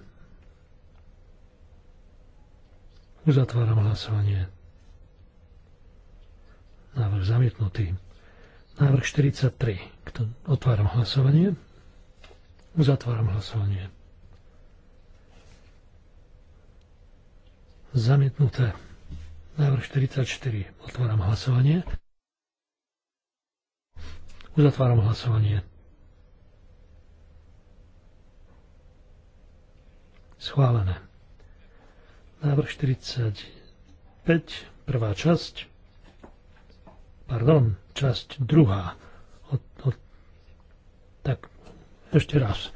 Uzatváram hlasovanie. Návrh zamietnutý. Návrh 43. Kto, otváram hlasovanie. Uzatváram hlasovanie. Zamietnuté. Návrh 44. Otváram hlasovanie. Uzatváram hlasovanie. Schválené. Návrh 45, prvá časť, pardon, časť druhá. Od, od, tak, ešte raz.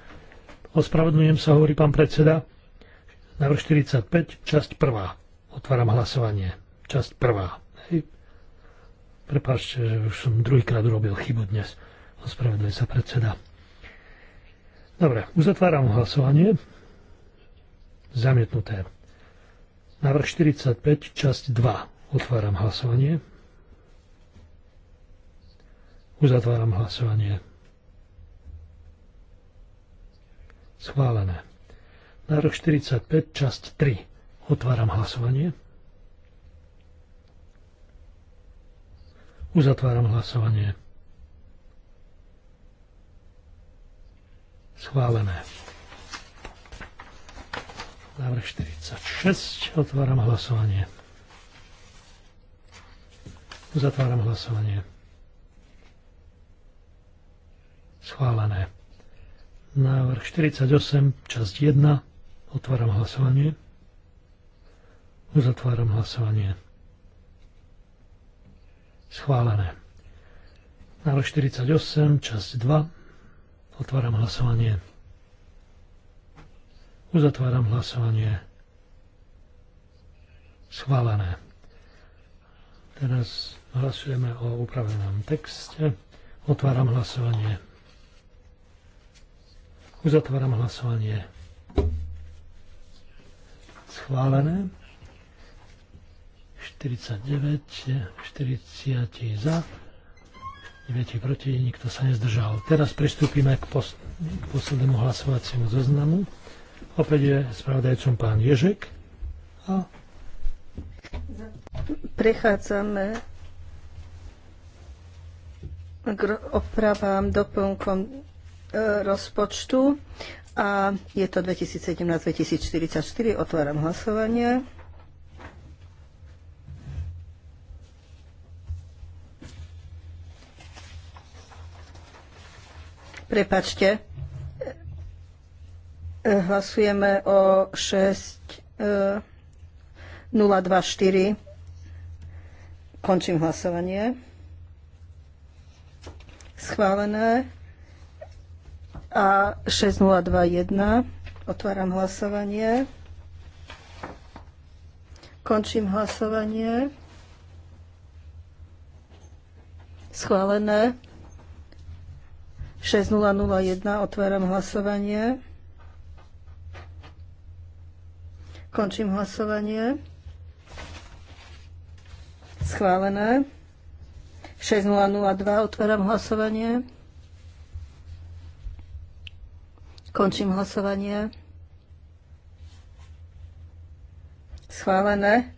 Ospravedlňujem sa, hovorí pán predseda. Návrh 45, časť prvá. Otváram hlasovanie. Časť prvá. Hej. Prepáčte, že už som druhýkrát urobil chybu dnes. Ospravedlňuje sa predseda. Dobre, uzatváram hlasovanie. Zamietnuté. Návrh 45, časť 2. Otváram hlasovanie. Uzatváram hlasovanie. Schválené. Návrh 45, časť 3. Otváram hlasovanie. Uzatváram hlasovanie. Schválené. Návrh 46. Otváram hlasovanie. Zatváram hlasovanie. Schválené. Návrh 48, časť 1. Otváram hlasovanie. Uzatváram hlasovanie. Schválené. Návrh 48, časť 2. Otváram hlasovanie. Uzatváram hlasovanie. Schválené. Teraz hlasujeme o upravenom texte. Otváram hlasovanie. Uzatváram hlasovanie. Schválené. 49, 40 za, 9 proti, nikto sa nezdržal. Teraz pristúpime k, pos- k poslednému hlasovaciemu zoznamu. Opäť je spravodajcom pán Ježek. A... Prechádzame k opravám, doplnkom e, rozpočtu a je to 2017-2044. Otváram hlasovanie. Prepačte, Hlasujeme o 6024. E, Končím hlasovanie. Schválené. A 6021. Otváram hlasovanie. Končím hlasovanie. Schválené. 6001. Otváram hlasovanie. Končím hlasovanie. Schválené. 6002. Otváram hlasovanie. Končím hlasovanie. Schválené.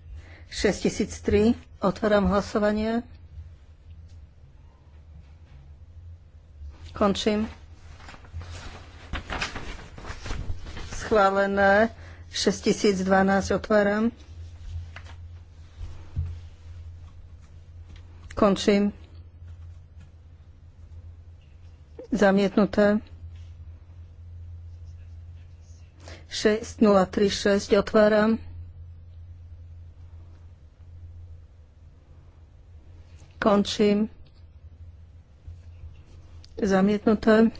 6003. Otváram hlasovanie. Končím. Schválené. 6012 otváram. Končím. Zamietnuté. 6036 otváram. Končím. Zamietnuté.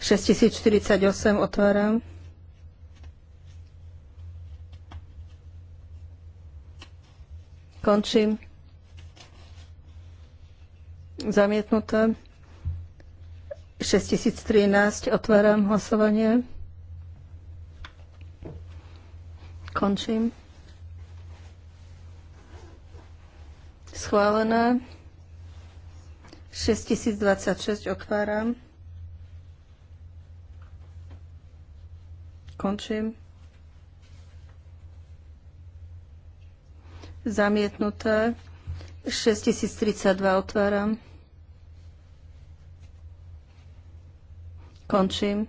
6048 otváram. Končím. Zamietnuté. 6013. Otváram hlasovanie. Končím. Schválené. 6026 otváram. Končím. zamietnuté. 6032 otváram. Končím.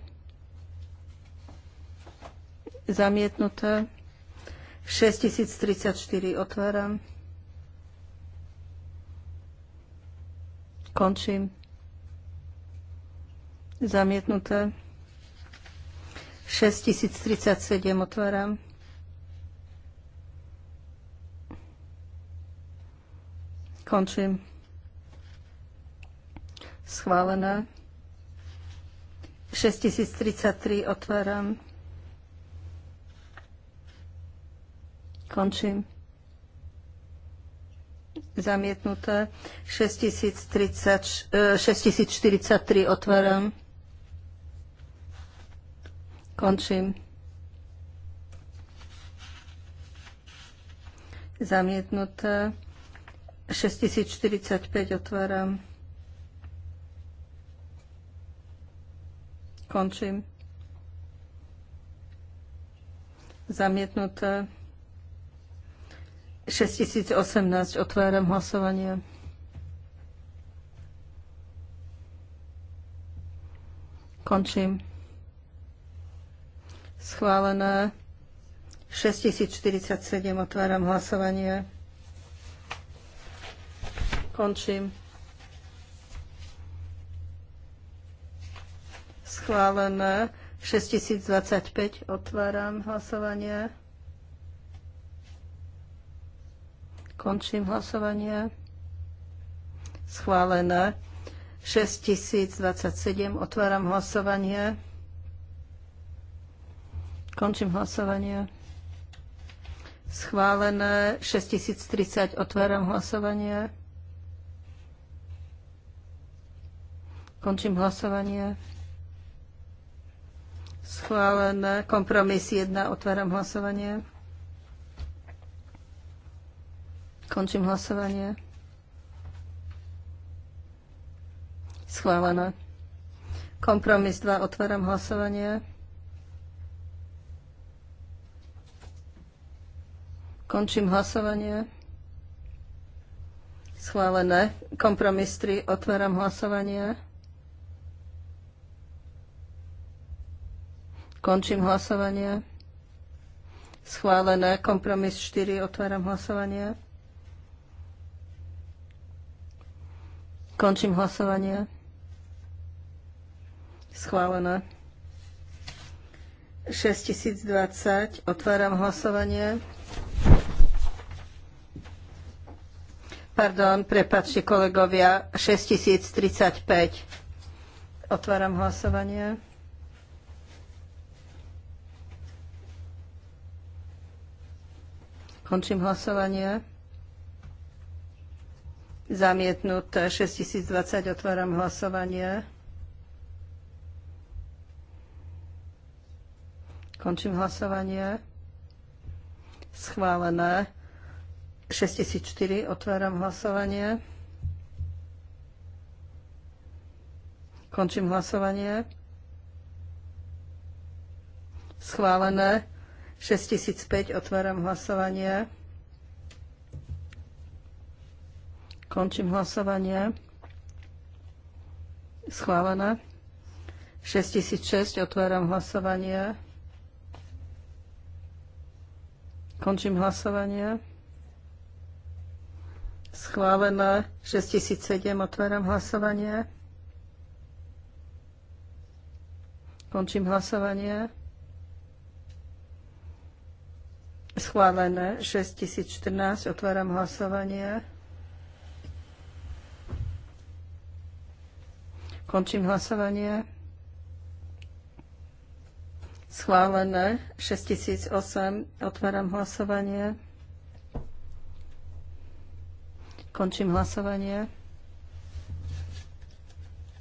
Zamietnuté. 6034 otváram. Končím. Zamietnuté. 6037 otváram. Končím. Schválené. 6033 otváram. Končím. Zamietnuté. 6043 e, otváram. Končím. Zamietnuté. 6045 otváram. Končím. Zamietnuté. 6018 otváram hlasovanie. Končím. Schválené. 6047 otváram hlasovanie. Končím. Schválené. 6025. Otváram hlasovanie. Končím hlasovanie. Schválené. 6027. Otváram hlasovanie. Končím hlasovanie. Schválené. 6030. Otváram hlasovanie. Končím hlasovanie. Schválené. Kompromis 1. Otváram hlasovanie. Končím hlasovanie. Schválené. Kompromis 2. Otváram hlasovanie. Končím hlasovanie. Schválené. Kompromis 3. Otváram hlasovanie. Končím hlasovanie. Schválené. Kompromis 4. Otváram hlasovanie. Končím hlasovanie. Schválené. 6020. Otváram hlasovanie. Pardon, prepáčte kolegovia. 6035. Otváram hlasovanie. Končím hlasovanie. Zamietnuté 6020. Otváram hlasovanie. Končím hlasovanie. Schválené 6004. Otváram hlasovanie. Končím hlasovanie. Schválené 6005 otváram hlasovanie. Končím hlasovanie. Schválené. 6006 otváram hlasovanie. Končím hlasovanie. Schválené. 6007 otváram hlasovanie. Končím hlasovanie. Schválené 6014. Otváram hlasovanie. Končím hlasovanie. Schválené 6008. Otváram hlasovanie. Končím hlasovanie.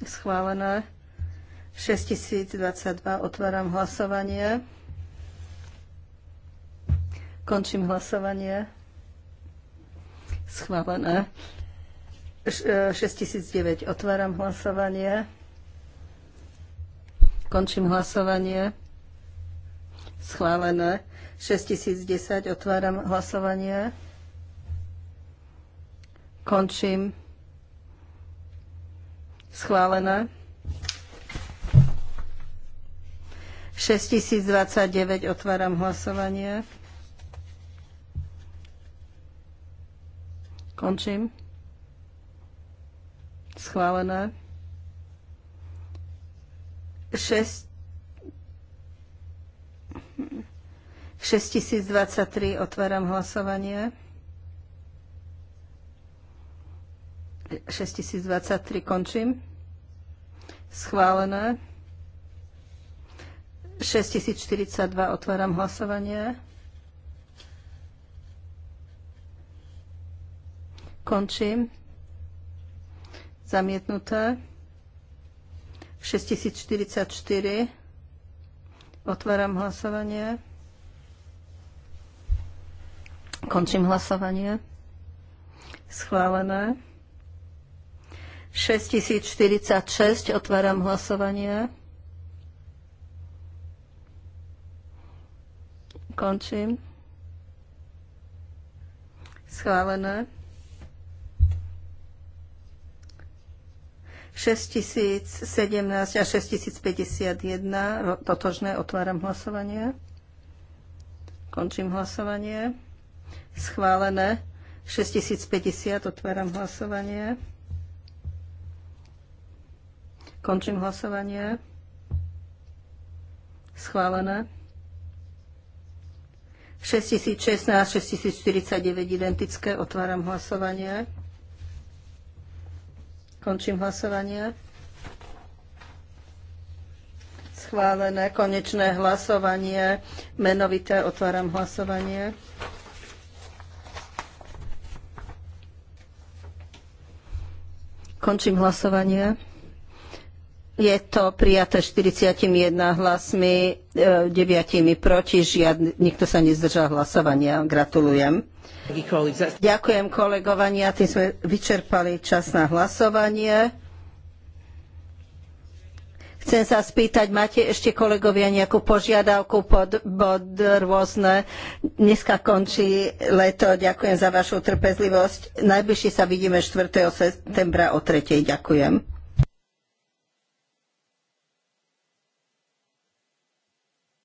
Schválené 6022. Otváram hlasovanie. Končím hlasovanie. Schválené. 6009. E, Otváram hlasovanie. Končím hlasovanie. Schválené. 6010. Otváram hlasovanie. Končím. Schválené. 6029. Otváram hlasovanie. Končím. Schválené. 6 6023 otváram hlasovanie. 6023 končím. Schválené. 6042 otváram hlasovanie. Končím. Zamietnuté. 6044. Otváram hlasovanie. Končím hlasovanie. Schválené. 6046. Otváram hlasovanie. Končím. Schválené. 6017 a 6051 totožné. Otváram hlasovanie. Končím hlasovanie. Schválené. 6050. Otváram hlasovanie. Končím hlasovanie. Schválené. 6016, 6049 identické. Otváram hlasovanie. Končím hlasovanie. Schválené konečné hlasovanie. Menovité otváram hlasovanie. Končím hlasovanie. Je to prijaté 41 hlasmi, 9 e, proti, žiadny, nikto sa nezdržal hlasovania. Gratulujem. Ďakujem kolegovania, tým sme vyčerpali čas na hlasovanie. Chcem sa spýtať, máte ešte kolegovia nejakú požiadavku pod, bod rôzne? Dneska končí leto, ďakujem za vašu trpezlivosť. Najbližšie sa vidíme 4. septembra o 3. Ďakujem.